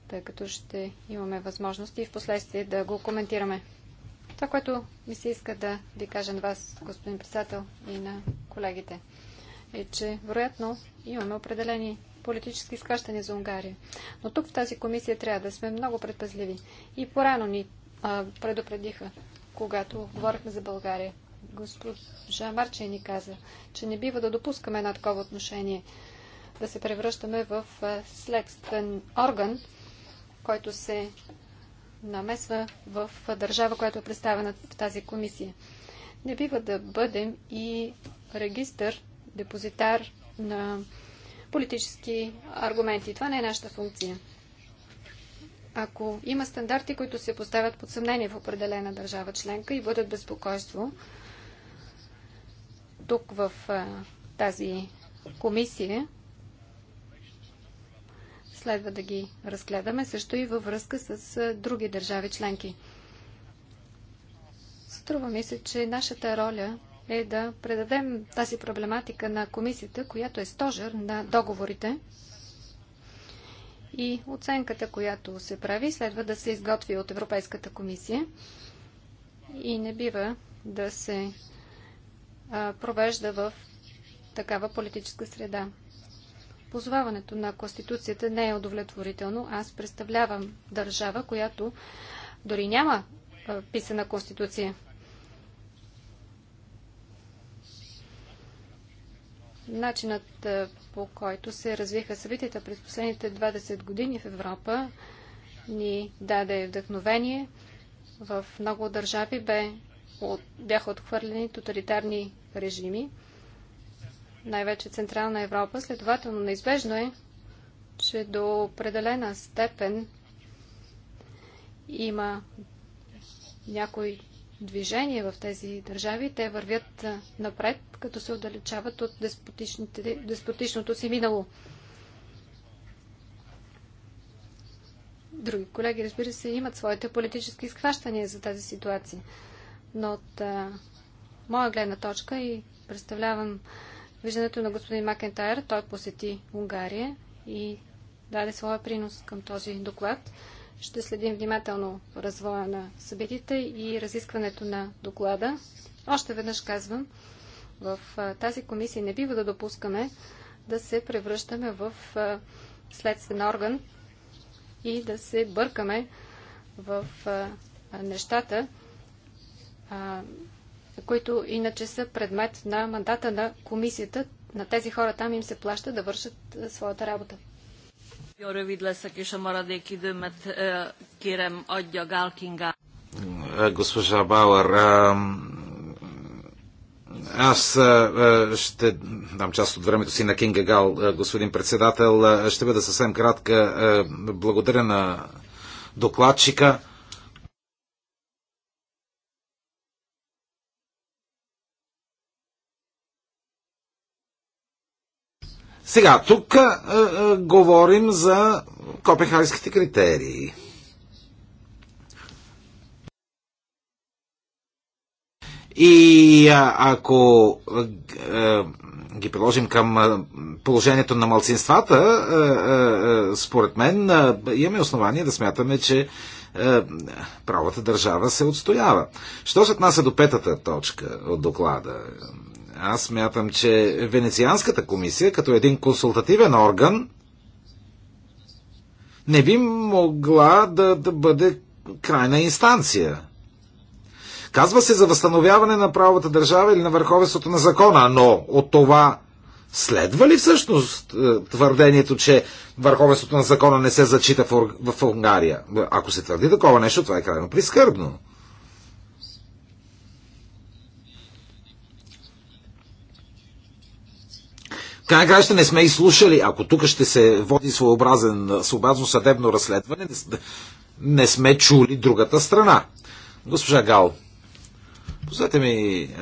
тъй като ще имаме възможности и в последствие да го коментираме. Това, което ми се иска да ви кажа на вас, господин председател, и на колегите, е, че вероятно имаме определени политически изкащания за Унгария. Но тук в тази комисия трябва да сме много предпазливи. И порано ни а, предупредиха, когато говорихме за България. Госпожа Марче ни каза, че не бива да допускаме едно такова отношение да се превръщаме в следствен орган, който се намесва в държава, която е представена в тази комисия. Не бива да бъдем и регистър, депозитар на политически аргументи. Това не е нашата функция. Ако има стандарти, които се поставят под съмнение в определена държава членка и бъдат безпокойство, тук в тази комисия Следва да ги разгледаме също и във връзка с други държави членки. Струва ми се, че нашата роля е да предадем тази проблематика на комисията, която е стожер на договорите и оценката, която се прави, следва да се изготви от Европейската комисия и не бива да се провежда в такава политическа среда. Позоваването на Конституцията не е удовлетворително. Аз представлявам държава, която дори няма писана Конституция. Начинът по който се развиха събитията през последните 20 години в Европа ни даде вдъхновение. В много държави бе, бяха отхвърлени тоталитарни режими най-вече Централна Европа. Следователно, неизбежно е, че до определена степен има някои движения в тези държави. Те вървят напред, като се отдалечават от деспотичното си минало. Други колеги, разбира се, имат своите политически изхващания за тази ситуация. Но от а, моя гледна точка и представлявам виждането на господин Макентайр. Той посети Унгария и даде своя принос към този доклад. Ще следим внимателно развоя на събитите и разискването на доклада. Още веднъж казвам, в тази комисия не бива да допускаме да се превръщаме в следствен орган и да се бъркаме в нещата, които иначе са предмет на мандата на комисията. На тези хора там им се плаща да вършат е, своята работа. Е, е, госпожа Бауър, аз ще дам част от времето си на Кинга Гал, господин председател. Ще бъда съвсем кратка. Благодаря на докладчика. Сега, тук а, а, говорим за копенхагските критерии. И а, ако а, а, ги приложим към а, положението на малцинствата, а, а, според мен а, имаме основание да смятаме, че а, правата държава се отстоява. Що се отнася до петата точка от доклада? Аз мятам, че Венецианската комисия, като един консултативен орган, не би могла да, да бъде крайна инстанция. Казва се за възстановяване на правовата държава или на върховенството на закона, но от това следва ли всъщност е, твърдението, че върховенството на закона не се зачита в Унгария? Ако се твърди такова нещо, това е крайно прискърбно. Край граждани не сме изслушали, ако тук ще се води своеобразен, своеобразно съдебно разследване, не, не сме чули другата страна. Госпожа Гал, позвете ми е,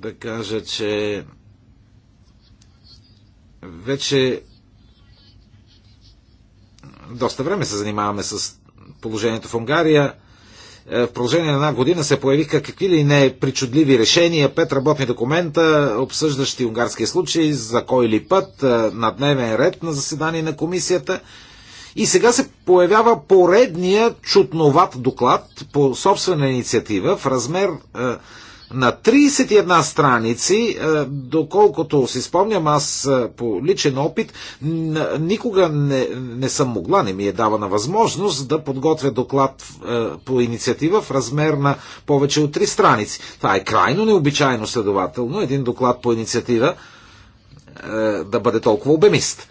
да кажа, че вече доста време се занимаваме с положението в Унгария. Е, в продължение на една година се появиха какви ли не причудливи решения, пет работни документа, обсъждащи унгарския случай, за кой ли път, е, на дневен ред на заседание на комисията. И сега се появява поредния чутноват доклад по собствена инициатива в размер е, на 31 страници, е, доколкото си спомням, аз е, по личен опит никога не, не съм могла, не ми е давана възможност да подготвя доклад е, по инициатива в размер на повече от 3 страници. Това е крайно необичайно следователно, един доклад по инициатива да бъде толкова обемист.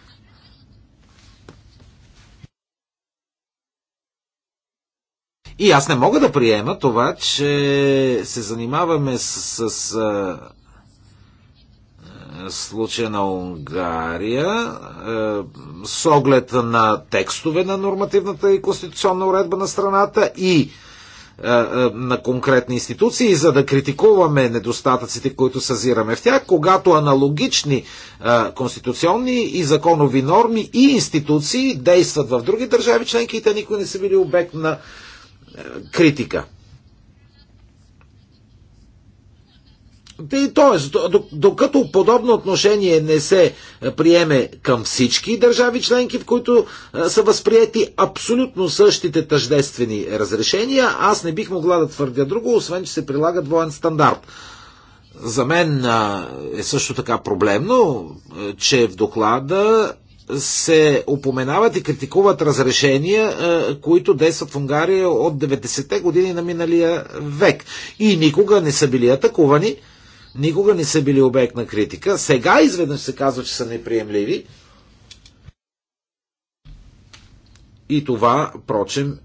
И аз не мога да приема това, че се занимаваме с, с, с случая на Унгария с оглед на текстове на нормативната и конституционна уредба на страната и на конкретни институции, за да критикуваме недостатъците, които съзираме в тях, когато аналогични конституционни и законови норми и институции действат в други държави членки и те никой не са били обект на критика. Тоест, докато подобно отношение не се приеме към всички държави членки, в които са възприяти абсолютно същите тъждествени разрешения, аз не бих могла да твърдя друго, освен че се прилага двоен стандарт. За мен е също така проблемно, е, че в доклада се упоменават и критикуват разрешения, е, които действат в Унгария от 90-те години на миналия век. И никога не са били атакувани, никога не са били обект на критика. Сега изведнъж се казва, че са неприемливи. И това, прочим,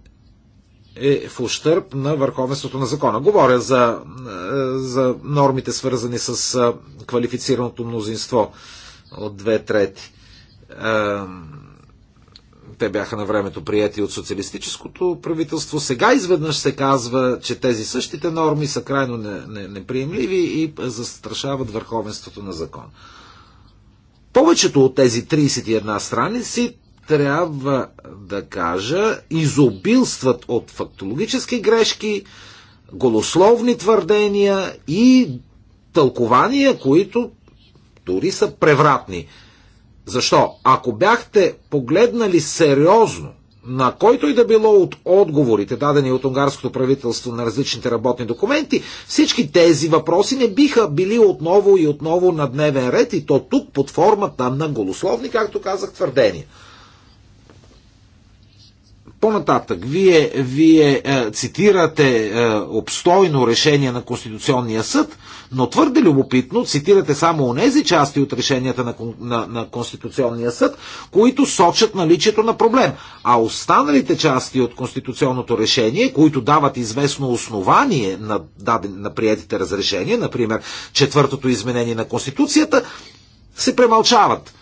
е в ущърп на върховенството на закона. Говоря за, е, за нормите, свързани с е, квалифицираното мнозинство от две трети те бяха на времето прияти от социалистическото правителство. Сега изведнъж се казва, че тези същите норми са крайно не, не, неприемливи и застрашават върховенството на закон. Повечето от тези 31 страници трябва да кажа, изобилстват от фактологически грешки, голословни твърдения и тълкования, които дори са превратни. Защо? Ако бяхте погледнали сериозно на който и да било от отговорите, дадени от унгарското правителство на различните работни документи, всички тези въпроси не биха били отново и отново на дневен ред и то тук под формата на голословни, както казах, твърдения. По-нататък, вие, вие е, цитирате е, обстойно решение на Конституционния съд, но твърде любопитно цитирате само онези части от решенията на, на, на Конституционния съд, които сочат наличието на проблем. А останалите части от Конституционното решение, които дават известно основание на, даден, на приятите разрешения, например четвъртото изменение на Конституцията, се премълчават.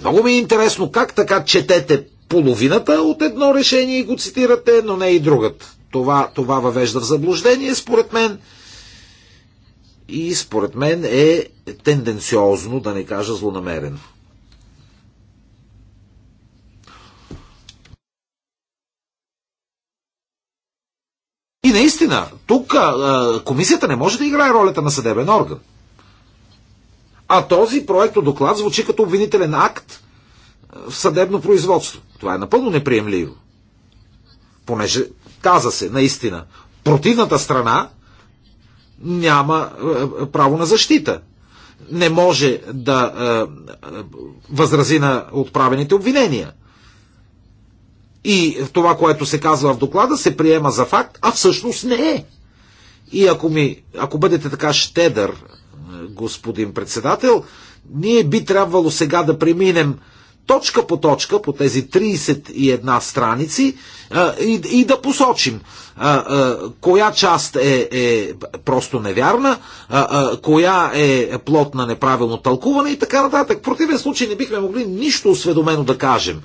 Много ми е интересно как така четете половината от едно решение и го цитирате, но не и другата. Това, това въвежда в заблуждение, според мен. И според мен е тенденциозно, да не кажа злонамерено. И наистина, тук а, комисията не може да играе ролята на съдебен орган. А този проект от доклад звучи като обвинителен акт в съдебно производство. Това е напълно неприемливо. Понеже, каза се, наистина, противната страна няма е, е, право на защита. Не може да е, е, възрази на отправените обвинения. И това, което се казва в доклада, се приема за факт, а всъщност не е. И ако, ми, ако бъдете така щедър, е, господин председател, ние би трябвало сега да преминем точка по точка по тези 31 страници и, да посочим коя част е, е просто невярна, коя е плод на неправилно тълкуване и така нататък. В противен случай не бихме могли нищо осведомено да кажем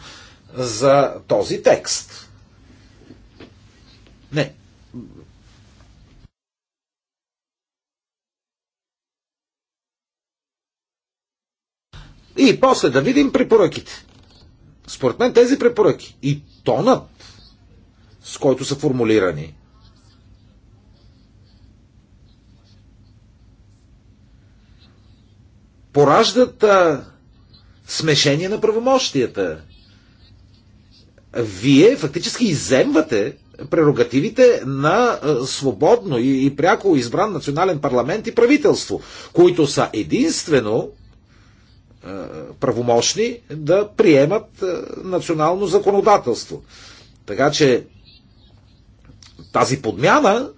за този текст. Не, И после да видим препоръките. Според мен тези препоръки и тонът, с който са формулирани, пораждат а, смешение на правомощията. Вие фактически иземвате прерогативите на а, свободно и, и пряко избран национален парламент и правителство, които са единствено е, правомощни да приемат е, национално законодателство. Така че тази подмяна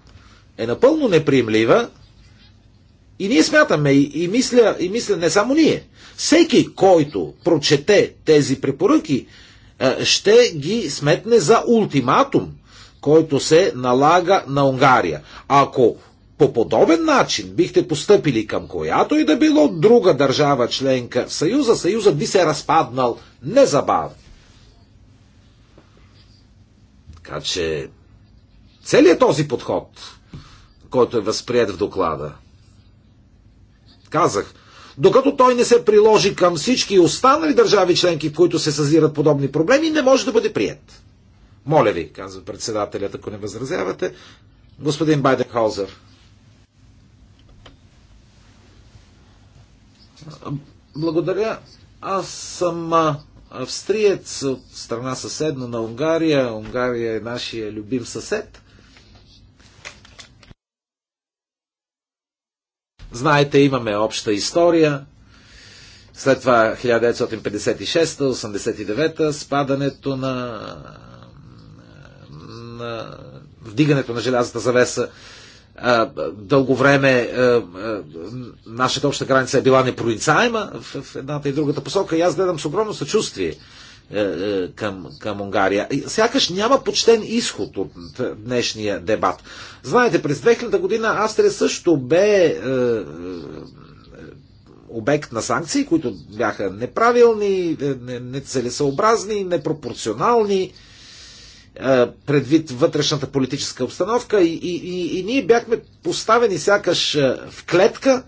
е напълно неприемлива и ние смятаме, и, и, мисля, и мисля не само ние, всеки, който прочете тези препоръки, е, ще ги сметне за ултиматум, който се налага на Унгария. Ако по подобен начин бихте постъпили към която и да било друга държава членка в Съюза, Съюзът би се разпаднал незабавно. Така че целият този подход, който е възприят в доклада, казах, докато той не се приложи към всички останали държави членки, в които се съзират подобни проблеми, не може да бъде прият. Моля ви, казва председателят, ако не възразявате, господин Байденхаузер. Благодаря. Аз съм австриец от страна съседна на Унгария. Унгария е нашия любим съсед. Знаете, имаме обща история. След това 1956-89 спадането на, на вдигането на желязата завеса дълго време нашата обща граница е била непроницаема в едната и другата посока и аз гледам с огромно съчувствие към, към Унгария. Сякаш няма почтен изход от днешния дебат. Знаете, през 2000 година Австрия също бе е, е, обект на санкции, които бяха неправилни, нецелесообразни, непропорционални. Е, предвид вътрешната политическа обстановка и, и, и, и ние бяхме поставени сякаш в клетка,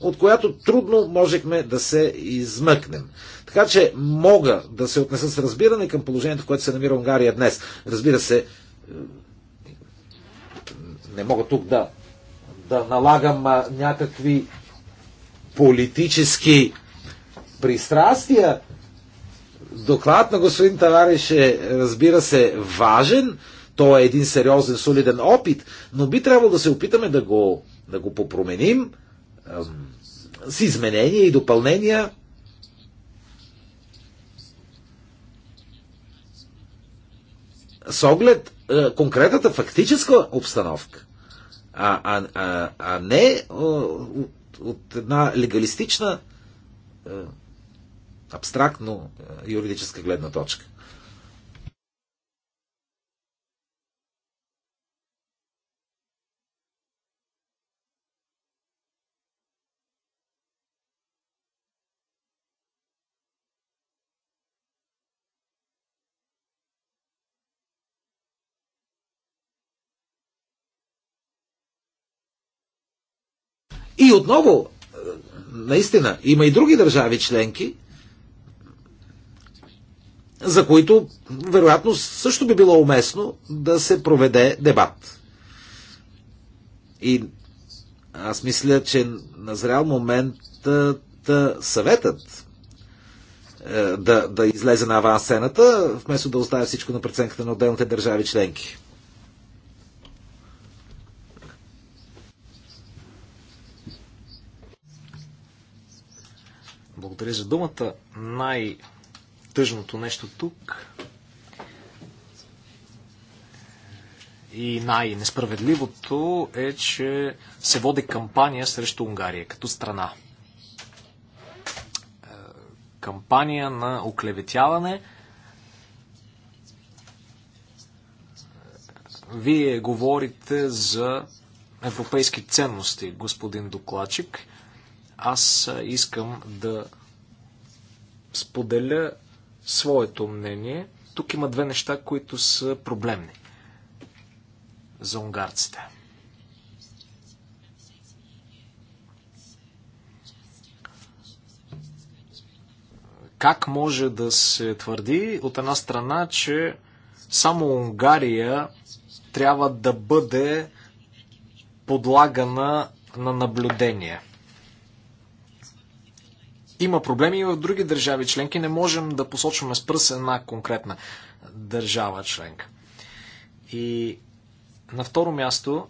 от която трудно можехме да се измъкнем. Така че мога да се отнеса с разбиране към положението, в което се намира Унгария днес. Разбира се, е, не мога тук да, да налагам някакви политически пристрастия, Докладът на господин Тавариш е, разбира се, важен. Той е един сериозен, солиден опит, но би трябвало да се опитаме да го, да го попроменим е, с изменения и допълнения. С оглед е, конкретната фактическа обстановка, а, а, а, а не е, от, от една легалистична е, абстрактно е, юридическа гледна точка. И отново, е, наистина, има и други държави членки, за които вероятно също би било уместно да се проведе дебат. И аз мисля, че назрял момент да, съветът е, да, да излезе на сцената, вместо да оставя всичко на преценката на отделните държави членки. Благодаря за думата. Най- тъжното нещо тук и най-несправедливото е, че се води кампания срещу Унгария като страна. Е, кампания на оклеветяване. Вие говорите за европейски ценности, господин докладчик. Аз искам да споделя своето мнение. Тук има две неща, които са проблемни за унгарците. Как може да се твърди от една страна, че само Унгария трябва да бъде подлагана на наблюдение? Има проблеми и в други държави членки. Не можем да посочваме с пръст една конкретна държава членка. И на второ място,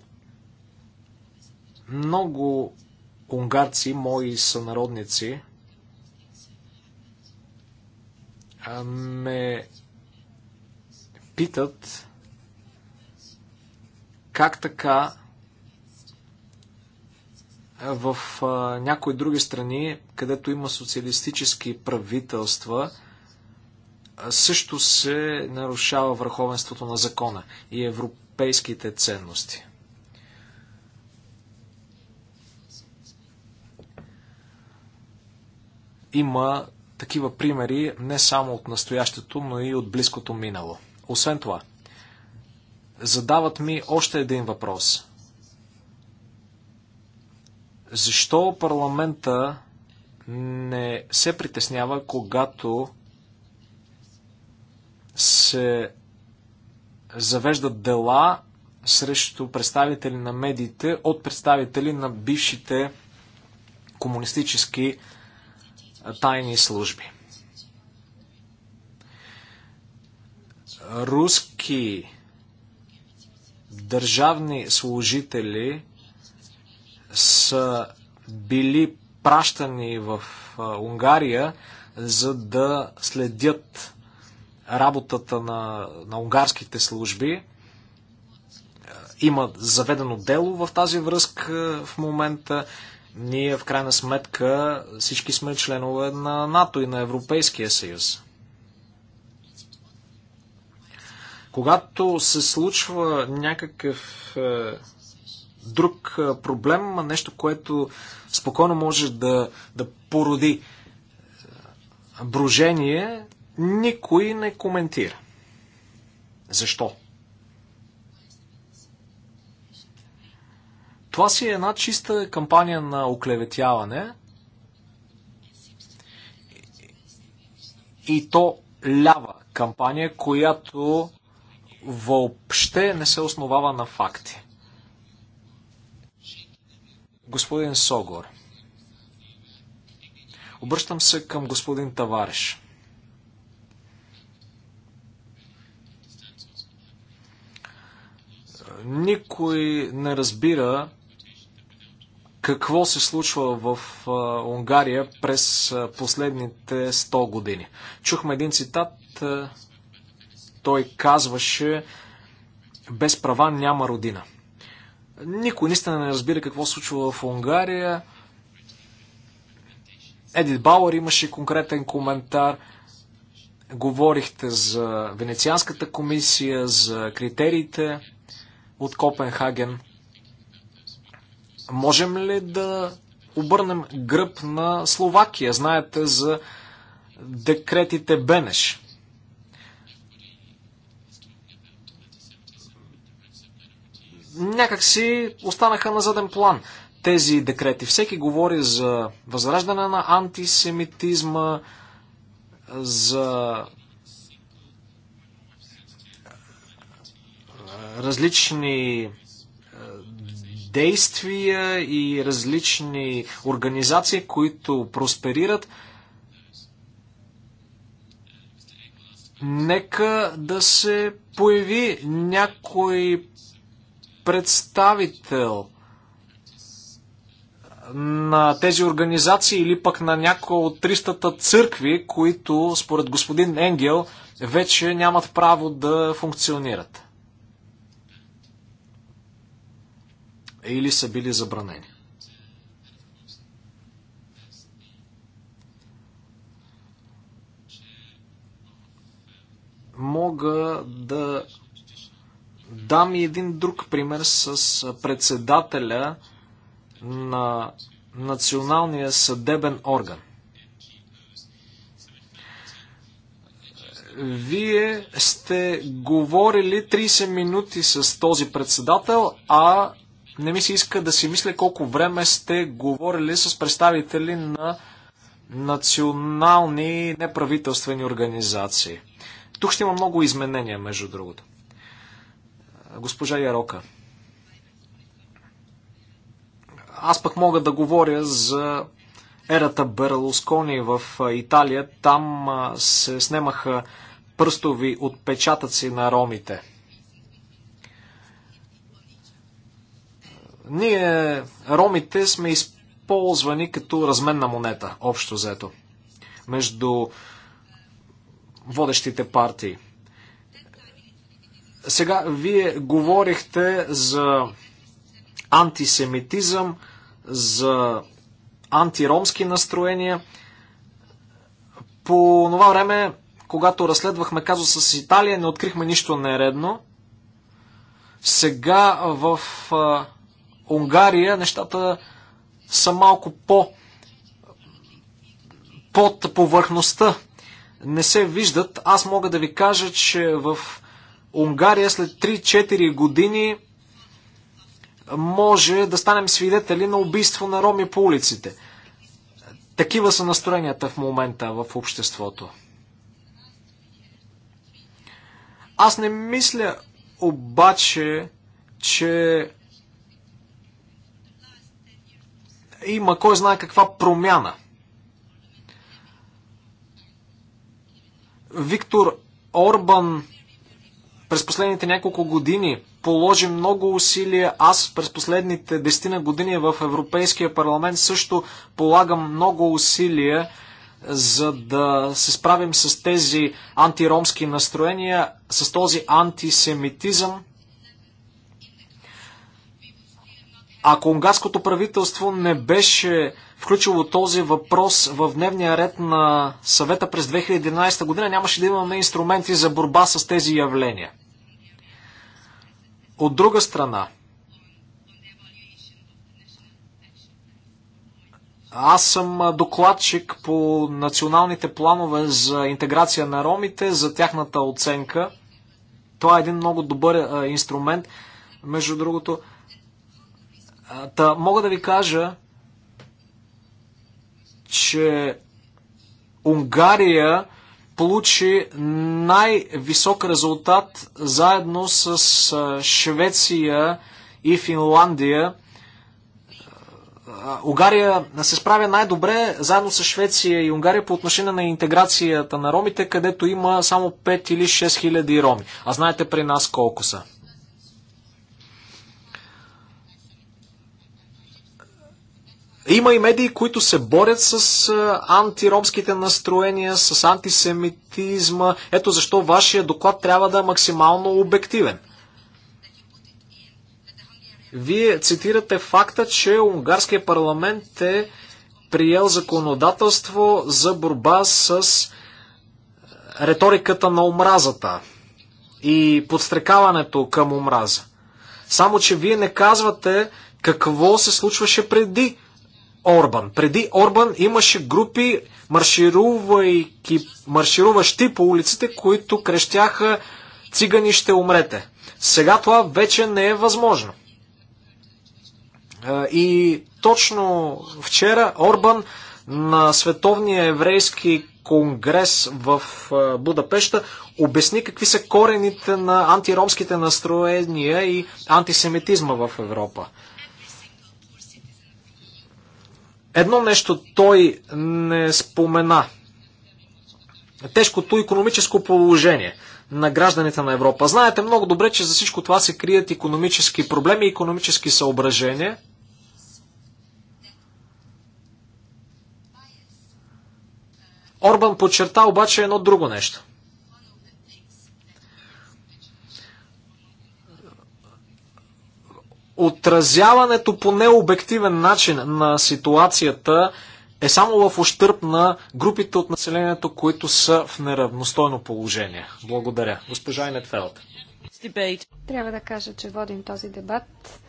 много унгарци, мои сънародници, ме питат как така в някои други страни, където има социалистически правителства, също се нарушава върховенството на закона и европейските ценности. Има такива примери не само от настоящето, но и от близкото минало. Освен това, задават ми още един въпрос – защо парламента не се притеснява, когато се завеждат дела срещу представители на медиите от представители на бившите комунистически тайни служби. Руски държавни служители са били пращани в Унгария, за да следят работата на, на унгарските служби. Има заведено дело в тази връзка в момента. Ние в крайна сметка всички сме членове на НАТО и на Европейския съюз. Когато се случва някакъв друг проблем, нещо, което спокойно може да, да породи брожение, никой не коментира. Защо? Това си е една чиста кампания на оклеветяване и то лява кампания, която въобще не се основава на факти. Господин Согор. Обръщам се към господин Тавариш. Никой не разбира какво се случва в Унгария през последните 100 години. Чухме един цитат, той казваше без права няма родина. Никой наистина не разбира какво случва в Унгария. Едит Бауър имаше конкретен коментар. Говорихте за Венецианската комисия, за критериите от Копенхаген. Можем ли да обърнем гръб на Словакия? Знаете за декретите Бенеш. някак си останаха на заден план тези декрети. Всеки говори за възраждане на антисемитизма, за различни действия и различни организации, които просперират. Нека да се появи някой представител на тези организации или пък на някои от 300-та църкви, които според господин Енгел вече нямат право да функционират. Или са били забранени. Мога да дам и един друг пример с председателя на Националния съдебен орган. Вие сте говорили 30 минути с този председател, а не ми се иска да си мисля колко време сте говорили с представители на национални неправителствени организации. Тук ще има много изменения, между другото. Госпожа Ярока. Аз пък мога да говоря за ерата Берлускони в Италия. Там се снимаха пръстови отпечатъци на ромите. Ние, ромите, сме използвани като разменна монета, общо взето, между водещите партии. Сега, вие говорихте за антисемитизъм, за антиромски настроения. По това време, когато разследвахме казуса с Италия, не открихме нищо нередно. Сега в а, Унгария нещата са малко по под повърхността. Не се виждат. Аз мога да ви кажа, че в Унгария след 3-4 години може да станем свидетели на убийство на роми по улиците. Такива са настроенията в момента в обществото. Аз не мисля обаче, че има кой знае каква промяна. Виктор Орбан през последните няколко години положи много усилия. Аз през последните десетина на години в Европейския парламент също полагам много усилия за да се справим с тези антиромски настроения, с този антисемитизъм. Ако унгарското правителство не беше включило този въпрос в дневния ред на съвета през 2011 година, нямаше да имаме инструменти за борба с тези явления. От друга страна, Аз съм докладчик по националните планове за интеграция на ромите, за тяхната оценка. Това е един много добър инструмент. Между другото, та, мога да ви кажа, че Унгария получи най-висок резултат заедно с Швеция и Финландия. Унгария се справя най-добре заедно с Швеция и Унгария по отношение на интеграцията на ромите, където има само 5 или 6 хиляди роми. А знаете при нас колко са? Има и медии, които се борят с антиромските настроения, с антисемитизма. Ето защо вашия доклад трябва да е максимално обективен. Вие цитирате факта, че унгарския парламент е приел законодателство за борба с риториката на омразата и подстрекаването към омраза. Само, че вие не казвате какво се случваше преди Орбан. Преди Орбан имаше групи, маршируващи по улиците, които крещяха цигани ще умрете. Сега това вече не е възможно. И точно вчера Орбан на Световния еврейски конгрес в Будапешта обясни какви са корените на антиромските настроения и антисемитизма в Европа. Едно нещо той не спомена. Тежкото економическо положение на гражданите на Европа. Знаете много добре, че за всичко това се крият економически проблеми и економически съображения. Орбан подчерта обаче едно друго нещо. отразяването по необективен начин на ситуацията е само в ощърп на групите от населението, които са в неравностойно положение. Благодаря. Госпожа Инетфелд. Трябва да кажа, че водим този дебат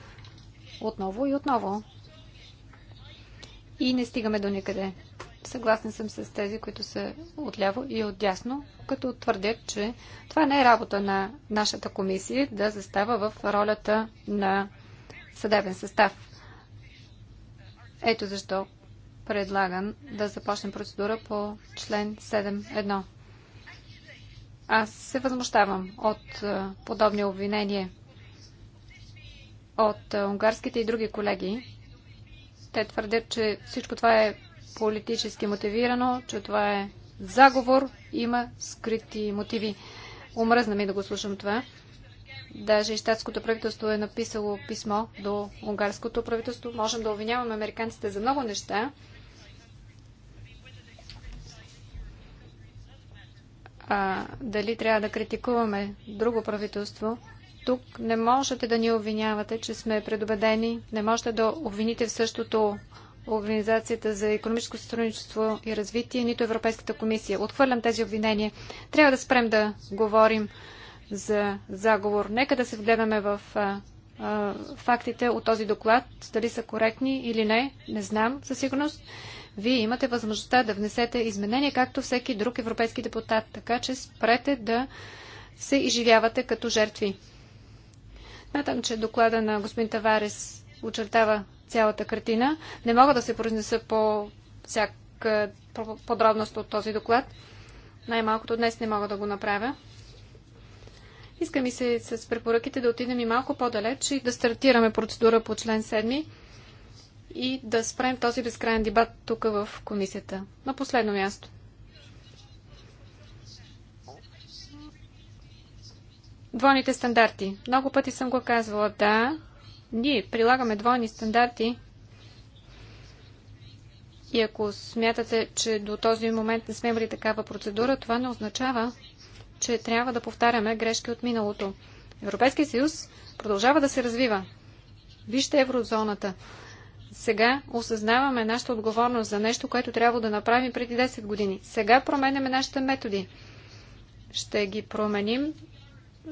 отново и отново. И не стигаме до никъде. Съгласен съм с тези, които са отляво и отдясно, като твърдят, че това не е работа на нашата комисия да застава в ролята на съдебен състав. Ето защо предлагам да започнем процедура по член 7.1. Аз се възмущавам от е, подобни обвинения от е, унгарските и други колеги. Те твърдят, че всичко това е политически мотивирано, че това е заговор, има скрити мотиви. Умръзна ми да го слушам това. Даже и щатското правителство е написало писмо до унгарското правителство. Можем да обвиняваме американците за много неща. А, дали трябва да критикуваме друго правителство? Тук не можете да ни обвинявате, че сме предубедени. Не можете да обвините в същото Организацията за економическо сътрудничество и развитие, нито Европейската комисия. Отхвърлям тези обвинения. Трябва да спрем да говорим за заговор. Нека да се вгледаме в а, а, фактите от този доклад, дали са коректни или не, не знам със сигурност. Вие имате възможността да внесете изменения, както всеки друг европейски депутат, така че спрете да се изживявате като жертви. Смятам, че доклада на господин Таварес очертава цялата картина. Не мога да се произнеса по всяка подробност от този доклад. Най-малкото днес не мога да го направя. Иска ми се с препоръките да отидем и малко по-далеч и да стартираме процедура по член 7 и да спрем този безкрайен дебат тук в комисията. На последно място. Двойните стандарти. Много пъти съм го казвала. Да, ние прилагаме двойни стандарти. И ако смятате, че до този момент не сме имали такава процедура, това не означава, че трябва да повтаряме грешки от миналото. Европейския съюз продължава да се развива. Вижте еврозоната. Сега осъзнаваме нашата отговорност за нещо, което трябва да направим преди 10 години. Сега променяме нашите методи. Ще ги променим,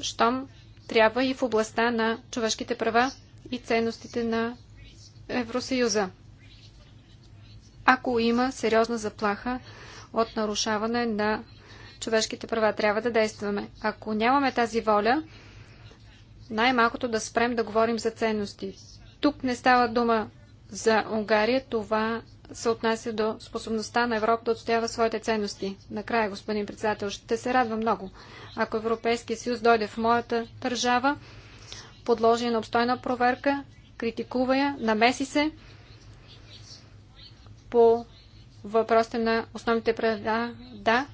щом трябва и в областта на човешките права и ценностите на Евросъюза. Ако има сериозна заплаха от нарушаване на човешките права. Трябва да действаме. Ако нямаме тази воля, най-малкото да спрем да говорим за ценности. Тук не става дума за Унгария. Това се отнася до способността на Европа да отстоява своите ценности. Накрая, господин председател, ще се радва много, ако Европейския съюз дойде в моята държава, подложи на обстойна проверка, критикува я, намеси се по въпросите на основните права. Да,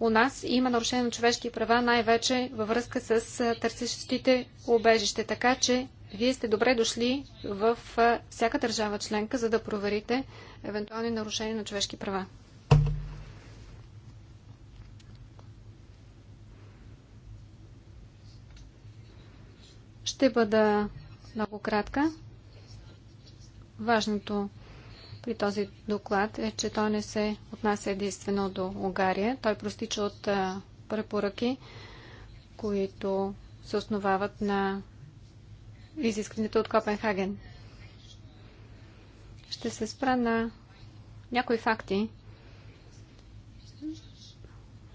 у нас има нарушение на човешки права, най-вече във връзка с търсещите убежище. Така че вие сте добре дошли в всяка държава членка, за да проверите евентуални нарушения на човешки права. Ще бъда много кратка. Важното при този доклад е, че той не се отнася единствено до Угария. Той простича от препоръки, които се основават на изискването от Копенхаген. Ще се спра на някои факти.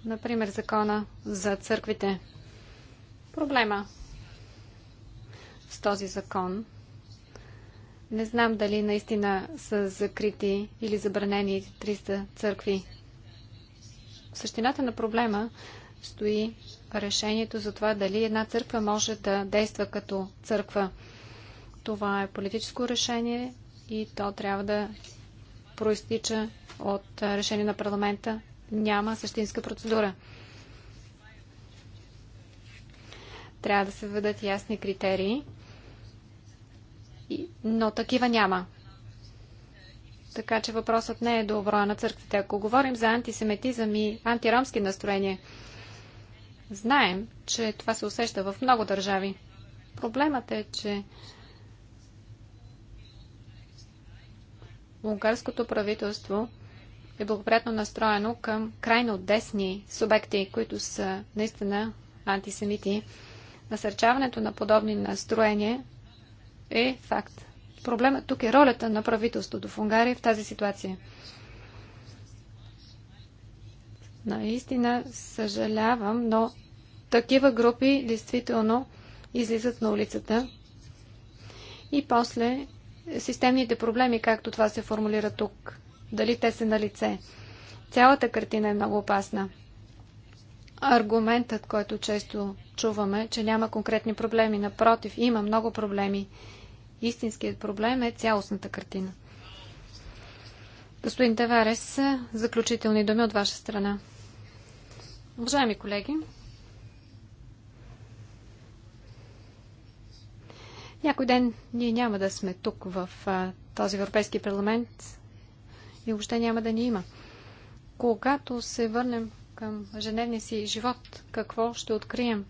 Например, закона за църквите. Проблема с този закон – не знам дали наистина са закрити или забранени 300 църкви. В същината на проблема стои решението за това дали една църква може да действа като църква. Това е политическо решение и то трябва да проистича от решение на парламента. Няма същинска процедура. Трябва да се введат ясни критерии но такива няма. Така че въпросът не е до броя на църквите. Ако говорим за антисемитизъм и антиромски настроения, знаем, че това се усеща в много държави. Проблемът е, че унгарското правителство е благоприятно настроено към крайно десни субекти, които са наистина антисемити. Насърчаването на подобни настроения е факт. Проблемът тук е ролята на правителството в Унгария в тази ситуация. Наистина съжалявам, но такива групи действително излизат на улицата и после системните проблеми, както това се формулира тук, дали те са на лице. Цялата картина е много опасна. Аргументът, който често чуваме, че няма конкретни проблеми, напротив, има много проблеми истинският проблем е цялостната картина. Господин Таварес, заключителни думи от ваша страна. Уважаеми колеги, някой ден ние няма да сме тук в този Европейски парламент и въобще няма да ни има. Когато се върнем към женевния си живот, какво ще открием?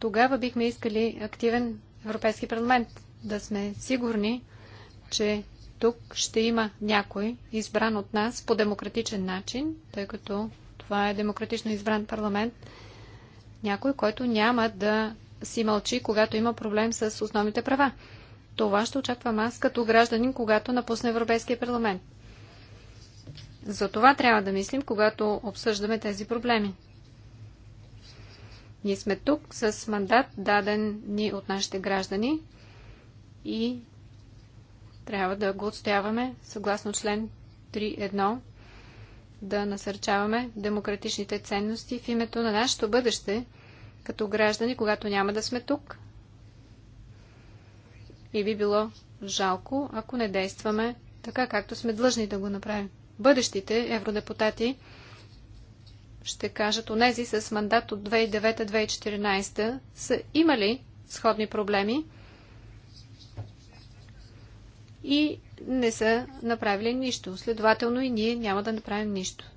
тогава бихме искали активен Европейски парламент. Да сме сигурни, че тук ще има някой избран от нас по демократичен начин, тъй като това е демократично избран парламент, някой, който няма да си мълчи, когато има проблем с основните права. Това ще очаквам аз като гражданин, когато напусне Европейския парламент. За това трябва да мислим, когато обсъждаме тези проблеми. Ние сме тук с мандат даден ни от нашите граждани и трябва да го отстояваме съгласно член 3.1 да насърчаваме демократичните ценности в името на нашето бъдеще като граждани, когато няма да сме тук. И би било жалко, ако не действаме така, както сме длъжни да го направим. Бъдещите евродепутати ще кажат, онези с мандат от 2009-2014 са имали сходни проблеми и не са направили нищо. Следователно и ние няма да направим нищо.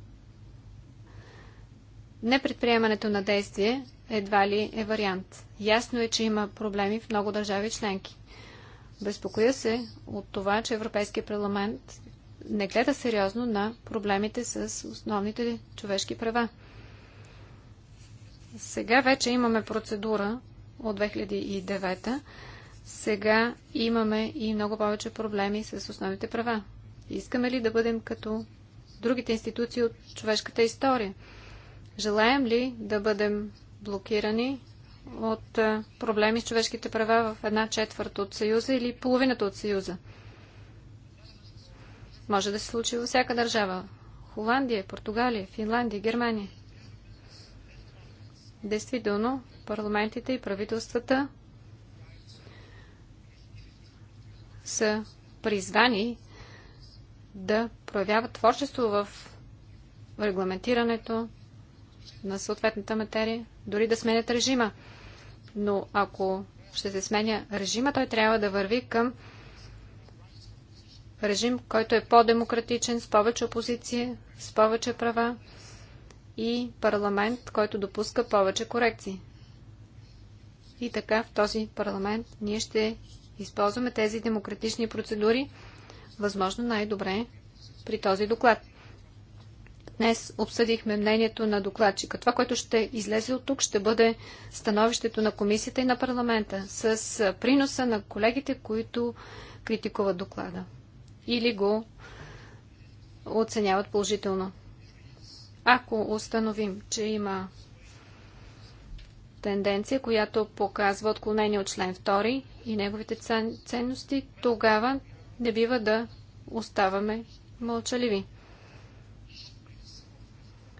Непредприемането на действие едва ли е вариант. Ясно е, че има проблеми в много държави членки. Безпокоя се от това, че Европейския парламент не гледа сериозно на проблемите с основните човешки права. Сега вече имаме процедура от 2009. Сега имаме и много повече проблеми с основните права. Искаме ли да бъдем като другите институции от човешката история? Желаем ли да бъдем блокирани от проблеми с човешките права в една четвърта от Съюза или половината от Съюза? Може да се случи във всяка държава. Холандия, Португалия, Финландия, Германия. Действително, парламентите и правителствата са призвани да проявяват творчество в регламентирането на съответната материя, дори да сменят режима. Но ако ще се сменя режима, той трябва да върви към режим, който е по-демократичен, с повече опозиция, с повече права и парламент, който допуска повече корекции. И така в този парламент ние ще използваме тези демократични процедури възможно най-добре при този доклад. Днес обсъдихме мнението на докладчика. Това, което ще излезе от тук, ще бъде становището на комисията и на парламента с приноса на колегите, които критикуват доклада или го оценяват положително. Ако установим, че има тенденция, която показва отклонение от член 2 и неговите ценности, тогава не бива да оставаме мълчаливи.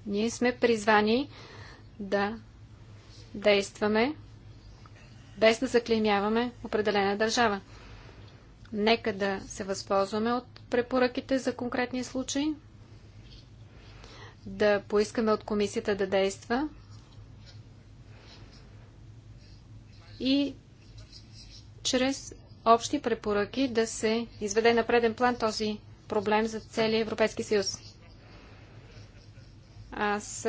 Ние сме призвани да действаме без да заклеймяваме определена държава. Нека да се възползваме от препоръките за конкретни случаи, да поискаме от комисията да действа и чрез общи препоръки да се изведе на преден план този проблем за целия Европейски съюз. Аз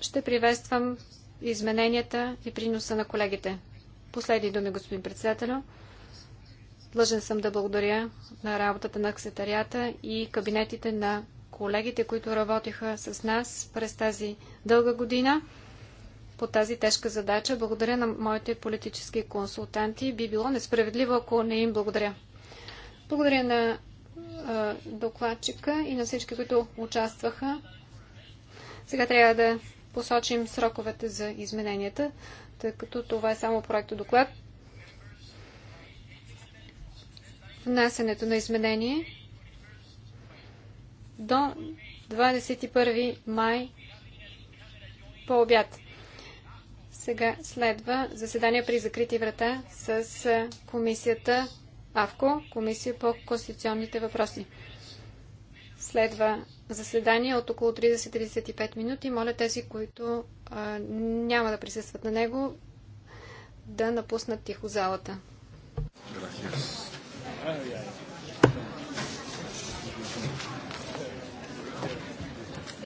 ще приветствам измененията и приноса на колегите. Последни думи, господин председателю. Длъжен съм да благодаря на работата на ксетарията и кабинетите на колегите, които работиха с нас през тази дълга година по тази тежка задача. Благодаря на моите политически консултанти. Би било несправедливо, ако не им благодаря. Благодаря на е, докладчика и на всички, които участваха. Сега трябва да посочим сроковете за измененията, тъй като това е само проекто доклад. внасянето на изменение до 21 май по обяд. Сега следва заседание при закрити врата с комисията АВКО, комисия по конституционните въпроси. Следва заседание от около 30-35 минути. Моля тези, които а, няма да присъстват на него, да напуснат тихо залата. Gracias yeah.